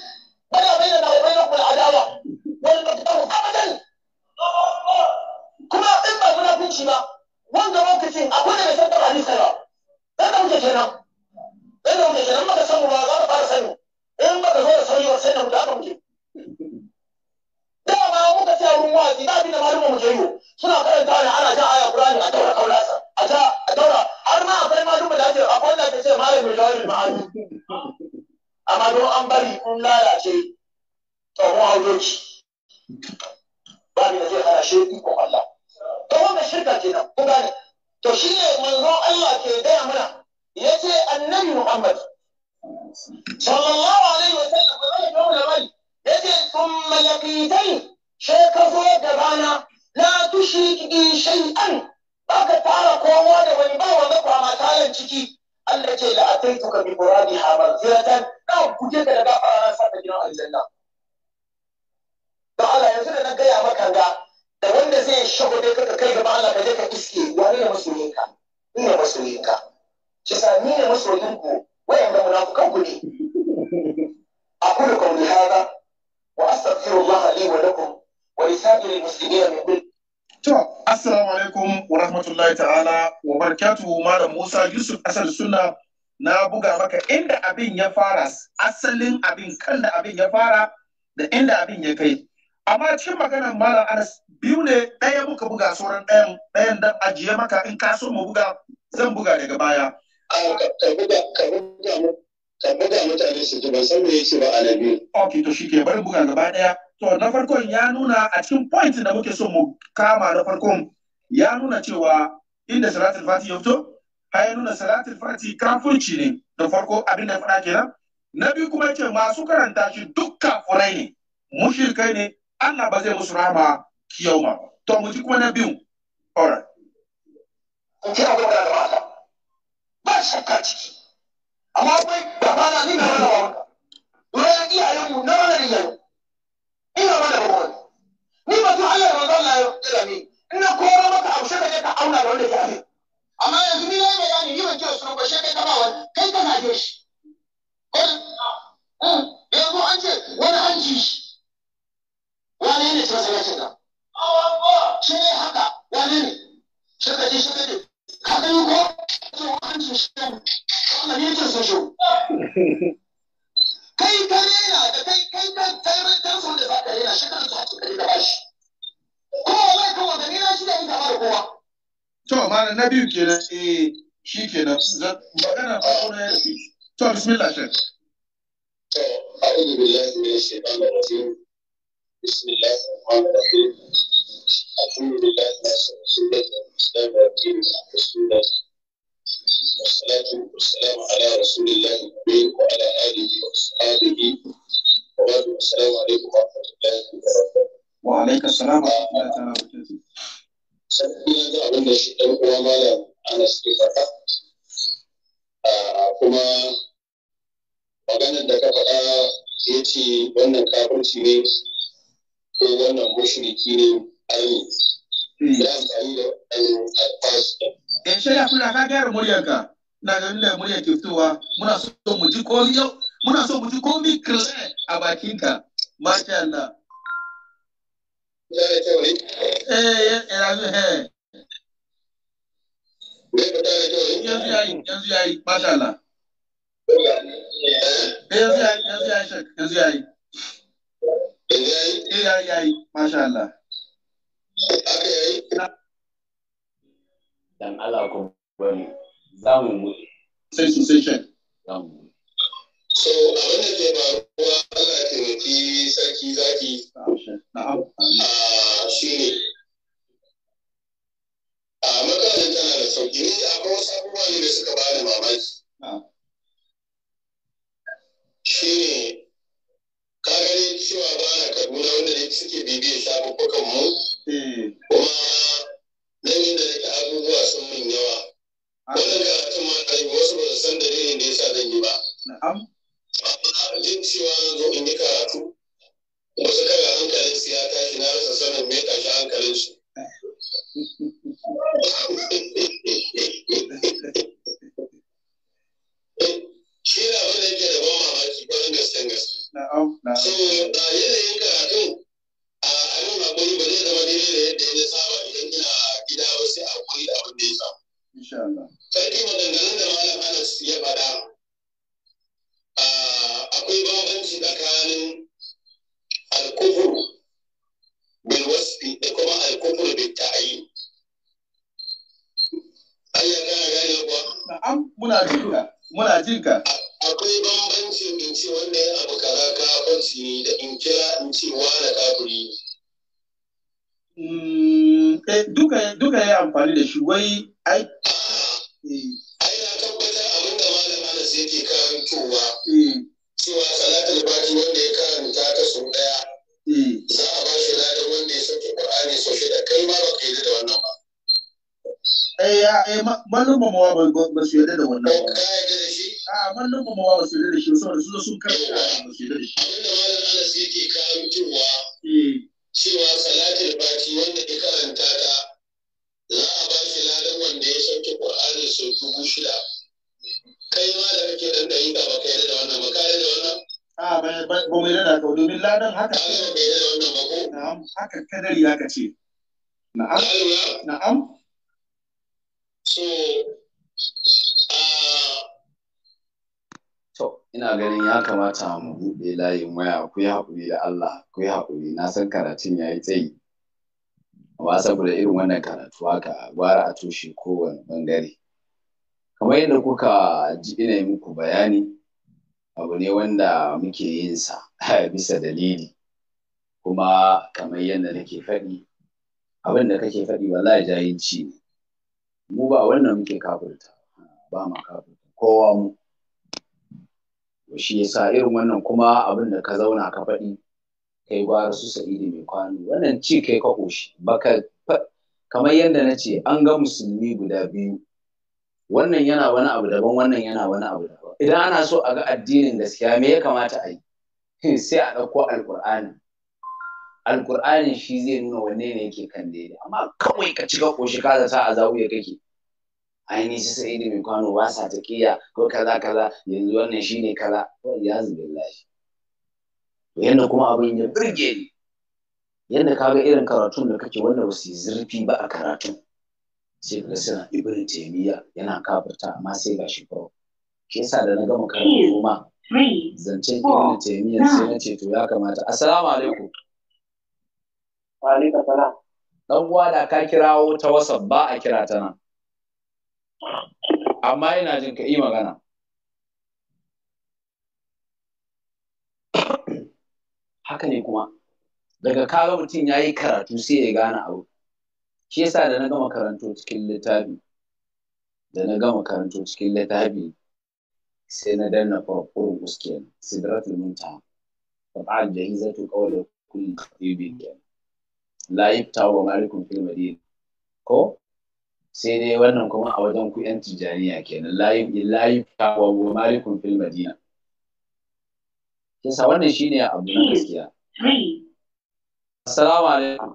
na adawa wani kuma in ba munafunci ba wanda lokacin akwai da bai san taba ba muke kenan muke kenan san za ka fara sani in baka zo da sauyi sai da mu da muke dawo muka ce mun wazi da abin da suna karanta ne ana aya Qur'ani a daura kaulasa a ja a daura har ma akwai malamin da ake akwai wanda ke ce amma don an bari kun lalace to mu ba ni da zai hana shi Allah to wannan shirka gane to manzo Allah ke gaya mana yace annabi Muhammad sallallahu alaihi wasallam ba zai kawo labari yace thumma sai ka zo da rana la tushrik bi shay'an baka tara kowa da wani ba wa wanda kwama tayan ciki Allah ce la ataituka bi muradi hamal ziratan na guje da daga fara sa da gidan aljanna da Allah yanzu da na gaya maka ga da wanda zai shagode ka kai gaba Allah ka je ka iske wani ne masoyinka ni ne masoyinka Ki sa ni ne wayan wayanda munafukan ku ne أقول قولي هذا وأستغفر الله لي ولكم ولسائر المسلمين من كل To, Assalamu alaikum wa rahmatullahi ta'ala wa barakatuhu Malam Musa Yusuf Asal Suna na buga maka inda abin ya fara asalin abin kan da abin ya fara da inda abin ya kai. Amma cikin maganar Malam Anas biyu ne ɗaya muka buga sauran ɗayan ɗayan dan ajiye maka in ka so mu buga zan buga daga baya. Ah, ka buga mutane su ji ban san me yake ba a na biyu. Ok to shi ke bari buga gaba ɗaya to na farkon ya nuna a cikin point da muke so mu kama na farkon ya nuna cewa inda salatul fati ya fito ha ya nuna salatul fati kafurci ne da farko abin da ya faɗa kenan na biyu kuma ce masu karanta shi duk kafurai ne mushrikai ne Allah ba zai musu rama ma. to mu ji kuma na biyu ora ku ci gaba da Allah ba shakka ciki amma ba ba na ni na rawa wani mu na wani iyayenmu za magana farko na yanzu to bismillah shek to a'udhu billahi minash shaitanir rajim bismillahir rahmanir rahim alhamdulillah sallallahu alaihi wasallam rasulullah والصلاة والسلام على رسول الله الكريم وعلى آله وأصحابه وبعد السلام عليكم ورحمة الله وبركاته وعليكم السلام ورحمة الله وبركاته. سنة أبو الشيخ أبو مالا أنا سيدي kuma maganar da ka faɗa ya ce wannan kafirci ne ko wannan mushriki ne ayi hmm. ya amfani da in shirya suna ka gyara muryarka na ganin da muryar ke fitowa muna so mu ji komi yau muna so mu ji komi kirle a bakinka masha Allah. Eh, eh, eh, eh, yanzu yayi yanzu masha eh, eh, dan Allah ku bari za mu mu sai su sai shek za mu so abin da ke faruwa Allah ya taimaki sarki zaki na'am ah, shi ne a na tana da sauƙi ni akwai kuma sabuwa ne da suka bani mamaki shi ne ka gani cewa ba na kaduna wanda ne suke bibiyar shafuffukan mu eh. kuma nan inda ke abubuwa sun min yawa wannan karatun ma na yi wasu ba su san dalilin da ya sa zan yi ba amma jin cewa na zo in yi karatu wasu kaga hankalin su ya tashi na rasa sanin me tashi hankalin su eh. shi na da yake da ban mamaki kwarin gaske gaske. Na'am, So, abin uh, uh, ba zai zama daidai da yadda ya saba idan ina gida ba sai abin da ya samu. da Malam Anas ya faɗa uh, akwai bambanci tsakanin alkufuru bilwasfi da kuma alkufur bi ta'ayi ayyar gana gane kuwa na'am muna jinka muna akwai bambancin in ce wanda ya abu kaza kafirci ne da in kira in ce wani kafiri ne mm, eh, duka duka ya amfani da shi wai ai eh. ai na tabbatar abin da malam Anas yake karantowa eh. cewa salatul fati wanda ya karanta ta sau daya Qur'ani so shida kai ma ba ka yi da wannan ba eh ya eh mallumma ma ba su yarda da wannan ba ka yarda da shi a mallumma ma ba su yarda da shi saboda su sun karanta ba su yarda da shi inda malam Anas yake kawo cewa eh. cewa salatul fati wanda ya karanta ta za a ba shi ladan wanda ya sauke Qur'ani sau dubu shida kai ma da kake dan da ba ka yarda da wannan ba ka yarda da wannan a ba ba mu yarda da ka domin ladan haka ba ka yarda da wannan na'am haka kadari ya ka na'am na'am so uh, To, ina ganin ya kamata mu buɗe layin waya ku yi haƙuri da Allah, ku yi haƙuri, na san karatun ya yi tsayi. Amma saboda irin wannan karatu haka gwara a toshe kowane ɓangare. Kamar yadda kuka ji ina muku bayani, abu ne wanda muke yin sa [LAUGHS] bisa dalili. kuma kamar yadda nake faɗi abin da kake faɗi wallahi jahilci ne mu ba wannan muke kafirta ba ma kafirta kowa mu shi yasa irin wannan kuma abin da ka zauna ka faɗi kai gwara su sa'idi mai kwano wannan ci kai ka koshi baka kamar yadda na ce an ga musulmi guda biyu wannan yana wani abu daban wannan yana wani abu daban idan ana so a ga addinin gaskiya me ya kamata a yi [LAUGHS] sai a ɗauko alƙur'ani alkur'ani shi zai nuna wanne ne yake kan daidai amma kawai ka cika koshi ka zata a ya kake ainihin shi sai da mai kwano ba sa ta kiya ko kaza kaza yanzu wannan shi ne kaza ko ya zubillahi to yanda kuma abin ya burge ni yanda ka ga irin karatun da kake wanda ba su yi zurfi ba a karatu sai ka suna ibrin taimiyya yana kafirta amma sai ga shi kawai ke sa da na gama karatu ma zancen ibrin taimiyya sai na ce to ya kamata assalamu alaikum Alika salam. Dan uwa da ka kirawo ta wasan ba a kira ta nan. Amma ina jin ka yi magana. Haka ne kuma. Daga kaga mutum ya yi karatu sai ya gane abu. Shi yasa da na gama karanto cikin littafi. Da na gama karanto cikin littafi sai na danna kurkus kenan. Sidratul muntaha. Fa'al jahizatu qawla kulli qadibin kenan. la yifta wa malikum fil madina ko sai dai wannan kuma a wajen ku yan tijaniya kenan la yifta wa malikum fil madina kisa wannan shine abu na gaskiya assalamu alaikum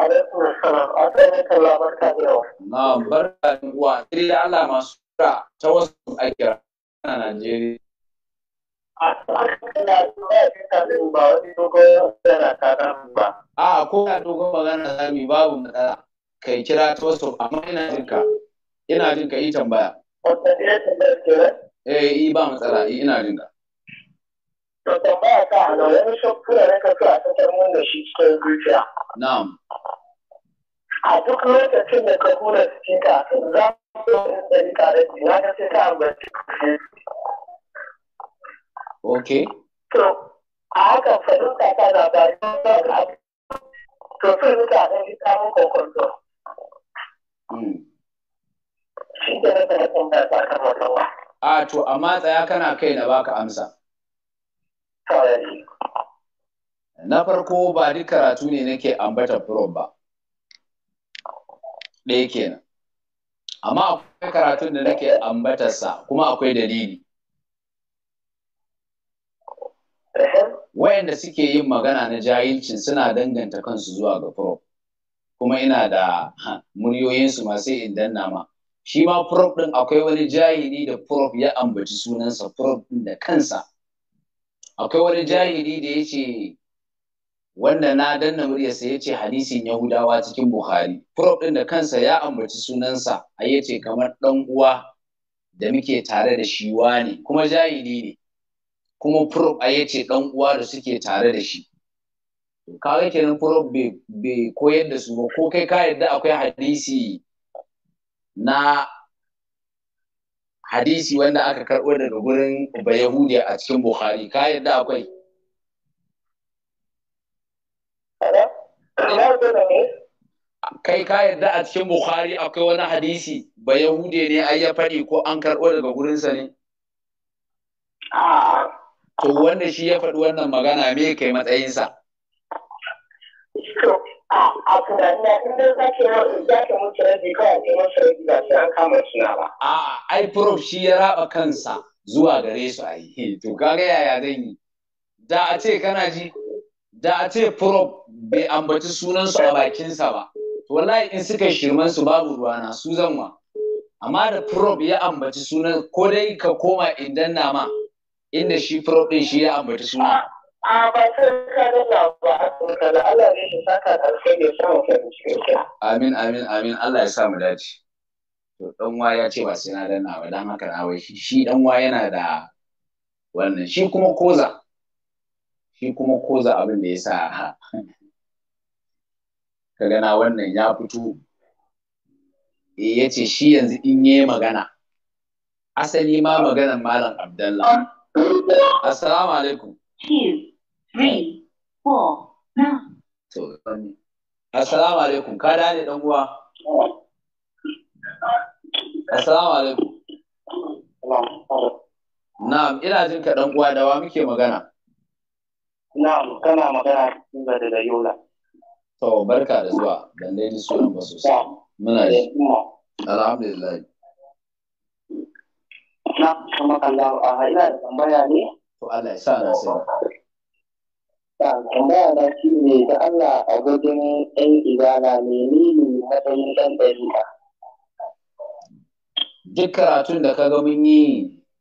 alaikum assalam a tsaye kan labarka da yawa na barka da uwa sai Allah masu ta wasu ake a Najeriya A ko da dogon magana za mu babu matsala. Kai kira ta wasu amma ina jin ka. Ina jin ka yi tambaya. Eh yi ba matsala ina jin ka. To tambaya ta hana wani shakura na kasu a ta mun da shi cikin zuciya. Na'am. A duk lokacin da ka hura cikin ka za mu zo in ɗari tare da na ka sai ka ambaci ok to a haka fahimta ta na ba to sun rika a ɗan samun kokonto hmm. shi da na fahimta da ba ka matsawa a to amma tsaya kana kai na baka amsa na farko ba duk karatu ne nake ambatar furon ba ɗaya kenan amma akwai karatun da nake ambatarsa kuma akwai dalili wayanda suke yin magana na jahilcin suna danganta kansu zuwa ga prop kuma ina da muryoyinsu masu in danna ma shi ma prop din akwai wani jahili da prop ya ambaci sunansa prop din da kansa akwai wani jahili da ya ce wanda na danna muryarsa ya ce hadisin yahudawa cikin buhari prop din da kansa ya ambaci sunansa a ya ce kamar ɗan uwa da muke tare da shiwa ne kuma jahili ne kuma furba ya ce ɗan uwa da suke tare da shi kaga kenan furba bai koyar da su ba ko kai ka yadda akwai hadisi na hadisi wanda aka karɓo daga gurin Bayahudi a cikin Bukhari ka yadda akwai kai ka yadda a cikin Bukhari akwai wani hadisi ba yahudi ne ai ya faɗi ko an karɓo daga gurinsa ne? Ah, to wanda shi ya faɗi wannan magana me kai matsayinsa a tunanin inda za ka yi za ka mutu rabi kawai ka mutu rabi ba sai an kama suna ba a ai prof shi ya raba kansa zuwa gare su a yi to kaga yaya zan yi da a ce kana ji da a ce prof bai ambaci sunansu a bakinsa ba to wallahi in suka shirman su babu ruwana su zan wa. amma da prof ya ambaci sunan ko dai ka koma indan nama inda shi prof shi ya ambaci suna a ba sai ka da ba ka da Allah ne shi saka da alkhairi ya samu fahimci amin amin amin Allah ya sa mu dace to ɗan wa ya ce ba sai na danna ba don haka na wai shi ɗan wa yana da wannan shi kuma koza shi kuma koza abin da ya sa [LAUGHS] ka gana wannan ya fito eh, ya ce shi yanzu in yi magana asali ma maganan malam abdallah Assalamu alaikum. Two, three, four, nine. Assalamu alaikum. Ka ne dan uwa. Assalamu alaikum. Na'am, ina jin ka dan uwa da wa muke magana. Na'am, kana magana cikin da da Yola. To, barka da zuwa. Dan ni ji sunan ba sosai. Muna ji. Alhamdulillah. na kuma kan da a ina da tambaya ne to Allah ya sa na sai tambaya na shi ne da Allah a gudun ɗan ibada menene matsayin ɗan ɗariƙa duk karatun da ka ga mun yi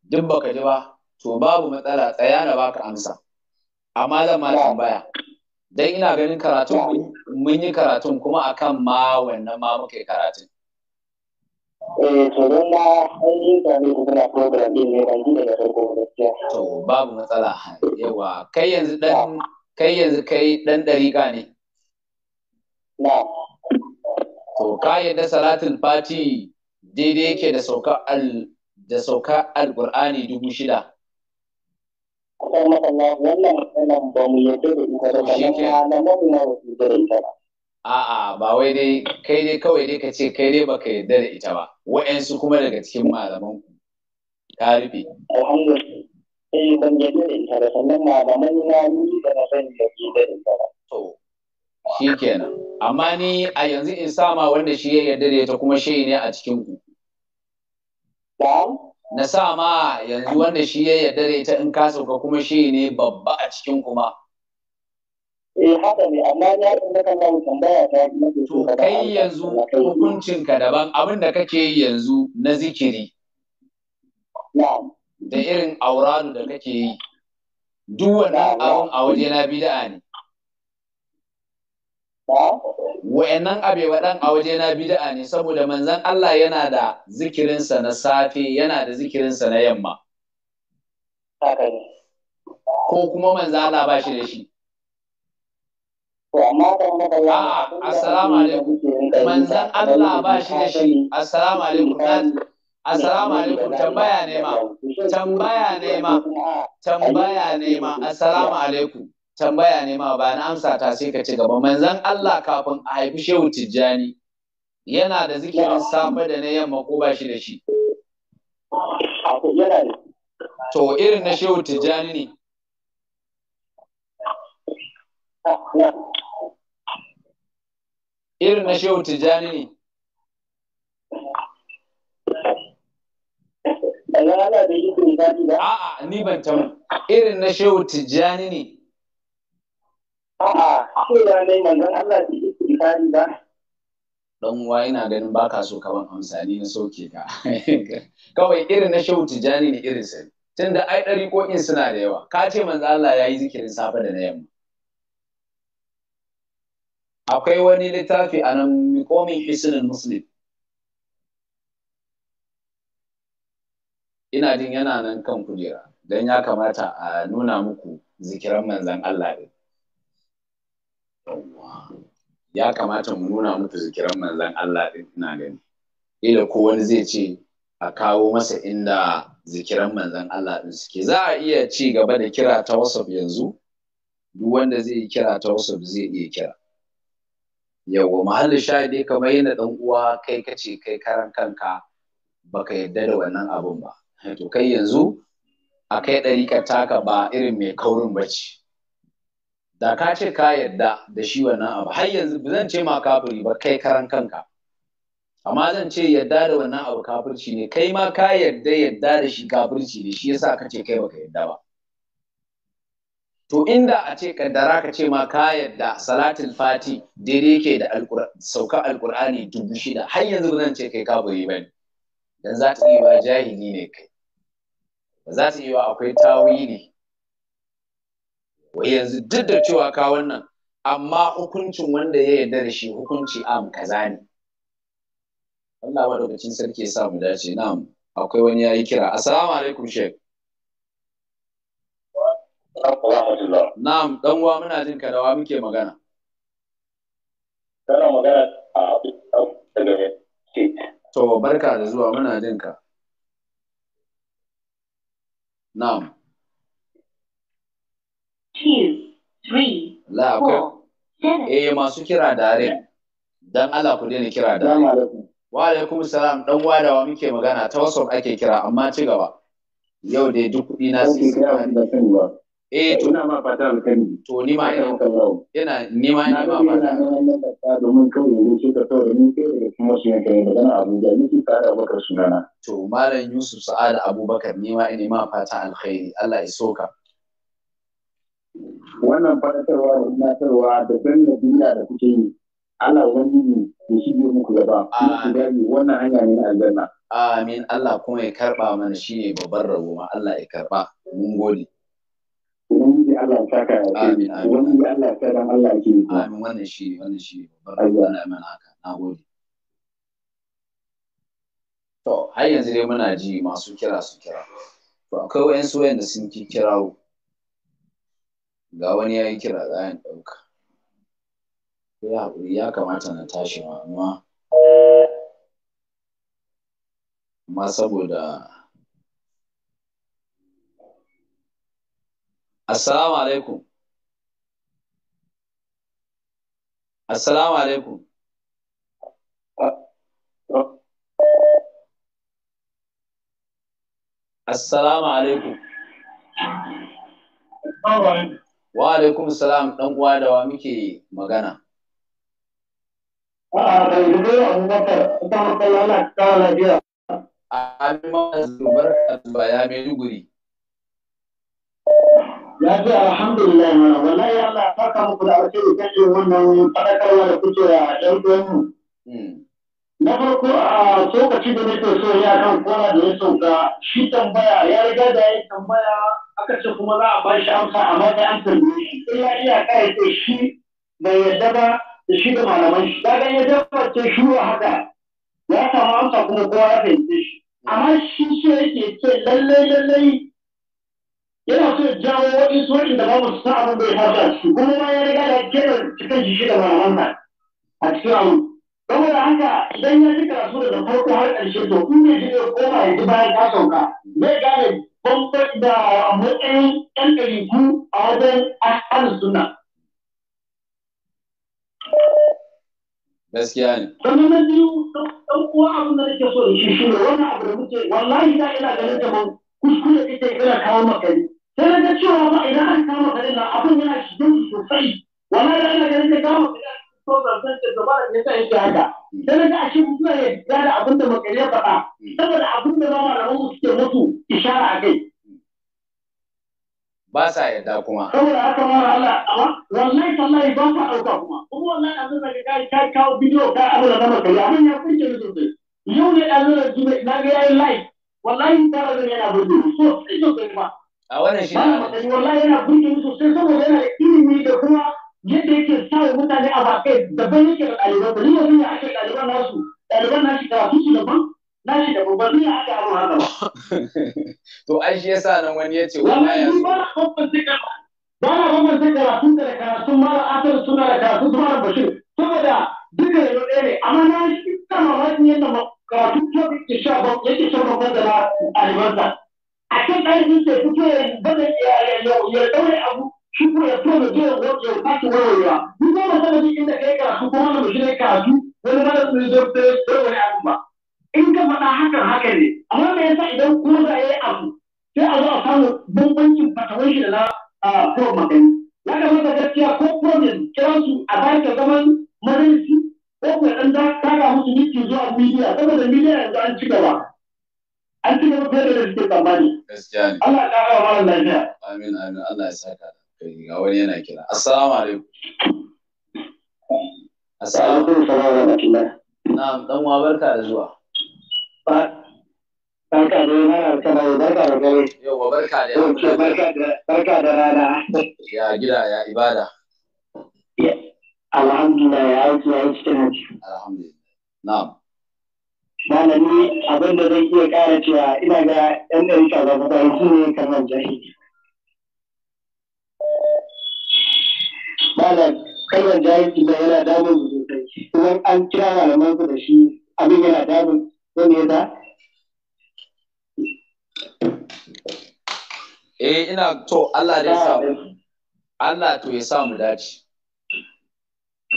duk baka ji ba to babu matsala tsaya na baka amsa amma zan ma tambaya dan ina ganin karatun mun yi karatun kuma akan ma wannan ma muke karatun Eh, to don na ainihin sami kuna daga farko babu matsala yawa kai yanzu dan kai yanzu kai dan dariƙa ne. Na. To ka yadda salatul fati daidai yake da sauka al da sauka dubu shida. Kuma wannan wannan ba mu yadda da ita ba, na na da ita ba. a'a ba wai dai kai dai kawai dai ka ce kai dai baka yarda da ita ba wa'yansu kuma daga cikin malaman ku ta rufe eh ban yarda da ita ba sannan malaman na ni da na sani da yarda da ita ba to shikenan amma ni a yanzu in sama wanda shi ya yarda da ita kuma shi ne a cikin ku na sama yanzu wanda shi ya yarda da ita in ka sauka kuma shi ne babba a cikin kuma eh haka ne amma ya da kan kawo tambaya ta nake ka kai yanzu hukuncin ka daban abin da kake yi yanzu na zikiri da irin auradu da kake yi duk wannan abin a waje na bid'a ne wa'annan abe waɗan a waje na bid'a ne saboda manzan Allah yana da zikirinsa na safe yana da zikirinsa na yamma ko kuma manzon Allah ba shi da shi A'a, ah, assalamu alaikum. Manzan Allah ba shi da shi. Assalamu alaikum. Assalamu alaikum. Tambaya ne ma. Tambaya ne ma. Tambaya ne ma. Assalamu alaikum. Tambaya ne ma ba na amsa ta sai ka ci gaba. Manzan Allah kafin a haifi Shehu Tijjani yana da zikirin safe da na yamma ko ba shi da shi. To irin na Shehu Tijjani ne. Ah, irin na shehu tijjani ne A'a, ni ban tamu. Irin na shehu tijjani ne. A'a, kowa ne manzon Allah da yi tijjani ba. Dan uwa ina ganin baka so ka ban amsa ni na sauke ka. [LAUGHS] Kawai irin na shehu tijjani ne irin sai. Tunda ai ɗari ko in suna da yawa. Ka ce manzon Allah ya yi zikirin safe da na yamma. akwai wani littafi a nan mikomin hisinin muslim ina jin yana nan kan kujera don ya kamata a nuna muku zikiran manzan Allah ɗin. Ya kamata mu nuna muku zikiran manzan Allah ɗin ina gani. Ila ko wani zai ce a kawo masa inda zikiran manzan Allah ɗin suke. Za a iya ci gaba da kira ta WhatsApp yanzu, duk wanda zai kira ta WhatsApp zai iya kira. yawa mahallin shahidi kamar yana dan uwa kai kace kai karan kanka baka yadda da wannan abun ba to kai yanzu a kai ka taka ba irin mai kaurin bace da ka ce ka yadda da shi wannan abu har yanzu ba zan ce ma kafiri ba kai karan kanka amma zan ce yadda da wannan abu kafirci ne kai ma ka yadda yadda da shi kafirci ne shi yasa ka ce kai baka yadda ba to inda a ce kaddara ka ce ma ka yadda salatul fati daidai ke da sauka alkur'ani dubu shida har yanzu zan ce kai ka ba bane dan za ta iya jahili ne kai ba za ta iya akwai ne. wai yanzu duk da cewa ka wannan amma hukuncin wanda ya yarda da shi hukunci am kaza ne Allah madaukakin sarki ya sa mu dace na'am akwai wani ya yi kira assalamu alaikum sheikh Na'am, dan uwa muna jin ka wa muke magana. Kana magana a daga To barka da zuwa muna jin ka. Na'am. Two, three, four, Eh masu kira dare. Dan Allah ku daina kira dare. Wa alaikum salam dan uwa da wa muke magana ta wasu ake kira amma ci gaba. Yau dai duk kuɗi na sun kira eh to ina ma fata alkhairi to ni ma ina maka yawo yana ni ma ina ma fata ina fata domin kawai ne ce ka tawo ni kai da kuma su yanka da magana Abuja ni su fara bakar sunana to malam Yusuf Sa'ad Abubakar ni ma ina ma fata alkhairi Allah ya soka wannan fadatarwa da tunatarwa da sanin duniya da kuke yi Allah wani ne ya shige muku gaba ku gani wannan hanya ne na aljanna amin Allah kuma ya karɓa mana shi ne babban rabo ma Allah ya karɓa. mun gode Allah ya saka ya ce wani Allah ya dan Allah ya ke amin wannan shi wannan shi babban Allah ya mana haka nagode to har yanzu dai muna ji masu kira su kira to akwai wayansu wayanda sun ki kirawo ga wani ya yi kira za a ɗauka ya haƙuri ya kamata na tashi ma amma amma saboda Assalamu alaikum. Wa alaikum salam dan uwa da wa muke magana. A'a ah, da yanzu Abubakar ita mutane ana kawo lafiya. Amin ma zubar ka zuba ya Maiduguri. ya ce alhamdulillah mana wallahi Allah ya saka muku da alkhairi kan irin wannan fadakarwa da kuke a ɗan uwanmu hmm. na farko a tsokaci da nake so ya kan kora da ya sauka shi tambaya ya riga da ya tambaya aka ce kuma za a bashi amsa a matsayin amsar ne sai ya iya kai ce shi bai yadda ba da shi da malaman shi kaga ya dabbace shi haka ya samu amsa kuma kowa ya fahimce shi amma shi so yake ce lallai lallai yana so ya jawo waɗansu waɗanda da su sa abin bai fasa a ciki kuma ma ya riga ya gina cikin shi da malamansa a cikin abu da haka idan ya ji karatu daga farko har ƙarshe to in bai ji ya koma ya ji bayan ka sauka zai gane bambam da matsayin ɗan ɗariku a wajen ahalin suna. Gaskiya ne. Sannan na biyu ɗan uwa abin da nake so da shi shi ne wannan abu da muke wallahi da ina ganin kamar kuskure kake kana kawo makari. sai na cewa ma idan an kama nan, abin yana shigar sosai wallahi da Allah ganin da kama kalila so zan ce da bara ne sai shi haka sai na ga ashe mutum ya yarda da abin da makare faɗa saboda abin da ma malaman suke mutu. ishara a kai ba sa yadda kuma saboda haka ma Allah amma wallahi tallahi ba sa dauka kuma kuma wallahi abin da ka kai kawo bidiyo ka abin da makare abin ya kunce ni sosai yau ne ɗan zuwa na ga yayin live wallahi ta razana yana burge so sai sosai ba. a wannan shi ba ba wallahi yana burge mu sosai saboda yana da ilimi da kuma yadda yake sa mutane a bakai daban yake da ɗaliban ba ni yanzu ya ake ɗaliban nasu ɗaliban nashi karatu su daban nashi da babban ya ake abu haka ba to ai shi yasa nan wani ya ce wallahi ya ba na bambance karatu ba na bambance sun da karatu mara Asar suna da karatu da mara bashir saboda duka da ɗaya ne amma na shi kana mamakin yadda karatu yake sha babban da na ɗalibansa a kan arziki ke fito ya bada ya daure abu shi ko ya fito da zuwa ya fashe warwarewa duk da wani sabon inda kai karatu ko wani mashi ne karatu wani mana su zo ta wani abu ba in ka faɗa hakan haka ne amma me yasa idan ko za a yi abu sai a zo a samu bambancin fatawar shi da na pro magani ya kamata gaskiya ko problem kiran su a bayan ka zaman majalisi ko ko ɗan ta musu miki zuwa midiya saboda midiya yanzu an ci gaba an ci gaba fiye da suke tsammani. Gaskiya ne. Allah ya ƙara wa malam lafiya. Amin amin Allah ya saka kai ga wani yana kira. Assalamu alaikum. Assalamu alaikum. Na'am dan uwa barka da zuwa. Barka da rana kana barka da gare. Yau barka da barka da rana. Ya gida ya ibada. Alhamdulillah ya aiki ya aiki kenan. Alhamdulillah. Na'am. malami abin da zan iya ƙara cewa ina ga yan ɗari ka ba ba shi ne kamar jahili malam kalmar jahilci da yana damun sosai kuma an kira malaman su da shi abin yana damun zan ne da eh ina to Allah da ya sa Allah to ya sa mu dace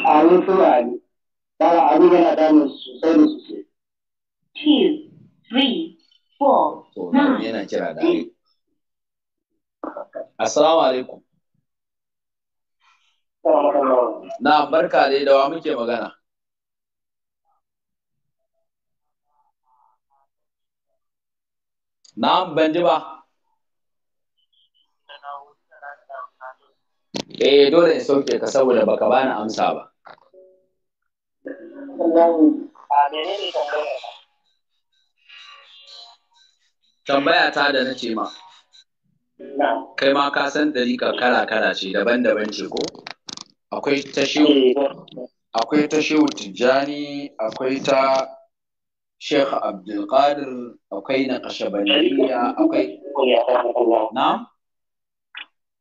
amin su ba ne abin yana damun sosai da sosai two, three, yana kira da Assalamu alaikum. Na barka dai da wa muke magana. Na ban ji ba. Eh dole in sauke ka saboda baka bani amsa ba. tambaya ta da na ce ma kai ma ka san dariƙa kala kala ce daban-daban ce ko akwai ta shehu eh, akwai ta shehu tijjani akwai ta Sheikh Abdulkadir akwai na Kashabaniya akwai na?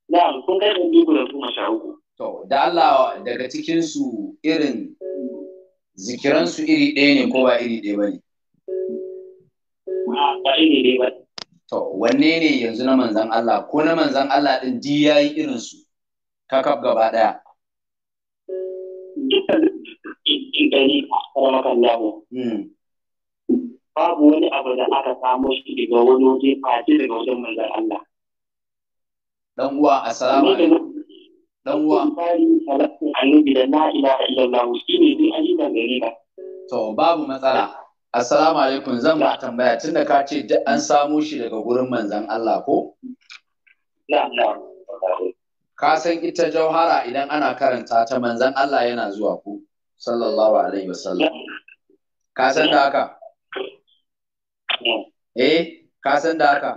Na, kun kai da dubu da kuma sha uku. To, da Allah daga cikin su irin su iri ɗaya ne ko ba iri ɗaya ba ne? ba iri ne ba to wanne ne yanzu na manzan Allah ko na manzan Allah ɗin din ya yi irinsu? su kakaf gaba daya dukkan in gani karamakan lawo hmm. babu wani abu da aka samu shi daga wani waje face daga wajen manzan Allah dan uwa assalamu alaikum dan uwa annabi da na ilaha illallah shine dai ayyukan gari ba to babu matsala Assalamu alaikum zan ba tambaya tunda ka ce duk an samo shi daga gurin manzan Allah ko? Ka san ita jauhara idan ana karanta ta manzan Allah yana zuwa ku sallallahu alaihi wasallam. Ka san da haka? Eh, ka san da haka?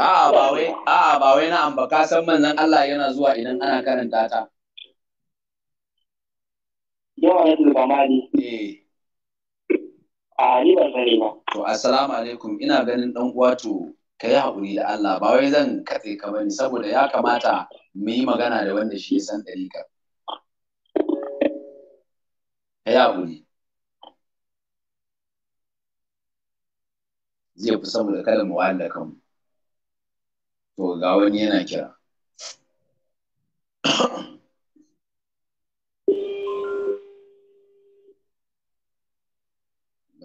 A'a ba wai, a'a ba wai na amba ka san manzan Allah yana zuwa idan ana karanta ta. yawan yadda mali eh. a ni ban sani ba to assalamu alaikum ina ganin dan uwa to yi haƙuri da Allah ba wai zan katse ka bane saboda ya kamata mu yi magana da wanda shi ya san ɗari ka. Ka yi haƙuri zai fi saboda kada mu wahala kanmu to ga wani yana kira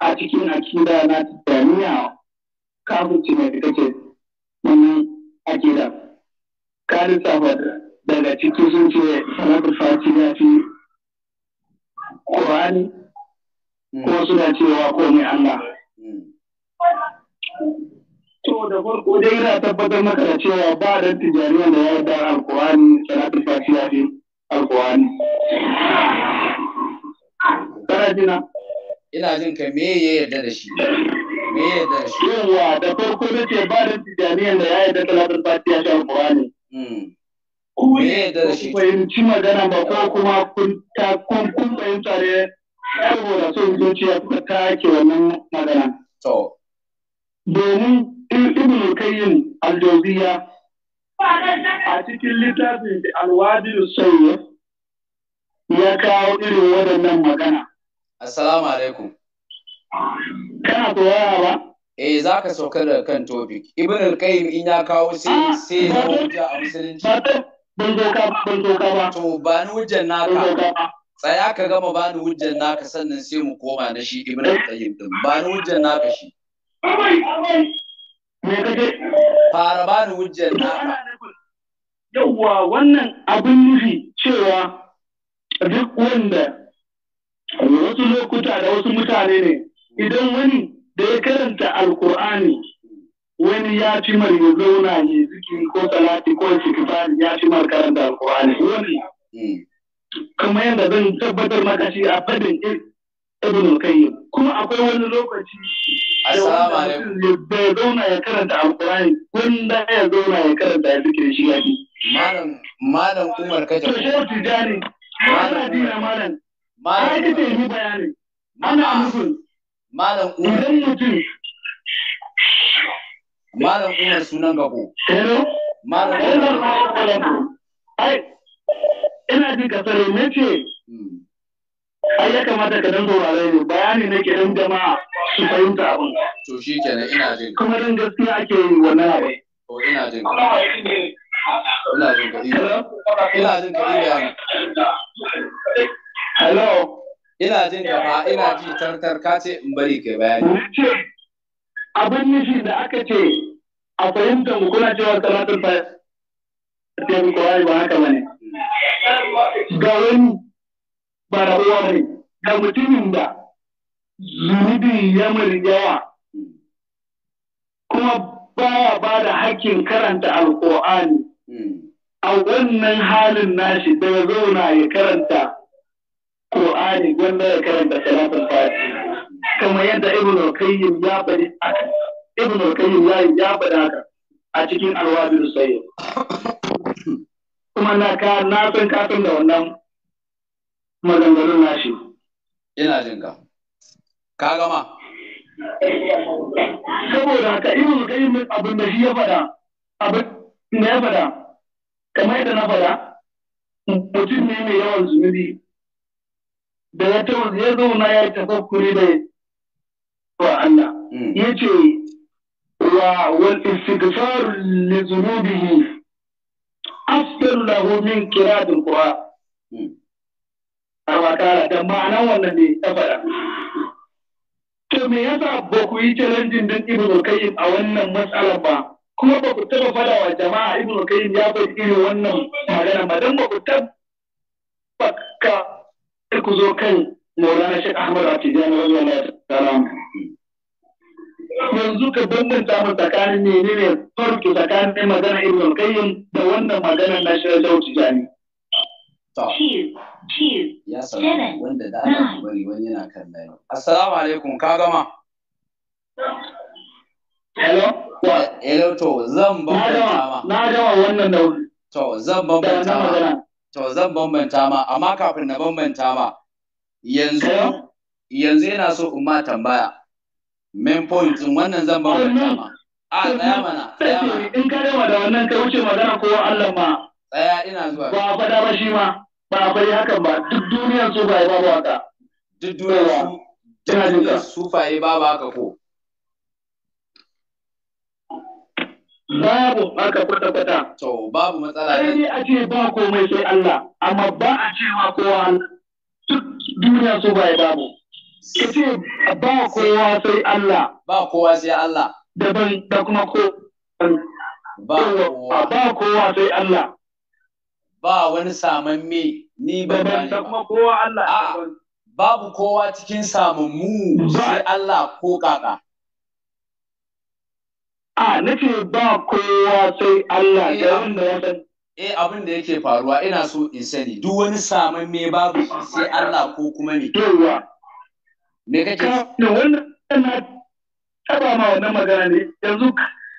a cikin akida na tijjaniya kafin ne da kake wannan akida ka lissafa daga cikin sun ce Fati ya fi kowani hmm. ko suna cewa ko ne Allah hmm. To da farko dai yana tabbatar maka da cewa ba da tijariya da ya da alkuwani Fati ya fi alkuwani. Kana jina? ina jin ka me ya yarda da shi me ya yarda shi yawa da farko da ba da tijaniyan da ya yarda talatin fatiha ta alqur'ani hmm. ku yarda da shi fahimci magana ba ko kuma kun ta kun kun fahimta ne saboda son zuciya ta ke wannan magana to domin ibn kayyim al-jawziya a cikin littafin alwadi sayyid ya kawo irin waɗannan magana Assalamu alaikum. Kana saurara ba? Eh za ka sauka da kan topic. Ibn al-Qayyim in ya kawo sai ah, sai ya hujja a musulunci. Ban zo ba, ban zo ka ba. To ba ni hujjar naka. Tsaya ka gama ba ni hujjar naka sannan sai mu koma na shi Ibn al-Qayyim din. Ba ni hujjar naka shi. me Fara ba ni hujjar naka. Yawwa wannan abin nufi cewa duk wanda wasu lokuta da wasu mutane ne idan wani da ya karanta alkur'ani wani ya ci mar ya zauna ya zikiri ko salati ko shikifani ya ci mar karanta alkur'ani wani kamar yadda zan tabbatar maka shi a fadin ibn kayyim kuma akwai wani lokaci da ya zauna ya karanta alkur'ani wanda ya zauna ya karanta ya zikin shi ya fi malam umar kaje to shehu tijani malam dina malam malam ita ce yi bayani ana musu malam idan mutum malam umar sunan gabo malam umar ai ina jin ka sare ne ce hmm. ai ya kamata ka dan saurare ne bayani ne ke dan jama'a su fahimta abin to shi kenan ina jin kuma dan gaskiya ake yi wannan abin to ina jin ina jin ka ina jin ka ina Hello. Ina jin da ba ina ji tartar ka ce in bari kai bayani. ce abin nishi da aka ce a fahimta mu kuna cewa salatul fatiha ko ba haka bane. Ga wani ba da uwa ne. ga mutumin da zunubi ya yawa kuma baya ba da hakkin karanta alƙur'ani hmm. a wannan halin nashi da ya zauna ya karanta Qur'ani gwanda ya karanta salatul fati kamar yadda Ibn al ya faɗi Ibn ya ya haka a cikin Al-Wabil Sayyid kuma na ka na san ka san da wannan maganganun nashi ina jin ka ka gama saboda ka Ibn al abu abin da shi ya faɗa abin da ya faɗa kamar yadda na faɗa mutum ne mai yawan zunubi da ya zauna ya yi tafakkuri da wa Allah hmm. ya ce wa wal istighfar li biyu? afdal lahu min qira'atil qur'an hmm. a makara da ma'anan wannan ne ta faɗa to me yasa ba ku yi ran din ibnu qayyim a wannan matsala ba kuma ba ku taɓa fada wa jama'a ibnu qayyim ya bai irin wannan magana ba dan ba ku taɓa ka sai ku zo kan Maulana Sheikh Ahmad Atijani radiyallahu ta'ala yanzu ka bambanta mu tsakanin menene farki tsakanin magana Ibn al-Qayyim da wannan magana na Sheikh Tijani ya samu wanda da ana bari wani yana kan layi assalamu alaikum ka gama hello hello to zan bambanta ma na gama wannan da to zan bambanta ma to zan bambanta ma amma kafin na bambanta ma yanzu yanzu yana so in ma tambaya main point wannan zan bambanta ma a tsaya mana tsaya mana in ka rewa da wannan ta wuce magana ko Allah ma tsaya ina zuwa ba a fada ba shi ma ba a fadi hakan ba duk duniyar su ba ya ba ba haka duk duniyar su ya ba ba haka ko Babu haka kwata-kwata. To babu matsala. Sai a ce ba komai sai Allah, amma ba a cewa kowa duk duniya su bai babu. Ka ce ba kowa sai Allah. Ba kowa sai Allah. Daban da kuma ko. Ba kowa. Ba kowa sai Allah. Ba wani saman me ni ba ne. da kuma kowa Allah. Babu kowa cikin mu sai Allah ko kaka. a nace ba kowa sai Allah da eh, wanda ya san eh abin da yake faruwa ina so in sani duk wani saman me babu shi sai Allah ko kuma ni. yawa me kake ne wannan na taba ma wannan magana ne yanzu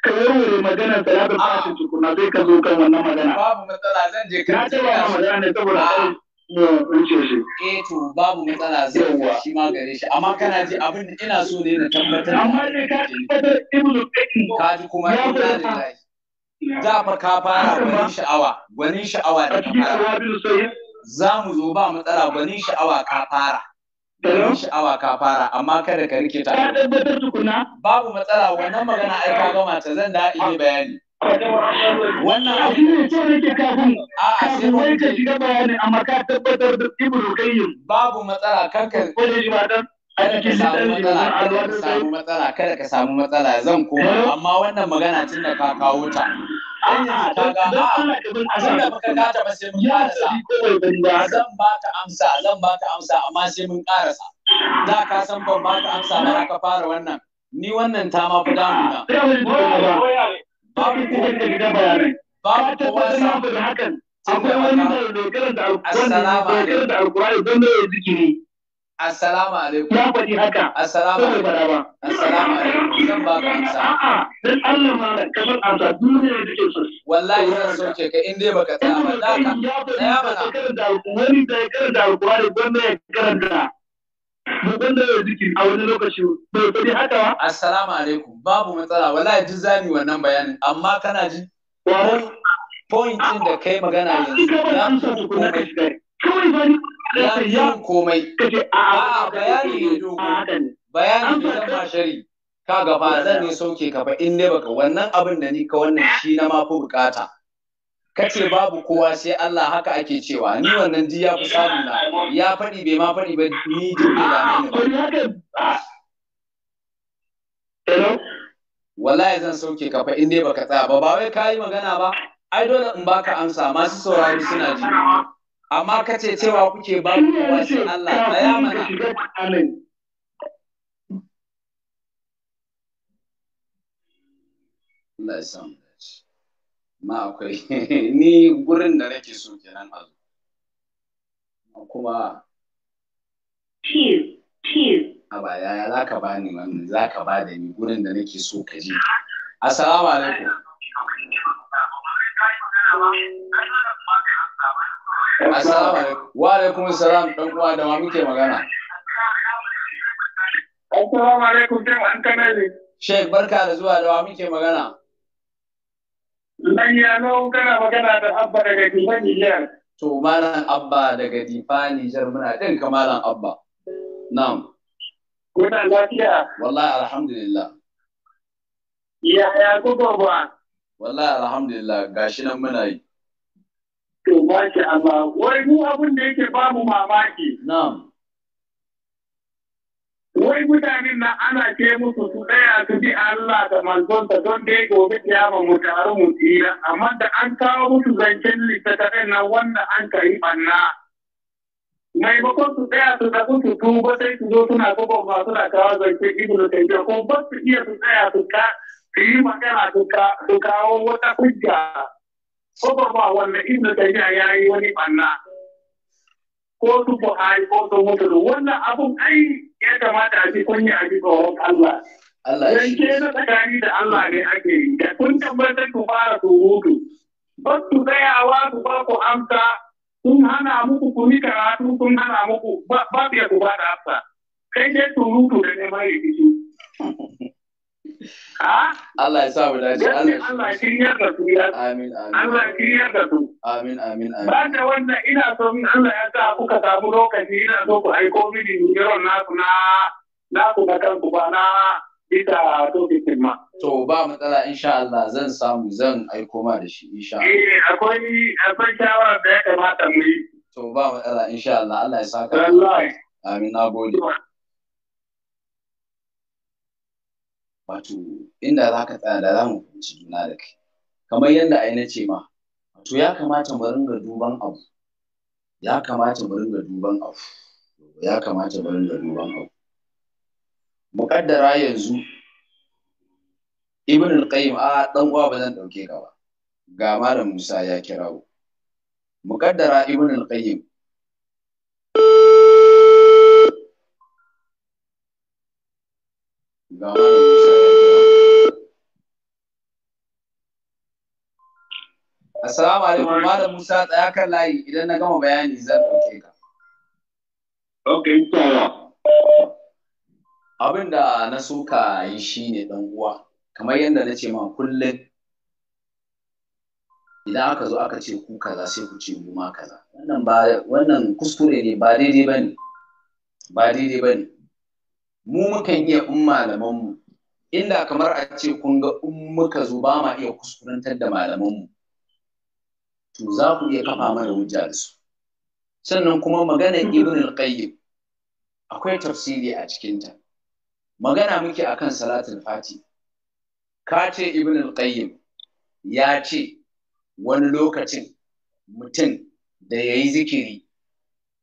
ka warware maganar da ya bi fashi tukuna sai ka zo kan wannan magana babu matsala zan je ka taba ma magana ne saboda ah. eh to babu matsala zai wa shi ma gare shi amma kana ji abin ina so ne na tabbatar amma ne ka tabbatar ibnu ka ji kuma ya da da fa ka fara gwanin sha'awa gwanin sha'awa da ka fara za mu zo ba matsala gwanin sha'awa ka fara Gwanin sha'awa ka fara amma kada ka rike ta. Ka tabbatar tukuna. Babu matsala wannan magana ai ka gama ta zan da iya bayani. wannan abu ne ce ke kafin kafin wai ka shiga bayanin amma ka tabbatar da ibn rukayyim babu matsala karka ko da shi ba dan kada ka samu matsala kada ka samu matsala kada ka samu matsala zan koma amma wannan magana tun da ka kawo ta Anya ta ga ma tunda baka gata ba sai mun karasa zan ba ta amsa zan ba ta amsa amma sai mun karasa Za ka san ban ba ta amsa da ka fara wannan ni wannan ta ma fi damuna babu cikin da babu hakan akwai wani da Assalamu alaikum. Ya faɗi haka. Assalamu alaikum. Assalamu alaikum. Zan ba ka amsa. A'a, Wallahi zan so ka in dai baka tsaya ba. Na ya mana. Wani karanta alkurani gwamnati ya karanta. mu banda da zikiri a wani lokaci bai bari haka ba assalamu alaikum babu matsala wallahi duk zani wannan bayanin amma kana ji point din da kai magana yanzu na fi komai kawai bari na fi komai a bayani ne dogo bayani ne zan ma shari ka gaba zan ne sauke ka ba in dai baka wannan abin da ni ka wannan shi na mafi fi bukata kace babu kowa sai Allah haka ake cewa ni wannan ji ya fi samu na ya faɗi bai ma faɗi ba ni ji ne da ni wallahi zan sauke ka fa in baka tsaya ba ba wai kai magana ba ai dole in baka amsa masu saurari suna ji amma kace cewa kuke babu kowa sai Allah tsaya mana Allah ya samu ma akwai [LAUGHS] ni gurin da nake so kenan a zo kuma a ba yaya za ka ba ni wannan za ka ba da ni gurin da nake so ka je assalamu alaikum assalamu alaikum wa alaikum salam dan uwa da ma muke magana assalamu alaikum dan an kanare shek barka da zuwa da wa muke magana Lanya nau kana magana da Abba daga Difa Nijar. To Malam Abba daga Difa Nijar muna jin ka Malam Abba. Na'am. Kuna lafiya? Wallahi alhamdulillah. Yaya kuka ba? Wallahi alhamdulillah gashi nan muna yi. To ba shi Allah, wai mu abin da yake ba mu mamaki. Na'am. wai mutanen nan ana ce musu su tsaya su bi Allah da manzonta don dai gobe kiyama mu taru mu tsira amma da an kawo musu zancen littattafai na wanda an kari banna maimakon su tsaya su zaɓi su tuba sai su zo suna su suna kawo zancen ibnu taymiya ko ba su iya su tsaya su ka su yi magana su kawo wata hujja ko ba wanda ibnu taymiya ya yi wani banna ko su buhari ko su mutu wannan abun ai ya kamata a ji kunya a ji tsoron Allah. Allah ya na tsakani da Allah ne da kun tabbatar ku fara surutu. tsayawa ku ku amsa, hana muku ku karatu, hana muku ba fiye ku amsa. Kai dai surutu [LAUGHS] Allah ya sa mu dace. Allah shiryar da su ya. Amin amin. Allah shiryar da su. Amin amin amin. Ba da wannan ina so min Allah ya sa kuka samu lokaci ina so ku aiko mini yawan naku na naku na kanku ba na to tofin tima. To ba matsala insha Allah zan samu zan aiko ma da shi insha Allah. Eh akwai akwai shawara da ya kamata mu yi. To ba matsala insha Allah Allah ya sa ka Amin na gode. wato inda za ka tsaya da za mu fahimci juna da kai kamar yadda ai na ce ma wato ya kamata mu ringa duban abu ya kamata mu ringa duban abu ya kamata mu ringa duban abu muƙaddara yanzu ibn al-qayyim a dan uwa ba zan dauke ka ba ga malam Musa ya kirawo muƙaddara ibn al-qayyim Gracias. Assalamu alaikum Malam Musa tsaya kan layi idan na gama bayani zan ɗauke ka. Ok, tara. Abin da na so ka yi shi ne ɗan uwa, kamar yadda na ce ma kullum idan aka zo aka ce ku kaza sai ku ce mu ma kaza. Wannan ba wannan kuskure ne ba daidai ba ne. Ba daidai ba ne. Mu mukan iya in malamanmu inda kamar a ce kun ga in muka zo ba ma iya kuskurantar da malamanmu. to za ku iya kafa mana hujja da su sannan kuma magana ibn al-qayyim akwai tafsiri a cikinta magana muke akan salatul fati ka ce ibn al-qayyim ya ce wani lokacin mutum da ya yi zikiri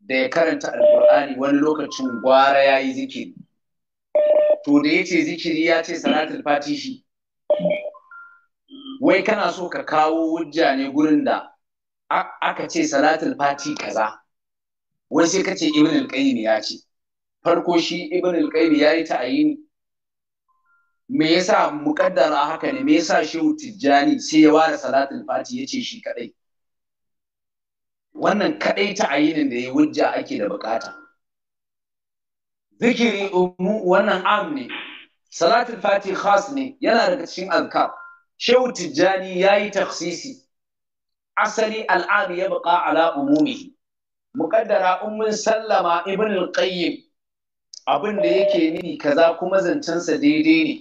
da ya karanta alkur'ani wani lokacin gwara ya yi zikiri to da ya ce zikiri ya ce salatul fati shi wai kana so ka kawo hujja ne gurin da aka ce salatul fati kaza wai sai kace ibn al-qayyim ya ce farko shi ibn al-qayyim yayi ta'ayini me yasa muqaddara haka ne me yasa shehu tijjani sai ya ware salatul fati ya ce shi kadai wannan kadai ta'ayinin da ya wujja ake da bukata zikiri umu wannan am ne salatul fati khas ne yana daga cikin azkar shehu tijjani yayi takhsisi asali al'adu ya buƙa ala umumi muƙaddara ummin sallama ibn al-qayyim abin da yake nini kaza kuma zancensa daidai ne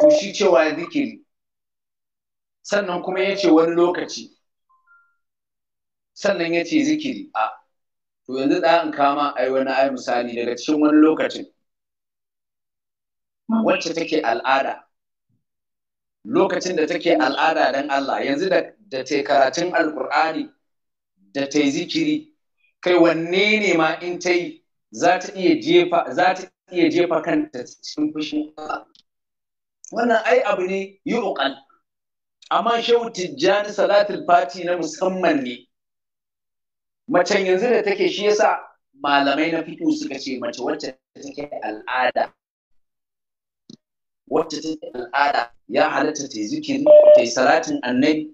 to shi cewa zikiri sannan kuma ya ce wani lokaci sannan ya ce zikiri a to yanzu da an kama ai wani ai misali daga cikin wani lokacin wacce take al'ada lokacin da take al'ada don Allah yanzu da karatun alkur'ani da ta zikiri kai wanne ne ma in ta yi za ta iya jefa kanta cikin fushin Allah wannan ai abu ne yi uqal amma shehu tijjani salatul fati na musamman ne macen yanzu da take shi yasa malamai na fito suka ce mace wacce take al'ada wacce yi al'ada ya halatta ta yi zikiri ta yi salatin annabi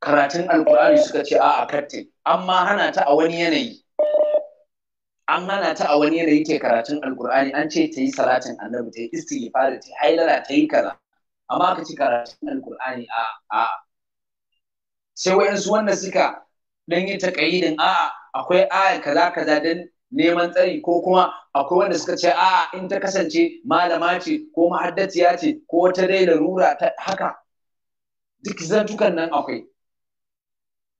karatun alkur'ani suka ce a'a kattin amma hana ta a wani yanayi an hana ta a wani yanayi ke karatun alkur'ani an ce ta yi salatin annabi ta yi fara ta yi hailala ta yi kaza amma aka ci karatun alkur'ani a a sai wayansu wanda suka dan yi ƙayyadin? a akwai aya kaza kaza dan neman tsari ko kuma akwai wanda suka ce a'a in ta kasance malama ce ko mahaddaciya ce ko wata dai larura ta haka duk zantukan nan akwai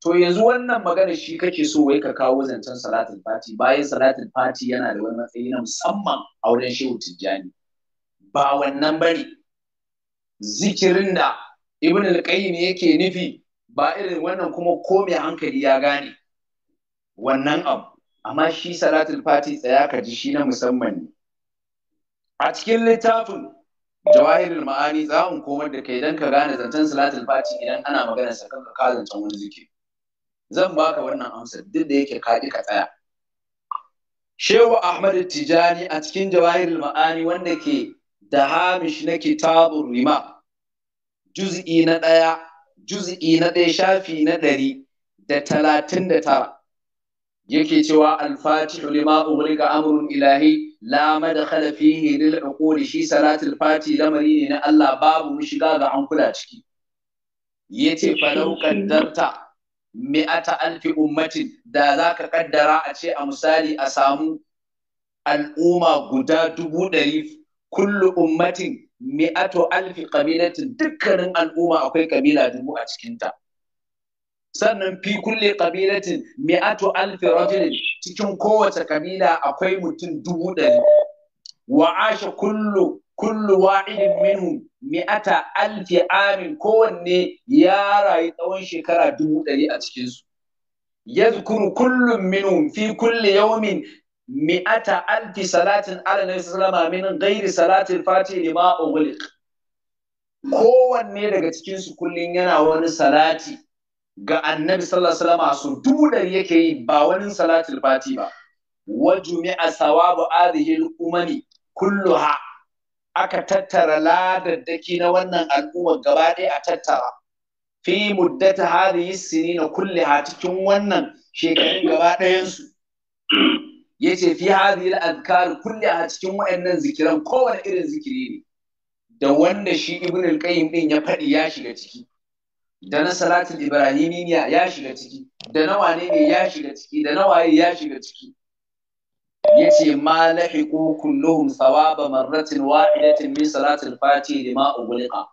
to yanzu wannan magana shi kake so wai ka kawo zancen salatin fati bayan salatin fati yana da wani matsayi na musamman a wurin shehu tijjani ba wannan bari zikirin da ibn al yake nufi ba irin wannan kuma ko mai hankali ya gane wannan abu amma shi salatul fati tsaya ka ji shi na musamman ne a cikin littafin jawahirul ma'ani za mu komar da kai don ka gane zancen salatul fati idan ana magana sa kanka ka zancen wani zikiri zan baka wannan amsa duk da yake kaɗi ka tsaya shehu Ahmadu tijani a cikin jawahirul ma'ani wanda ke da hamish na kitabun rima juz'i na ɗaya juz'i na ɗaya shafi na ɗari da talatin da tara yake cewa al-fatihu lima ughliqa amrun ilahi la madkhala fihi lil uqul shi salatul fati lamari ne na Allah babu shiga ga an kula ciki yace falau qaddarta mi'ata alfi ummatin da zaka kaddara a ce a misali a samu al'umma guda dubu ɗari kullu ummatin mi'atu alfi qabilatin dukkanin al'umma akwai kabila dubu a cikinta sannan fi kulle ƙabilatin mi'atu alfi rajulin cikin kowace kabila akwai mutum dubu ɗari wa asha kullu kullu wa'idin minhum mi'ata alfi amin kowanne ya rayu tsawon shekara dubu ɗari a cikinsu yazkuru kullum minhum fi kulli yawmin mi'ata alfi salatin ala nabi sallama min ghairi salatin fati lima ughliq kowanne daga cikinsu kullum yana wani salati ga annabi sallallahu alaihi wasallam su dudar yake yi ba wani salatul fati ba wa jumi'a sawabu hadhihi umami kulluha aka tattara ladaddaki na wannan al'ummar gaba ɗaya a tattara fi muddata hadhihi sinina kulliha cikin wannan shekarun gaba ɗayan su yace fi hadhihi al-adhkar kulliha cikin wayannan zikiran kowane irin zikiri ne da wanda shi ibn al-qayyim din ya faɗi ya shiga ciki da na Salatin ibrahimi ya shiga ciki da na wane ne ya shiga ciki da na waye ya shiga ciki Ya yace ma lahiqu kulluhum thawaba marratin wahidatin min salatul fati lima ughliqa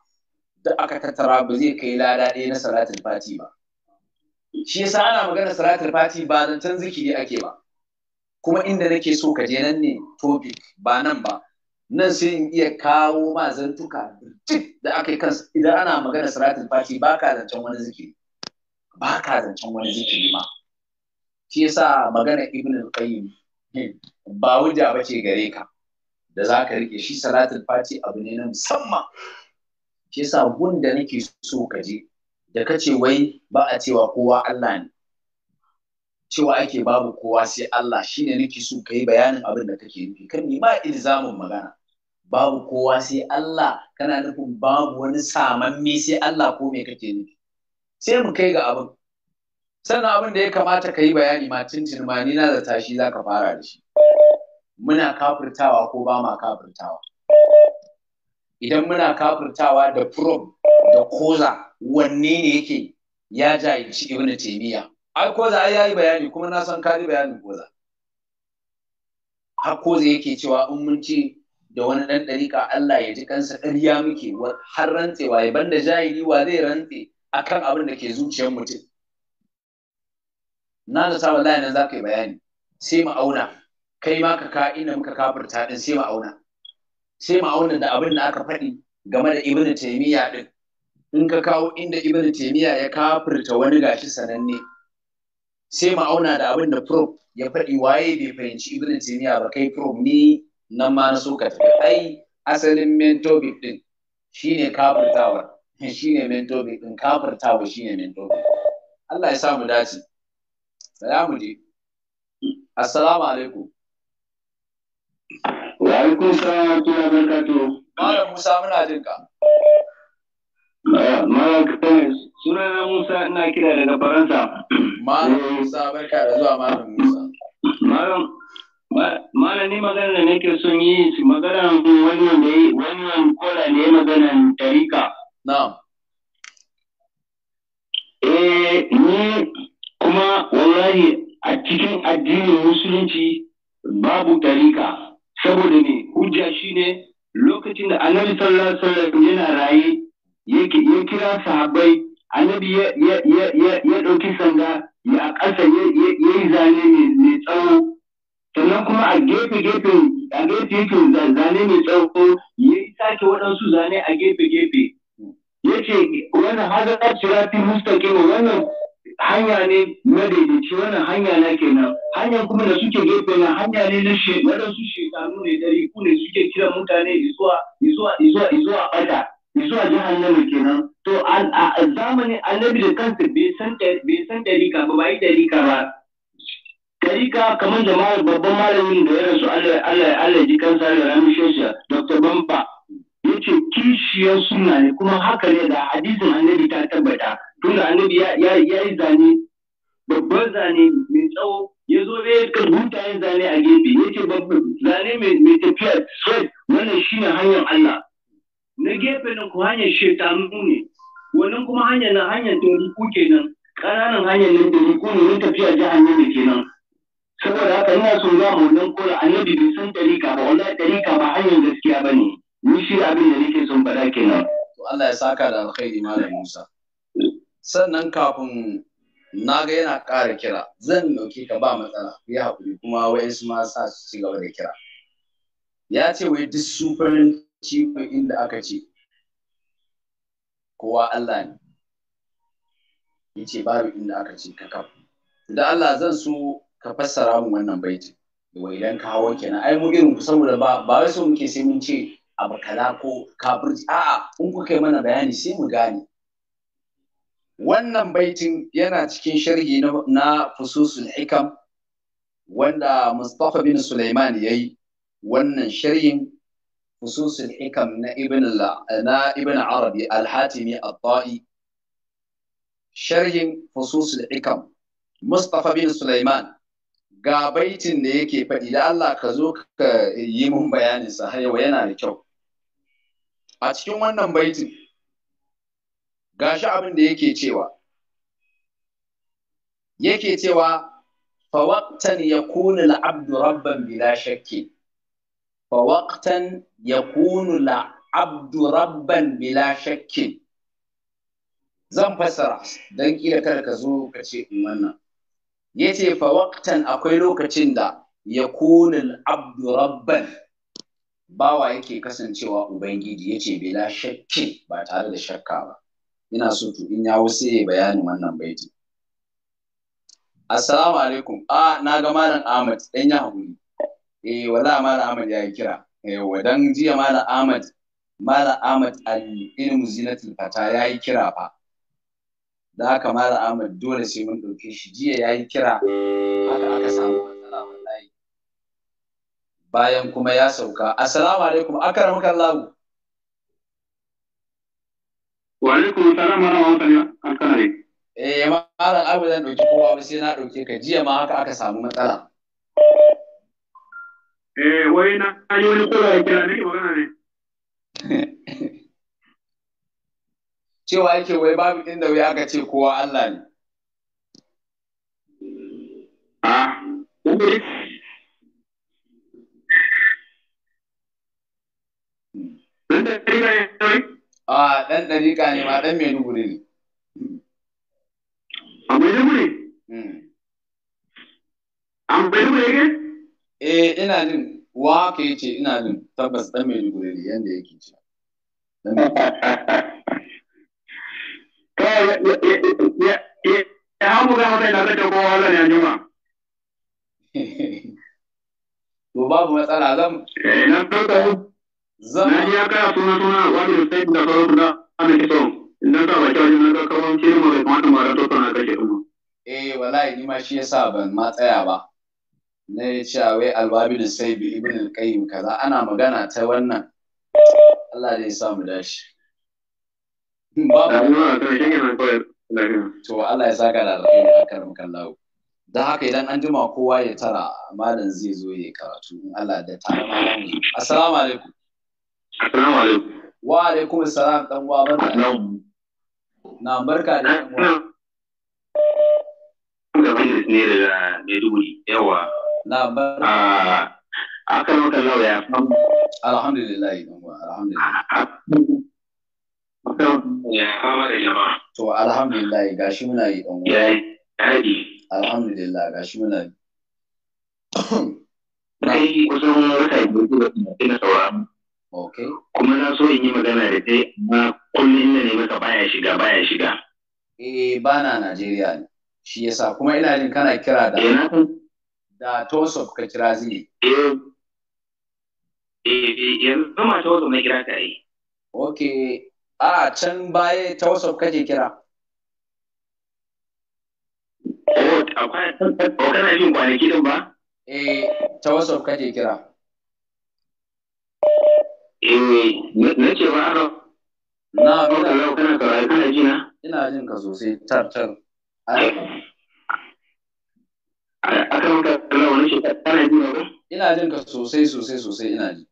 da aka tattara ba zai kai lada ɗaya na salatul fati ba shi yasa ana magana salatul fati ba zancen zikiri ake ba kuma inda nake so ka je nan ne topic ba nan ba nan sai in iya kawo ma zantuka duk da aka yi kansa idan ana magana salatul fati ba ka zancen wani zikiri ba ka zancen wani zikiri ma shi yasa magana ibn al-qayyim hmm, ba hujja ba ce gare ka da za ka rike shi salatul fati abu ne na musamman shi yasa gun da nake so ka je da ka ce wai ba a cewa kowa Allah ne cewa ake babu kowa sai Allah shine nake so ka yi bayanin abin da kake nufi kan ma ilzamin magana babu kowa sai Allah kana nufin babu wani me sai Allah ko me kake nufi sai mu kai ga abin sannan abin da ya kamata ka yi bayani ma tuntun ma ni na zata shi za ka fara da shi muna kafirtawa ko ba ma kafirtawa idan muna kafirtawa da prom da koza wanne ne yake ya jahilci ibn taymiya ai koza ai yayi bayani kuma na san ka bayani koza har koza yake cewa in mun ce da wani ɗan ɗariƙa Allah ya ji kansa ƙarya muke har rantsewa ya banda jahili wa zai rantse akan abin da ke zuciyar mutum na da samun nan za ka yi bayani sai mu auna kai ma ka ka ina muka kafirta din sai mu auna sai mu auna da abin da aka faɗi game da ibn taymiya din in ka kawo inda ibn taymiya ya kafirta wani gashi sananne sai mu auna da abin da prof ya faɗi waye bai fahimci ibn taymiya ba kai prof ni nan ma na so ka tafi ai asalin mentobi din shine kafirtawa [LAUGHS] shine mentobi din kafirtawa shine mentobi Allah ya sa mu dace salamu ji assalamu alaikum wa alaikum salam wa barakatuh malam Musa muna jin ka malam na Musa ina kira daga Faransa malam eh, Musa barka da zuwa malam Musa malam Malam ne magana da nake son yi su magana wannan yi wannan kola ne magana tarika. na Eh ni kuma wallahi a cikin addinin musulunci babu tarika saboda ne hujja shine lokacin da annabi sallallahu alaihi wasallam yana raye yake ya kira sahabbai annabi ya ya ya ya dauki sanda ya ƙasa ya zane mai tsawo sannan kuma a gefe gefe a gefe yake zane mai tsawo ya yi sake waɗansu zane a gefe gefe ya ce wannan hazara mustaƙi mustaqim wannan hanya ne na daidaici wannan hanya na kenan hanya kuma da suke gefe na hanya ne na shi waɗansu shekaru ne da ku ne suke kiran mutane izuwa izuwa izuwa izuwa bada izuwa jahannama kenan to a zamanin annabi da kansa bai san bai san dalika ba bai dalika ba ɗarika kamar da babban malamin da ya rasu Allah ji kansa da shesha Dr. Bamba ya ce kishiyar suna ne kuma haka ne da hadisin annabi ta tabbata tunda annabi ya yi zane babban zane mai tsawo ya zo ya kan huntayen zane a gefe ya ce zane mai tafiya sai wannan shine hanyar Allah na gefe nan ku hanyar shetanu ne wannan kuma hanyar na hanyar tori ku kenan ƙananan hanyar nan da ku ne mun tafiya jihar ne kenan saboda haka ina so za mu nan kora annabi bai san ɗarika ba Wannan ɗarika ba hanyar gaskiya ba ne ni shi abin da nake son faɗa kenan. to Allah ya saka da alkhairi malam Musa sannan kafin na ga yana ƙara kira zan dauke ka ba matsala ya haƙuri kuma su ma sa su ci gaba da kira ya ce wai duk sufarin cikin inda aka ce kowa Allah ne ya ce babu inda aka ce ka kafu. da Allah zan so ka fassara mun wannan baiti wai idan ka hawo kenan ai mu irin ku saboda ba ba wai so muke sai mun ce ko kafirci a'a in ku kai mana bayani sai mu gane wannan baitin yana cikin sharhi na fususul hikam wanda Mustapha bin Sulaiman yayi wannan sharhin fususul hikam na ibn na ibn arabi al-hatimi at-ta'i sharhin fususul hikam Mustapha bin Sulaiman ga baitin da yake faɗi da Allah ka zo ka yi mun bayanin sa yau yana da kyau a cikin wannan baitin ga shi abin da yake cewa yake cewa fawaqtan yakunu al-abdu rabban bila shakki fawaqtan yakunu al-abdu rabban bila shakki zan fassara dan kila kar ka zo ka ce wannan yace fa waqtan akwai lokacin da ya yakunul abdu rabban bawa yake kasancewa ubangiji yace bila shakki ba tare da shakka ba ina so to in yawo sai ya bayani wannan baiti assalamu alaikum a na ga malam ahmad dan ya hakuri eh wala malam ahmad ya kira eh wadan jiya malam ahmad malam ahmad al ilmu zinatul fata yayi kira fa da haka mara Ahmad dole sai mun ɗauke shi jiya ya yi kira haka aka samu matsala wallahi bayan kuma ya sauka assalamu alaikum akaramu Allah wa alaikum salam wa rahmatullahi eh malam abu zan ɗauki kowa ba sai na ɗauke ka jiya ma haka aka samu matsala eh wai na yi wani kula ya kira ne magana ne cewa yake wai babu inda wai aka ce kowa Allah ne ah, a A ɗan ɗariƙa ne ma ɗan Maiduguri ne. A Maiduguri? Hmm. An Maiduguri ne? Eh ina jin wa ka ce ina jin tabbas ɗan Maiduguri ne yadda yake ce. [LAUGHS] hambuga hata inaleta kwa wala ya nyuma to babu matsala zan na ka zan na ya ka suna suna wani da sai da karo da ana kiso idan ka bace wani na ka kawo shi mu da kamata mara to tana kashe kuma eh wallahi ni ma shi yasa ban ma tsaya ba na ya ce wai albabin sai bi ibn al-qayyim kaza ana magana ta wannan Allah zai sa mu dashi To Allah ya saka da alkhairi akar mukallawo. Don haka idan an jima kowa ya tara malam zai zo ya karatu in Allah da tare malam ne. Assalamu alaikum. Assalamu alaikum. Wa alaikum assalam dan uwa barka. Na barka da yan uwa. Gaban ne daga Maiduguri yawa. Na barka. Akan mukallawo ya famu. Alhamdulillah dan uwa alhamdulillah. To alhamdulillah gashi muna yi ɗan uwa. Alhamdulillah gashi muna yi. [CLEARS THROAT] Na yi kusan wata biyu da ina sauraron. Okay. Kuma na so in yi magana da kai amma kullum ina ne maka baya shiga baya shiga. Eh ba na Najeriya ne. Shi yasa kuma ina jin kana kira da eh, da Tosop ka kira zai. Eh, eh eh yanzu zama Tosop na kira ka yi. Okay, a can baya ta wasu kake kira kana yin kwanaki din ba eh ta wasu kake kira E, na ce ba aro na ina kana kawai kana ji na ina jin ka sosai tar tar akan ka kana wani shi kana ji na ina jin ka sosai sosai sosai ina ji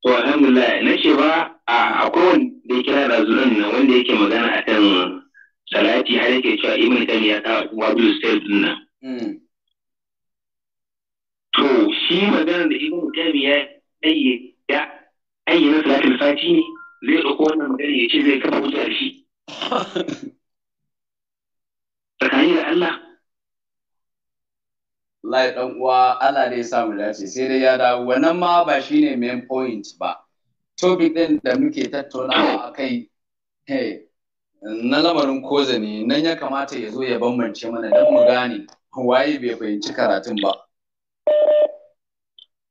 To alhamdulillah na ce ba akwai wanda ya kira razulan nan wanda yake magana a kan salati har yake cewa kan ya ta wabil state din nan. Hmm. To shi magana da Ibn ya dai ya ayyana salatin fati ne zai ɗauko wannan magana ya ce zai kafa hujja da shi. [LAUGHS] Tsakani da Allah lai dan uwa Allah dai ya mu dace sai dai ya dawo wannan ma ba shine main point ba topic ɗin da muke tattaunawa akai hey na lamarin koza ne nan ya kamata ya zo ya bambance mana don mu gane waye bai fahimci karatun ba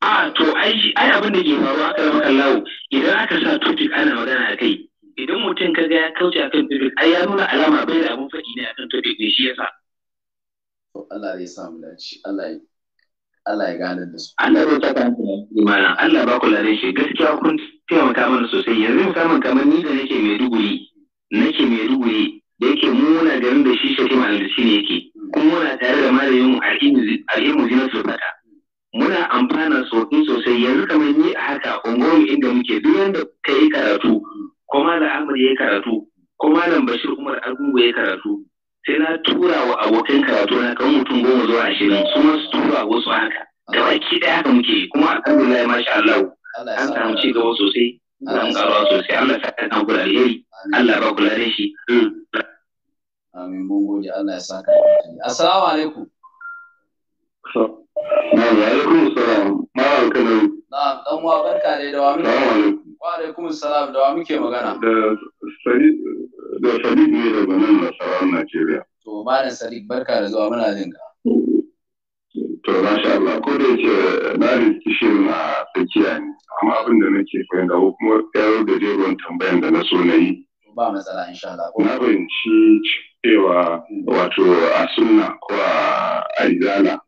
a to ai ai abin da ke faruwa aka rama kallawo idan aka sa topic ana magana a kai idan mutum kaga ya kauce akan topic ai ya nuna alama bai da abin faɗi ne akan topic ne shi ya sa. to Allah zai samu mu dace Allah ya Allah ya gane da su Allah ya ta kan imana Allah ba ku lare shi gaskiya kun taimaka mana sosai yanzu musamman kamar ni da nake Maiduguri nake Maiduguri da yake muna garin da shi shafi malamci ne yake kuma muna tare da malamin al'imu zina sosaka muna amfana sosai sosai yanzu kamar ni a haka unguwarmu inda muke duk yanda ka yi karatu ko malam Ahmad ya yi karatu ko malam Bashir Umar Agungu ya yi karatu sai na tura wa abokan karatu na kan mutum goma zuwa ashirin su ma su tura wasu haka da baki daya haka muke kuma alhamdulillah masha Allah an samu ci gaba sosai an karuwa sosai Allah ya saka ku da alheri Allah ba ku ladan shi hmm. amin mun gode Allah ya saka assalamu alaikum Na'am, alaikum salam. Na'am, kana. Na'am, dan uwa barka ne da wa muke. Wa alaikum salam da wa muke magana. Da Sa'id da Sadiq ne daga nan na Nasarar Najeriya. To Malam Sadiq barka da zuwa muna jin ka. To masha Allah ko da yake na rikici shirin a tsakiya ne amma abin da nake fahimta ko kuma yaro da jeron tambayan da na so na yi. Ba matsala insha Allah. Na fahimci cewa wato a sunna ko a aizala.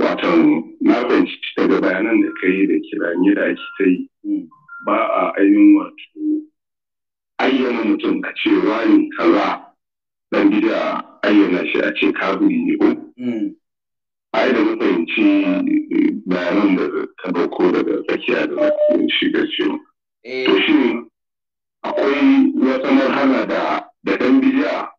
Watan na fahimci daga bayanan da ka yi da kiranye da ake ta yi hmm. ba a ainihin wato ayyana mutum a ce wani kaza dan gida ayyana shi a ce kafiri ne ko hmm. ai da mafahimci eh, bayanan da ta dauko daga tsakiya da zakiyin shiga ce eh. to shi akwai wata marhala da da dan bida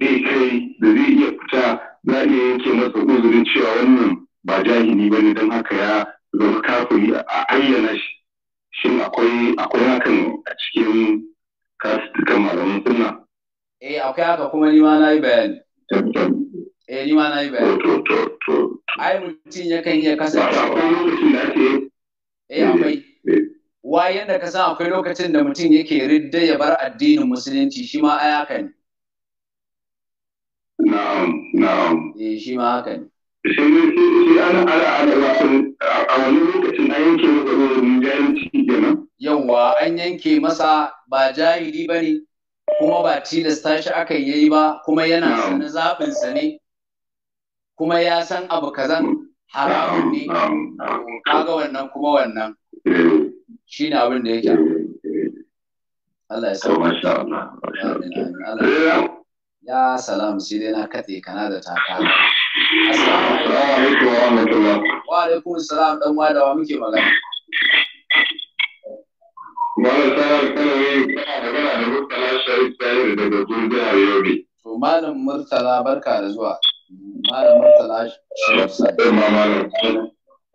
zai kai da zai iya fita za a iya yanke masa uzurin cewa wannan ba jahili ba ne don haka ya zama kafiri a ayyana shi shin akwai akwai hakan a cikin kasitukan malaman suna. Eh akwai haka kuma ni ma na yi bayani. Eh ni ma na yi bayani. Ai mutum yakan iya kasance. Akwai lokacin da ake. Eh akwai. Wa yanda ka san akwai lokacin da mutum yake ridda ya bar addinin musulunci shi ma ai haka ne. Na'am na'am. Eh shi ma haka ne. Sai ana ala ala a wani lokacin a yanke masa ruwan jahilci kenan. yawwa an yanke masa ba jahili ba ne kuma ba tilasta shi aka yi ba kuma yana na zaɓinsa ne kuma ya san abu kazan haramun ne kaga wannan kuma wannan eh. shi ne abin da yake eh. Allah ya sauka eh. ya salamu shi dai na katse kana da taka assalamu alaikum wa rahmatullah wa alaikum assalam dan wa da muke magana Malam Sa'ar Kanawi kana magana da Murtala Sharif Sa'ir daga Jihar Yobe. To Malam Murtala barka da zuwa. Malam Murtala Sharif Sa'ir. Ma Malam.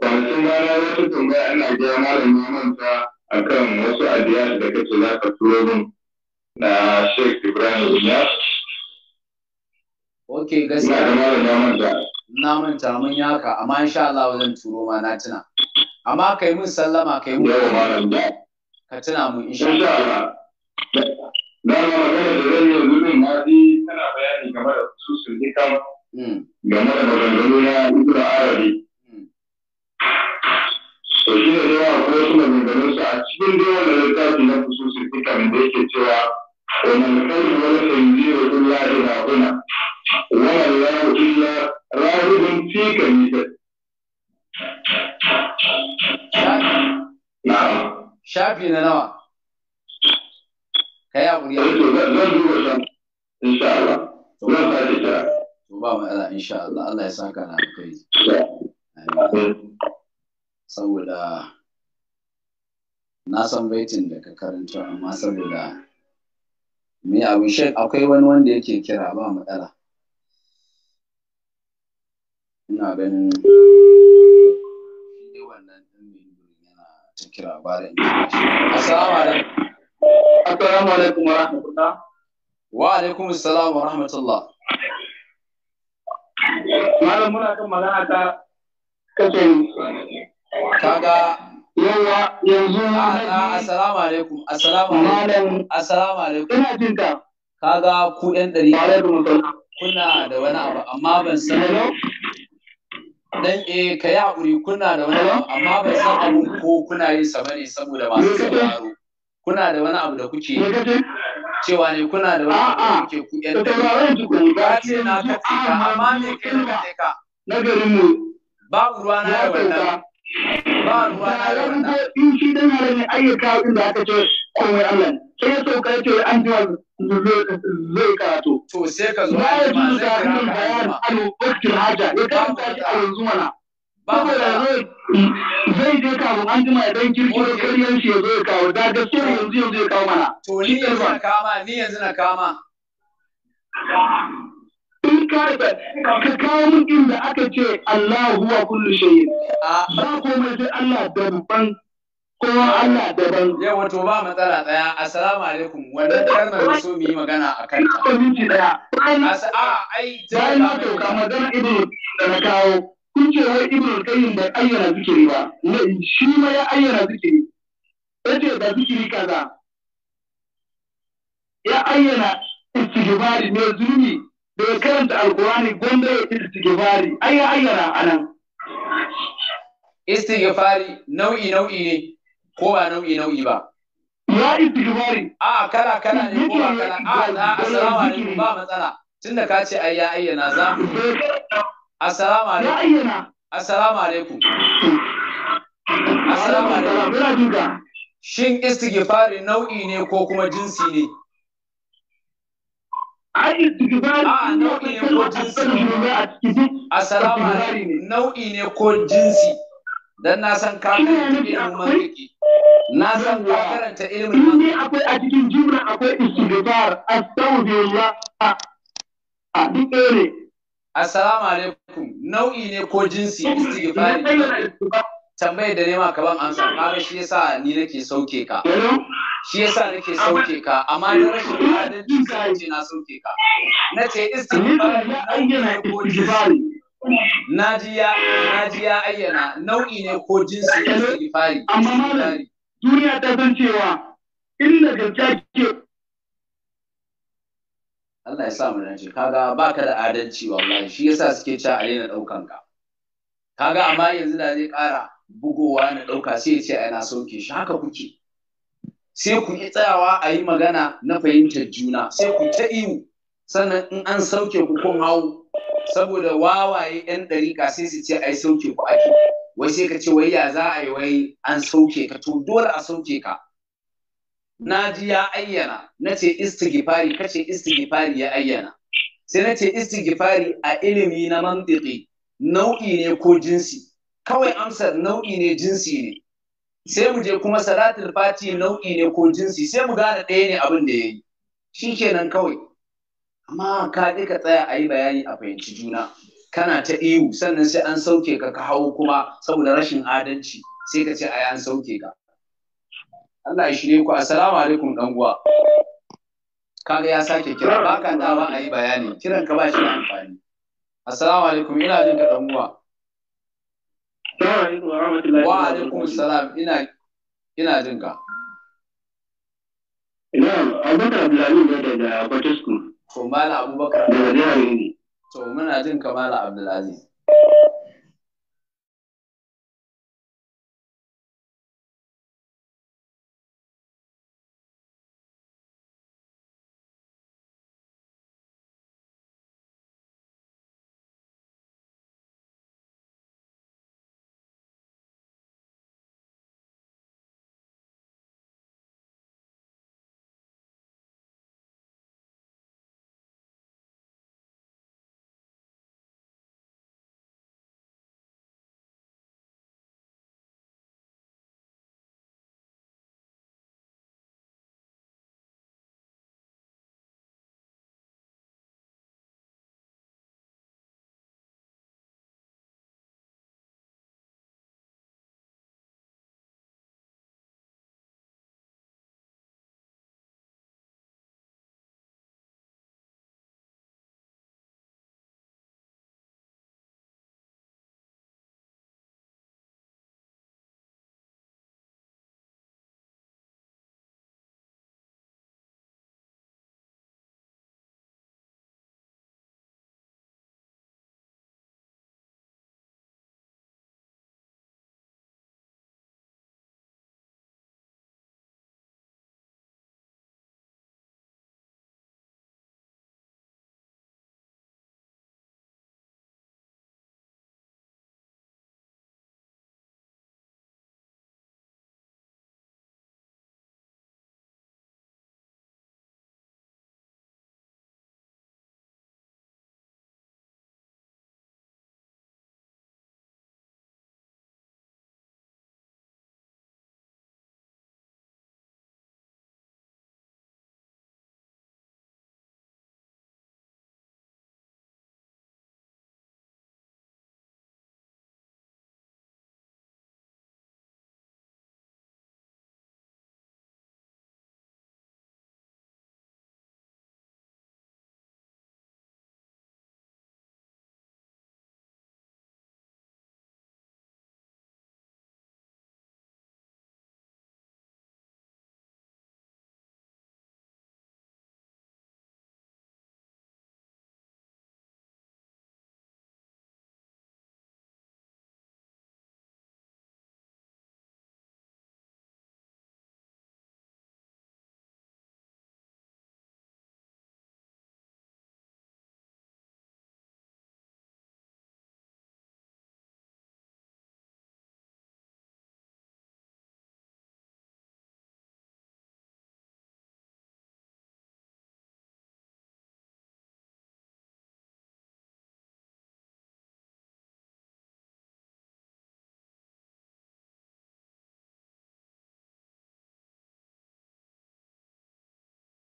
Kwanakin bana wata tambaya ana gaya Malam ya manta akan wasu adiyar da kace za ka turo min na Sheikh Ibrahim Ilyas. Ok gaskiya. Ina da Malam ya manta. Na manta mun yaka amma insha Allah zan turo ma na tuna. Amma kai mun sallama kai mun. Yawa Malam. ka tuna mu insha Allah na ga magana da zan yanzu din ma dai tana bayani game da hususul hikam hmm. game da maganganu na ibnu arabi to hmm. shi ne yawa ko su maganganun su a cikin dai wannan littafi na hususul hikam da yake cewa kai ومن كان ويستنزير كل إلى هنا ولا الله إلا راغب في كنيسته نعم shafi na nawa ka hakuri ya zan duba san insha Allah zan sake kira insha Allah Allah ya saka na kai saboda na san baitin da ka karanta amma saboda me abin shek akwai wani wanda yake kira ba matsala ina ganin lokacin kira ba da Assalamu alaikum. Assalamu alaikum wa rahmatullah. Wa alaikum assalam wa rahmatullah. Malam muna kan magana ta kashe Kaga yawa yanzu assalamu alaikum assalamu alaikum assalamu alaikum ina jin ka kaga ku yan kuna da wani abu amma ban san dan e eh, ka yi haƙuri kuna da wani abu amma ba san abun ko kuna yin sa ne, saboda masu sauraro kuna da wani abu da kuke cewa ne kuna da wani abu da kuke ku yan da ka ce na ka amma me kai da ka babu ruwa na da wannan Bayan da in shi dan harami ayyuka da aka ce komai Allah sai ya sauka ya ce an ji zai karato? To sai ka zo a ma zai karatu. Ba ya ji da haja ya karanta shi a yanzu mana. Saboda zai je kawo an jima idan kirkiro karyar shi ya zo ya kawo da gaskiyar yanzu yanzu ya kawo mana. To ni yanzu na kama ni yanzu na kama. in ka ka kawo mun inda aka ce Allah huwa kullu shay'in ah. ba komai sai Allah daban kowa Allah daban Yau wato ba matsala tsaya assalamu alaikum wanda kalmar da so mu yi magana a kan ta minti daya a ah, ai ta na to ka magana ibnu da na kawo kun ce wai ibnu kayyim bai ayyana zikiri ba shi ma ya ayyana zikiri yace da zikiri kaza ya ayyana istighfari ne zulmi bai karanta alkurani gwanda ya istighfari ayya ya ayyana anan istighfari nau'i nau'i ne ko ba nau'i nau'i ba ya istighfari a kala kala ne ko ba kala a na assalamu alaikum ba matsala tunda ka ce ai ya ayyana za assalamu alaikum assalamu alaikum assalamu alaikum shin istighfari nau'i ne ko kuma jinsi ne Ah, assalamu alaikum nau'i ne ko jinsi dan na san ka ilimin mantiki na san karanta ilimin mantiki akwai a cikin akwai astaghfirullah a duk assalamu nau'i ne ko jinsi tambayar da nema ka ban amsa kaga shi yasa ni nake sauke ka shi yasa nake sauke ka amma na rashin adalci sai ce na sauke ka nace istighfar an gina ko jibari najiya najiya ayyana nau'i ne ko jinsi istighfari amma malam duniya ta san cewa inda gaskiya ke Allah ya sa mu dace kaga baka da adalci wallahi shi yasa suke cewa a daina daukan ka kaga amma yanzu da zai kara. bugowa na ɗauka sai ce ana sauke shi haka kuke sai ku yi tsayawa a yi magana na fahimtar juna sai ku ta iyu sannan in an sauke ku kun hau saboda wawaye yan ɗariƙa sai su ce ai sauke ku ake wai sai ka ce wai ya za a yi wai an sauke ka to dole a sauke ka na ji ya ayyana na ce istighfari ce istighfari ya ayyana sai na ce istighfari a ilimi na mantiki nau'i ne ko jinsi kawai amsar nau'i ne jinsi ne sai mu je kuma salatul fati nau'i ne ko jinsi sai mu gane ɗaya ne abin da ya yi shi kenan kawai amma ka ka tsaya a yi bayani a fahimci juna kana ta ihu sannan sai an sauke ka ka hau kuma saboda rashin adalci sai ka ce a an sauke ka Allah ya shirye ku assalamu alaikum dan uwa kaga ya sake kira ka dama a yi bayani kiran ka ba shi amfani assalamu alaikum ina jin ka dan uwa Wa alaikum salam ina ina jin ka. Ina Abubakar Abdulhamid ne daga Fortescue. To Malam Abubakar. Daga jihar Indi. To muna jin ka Malam Abdulaziz.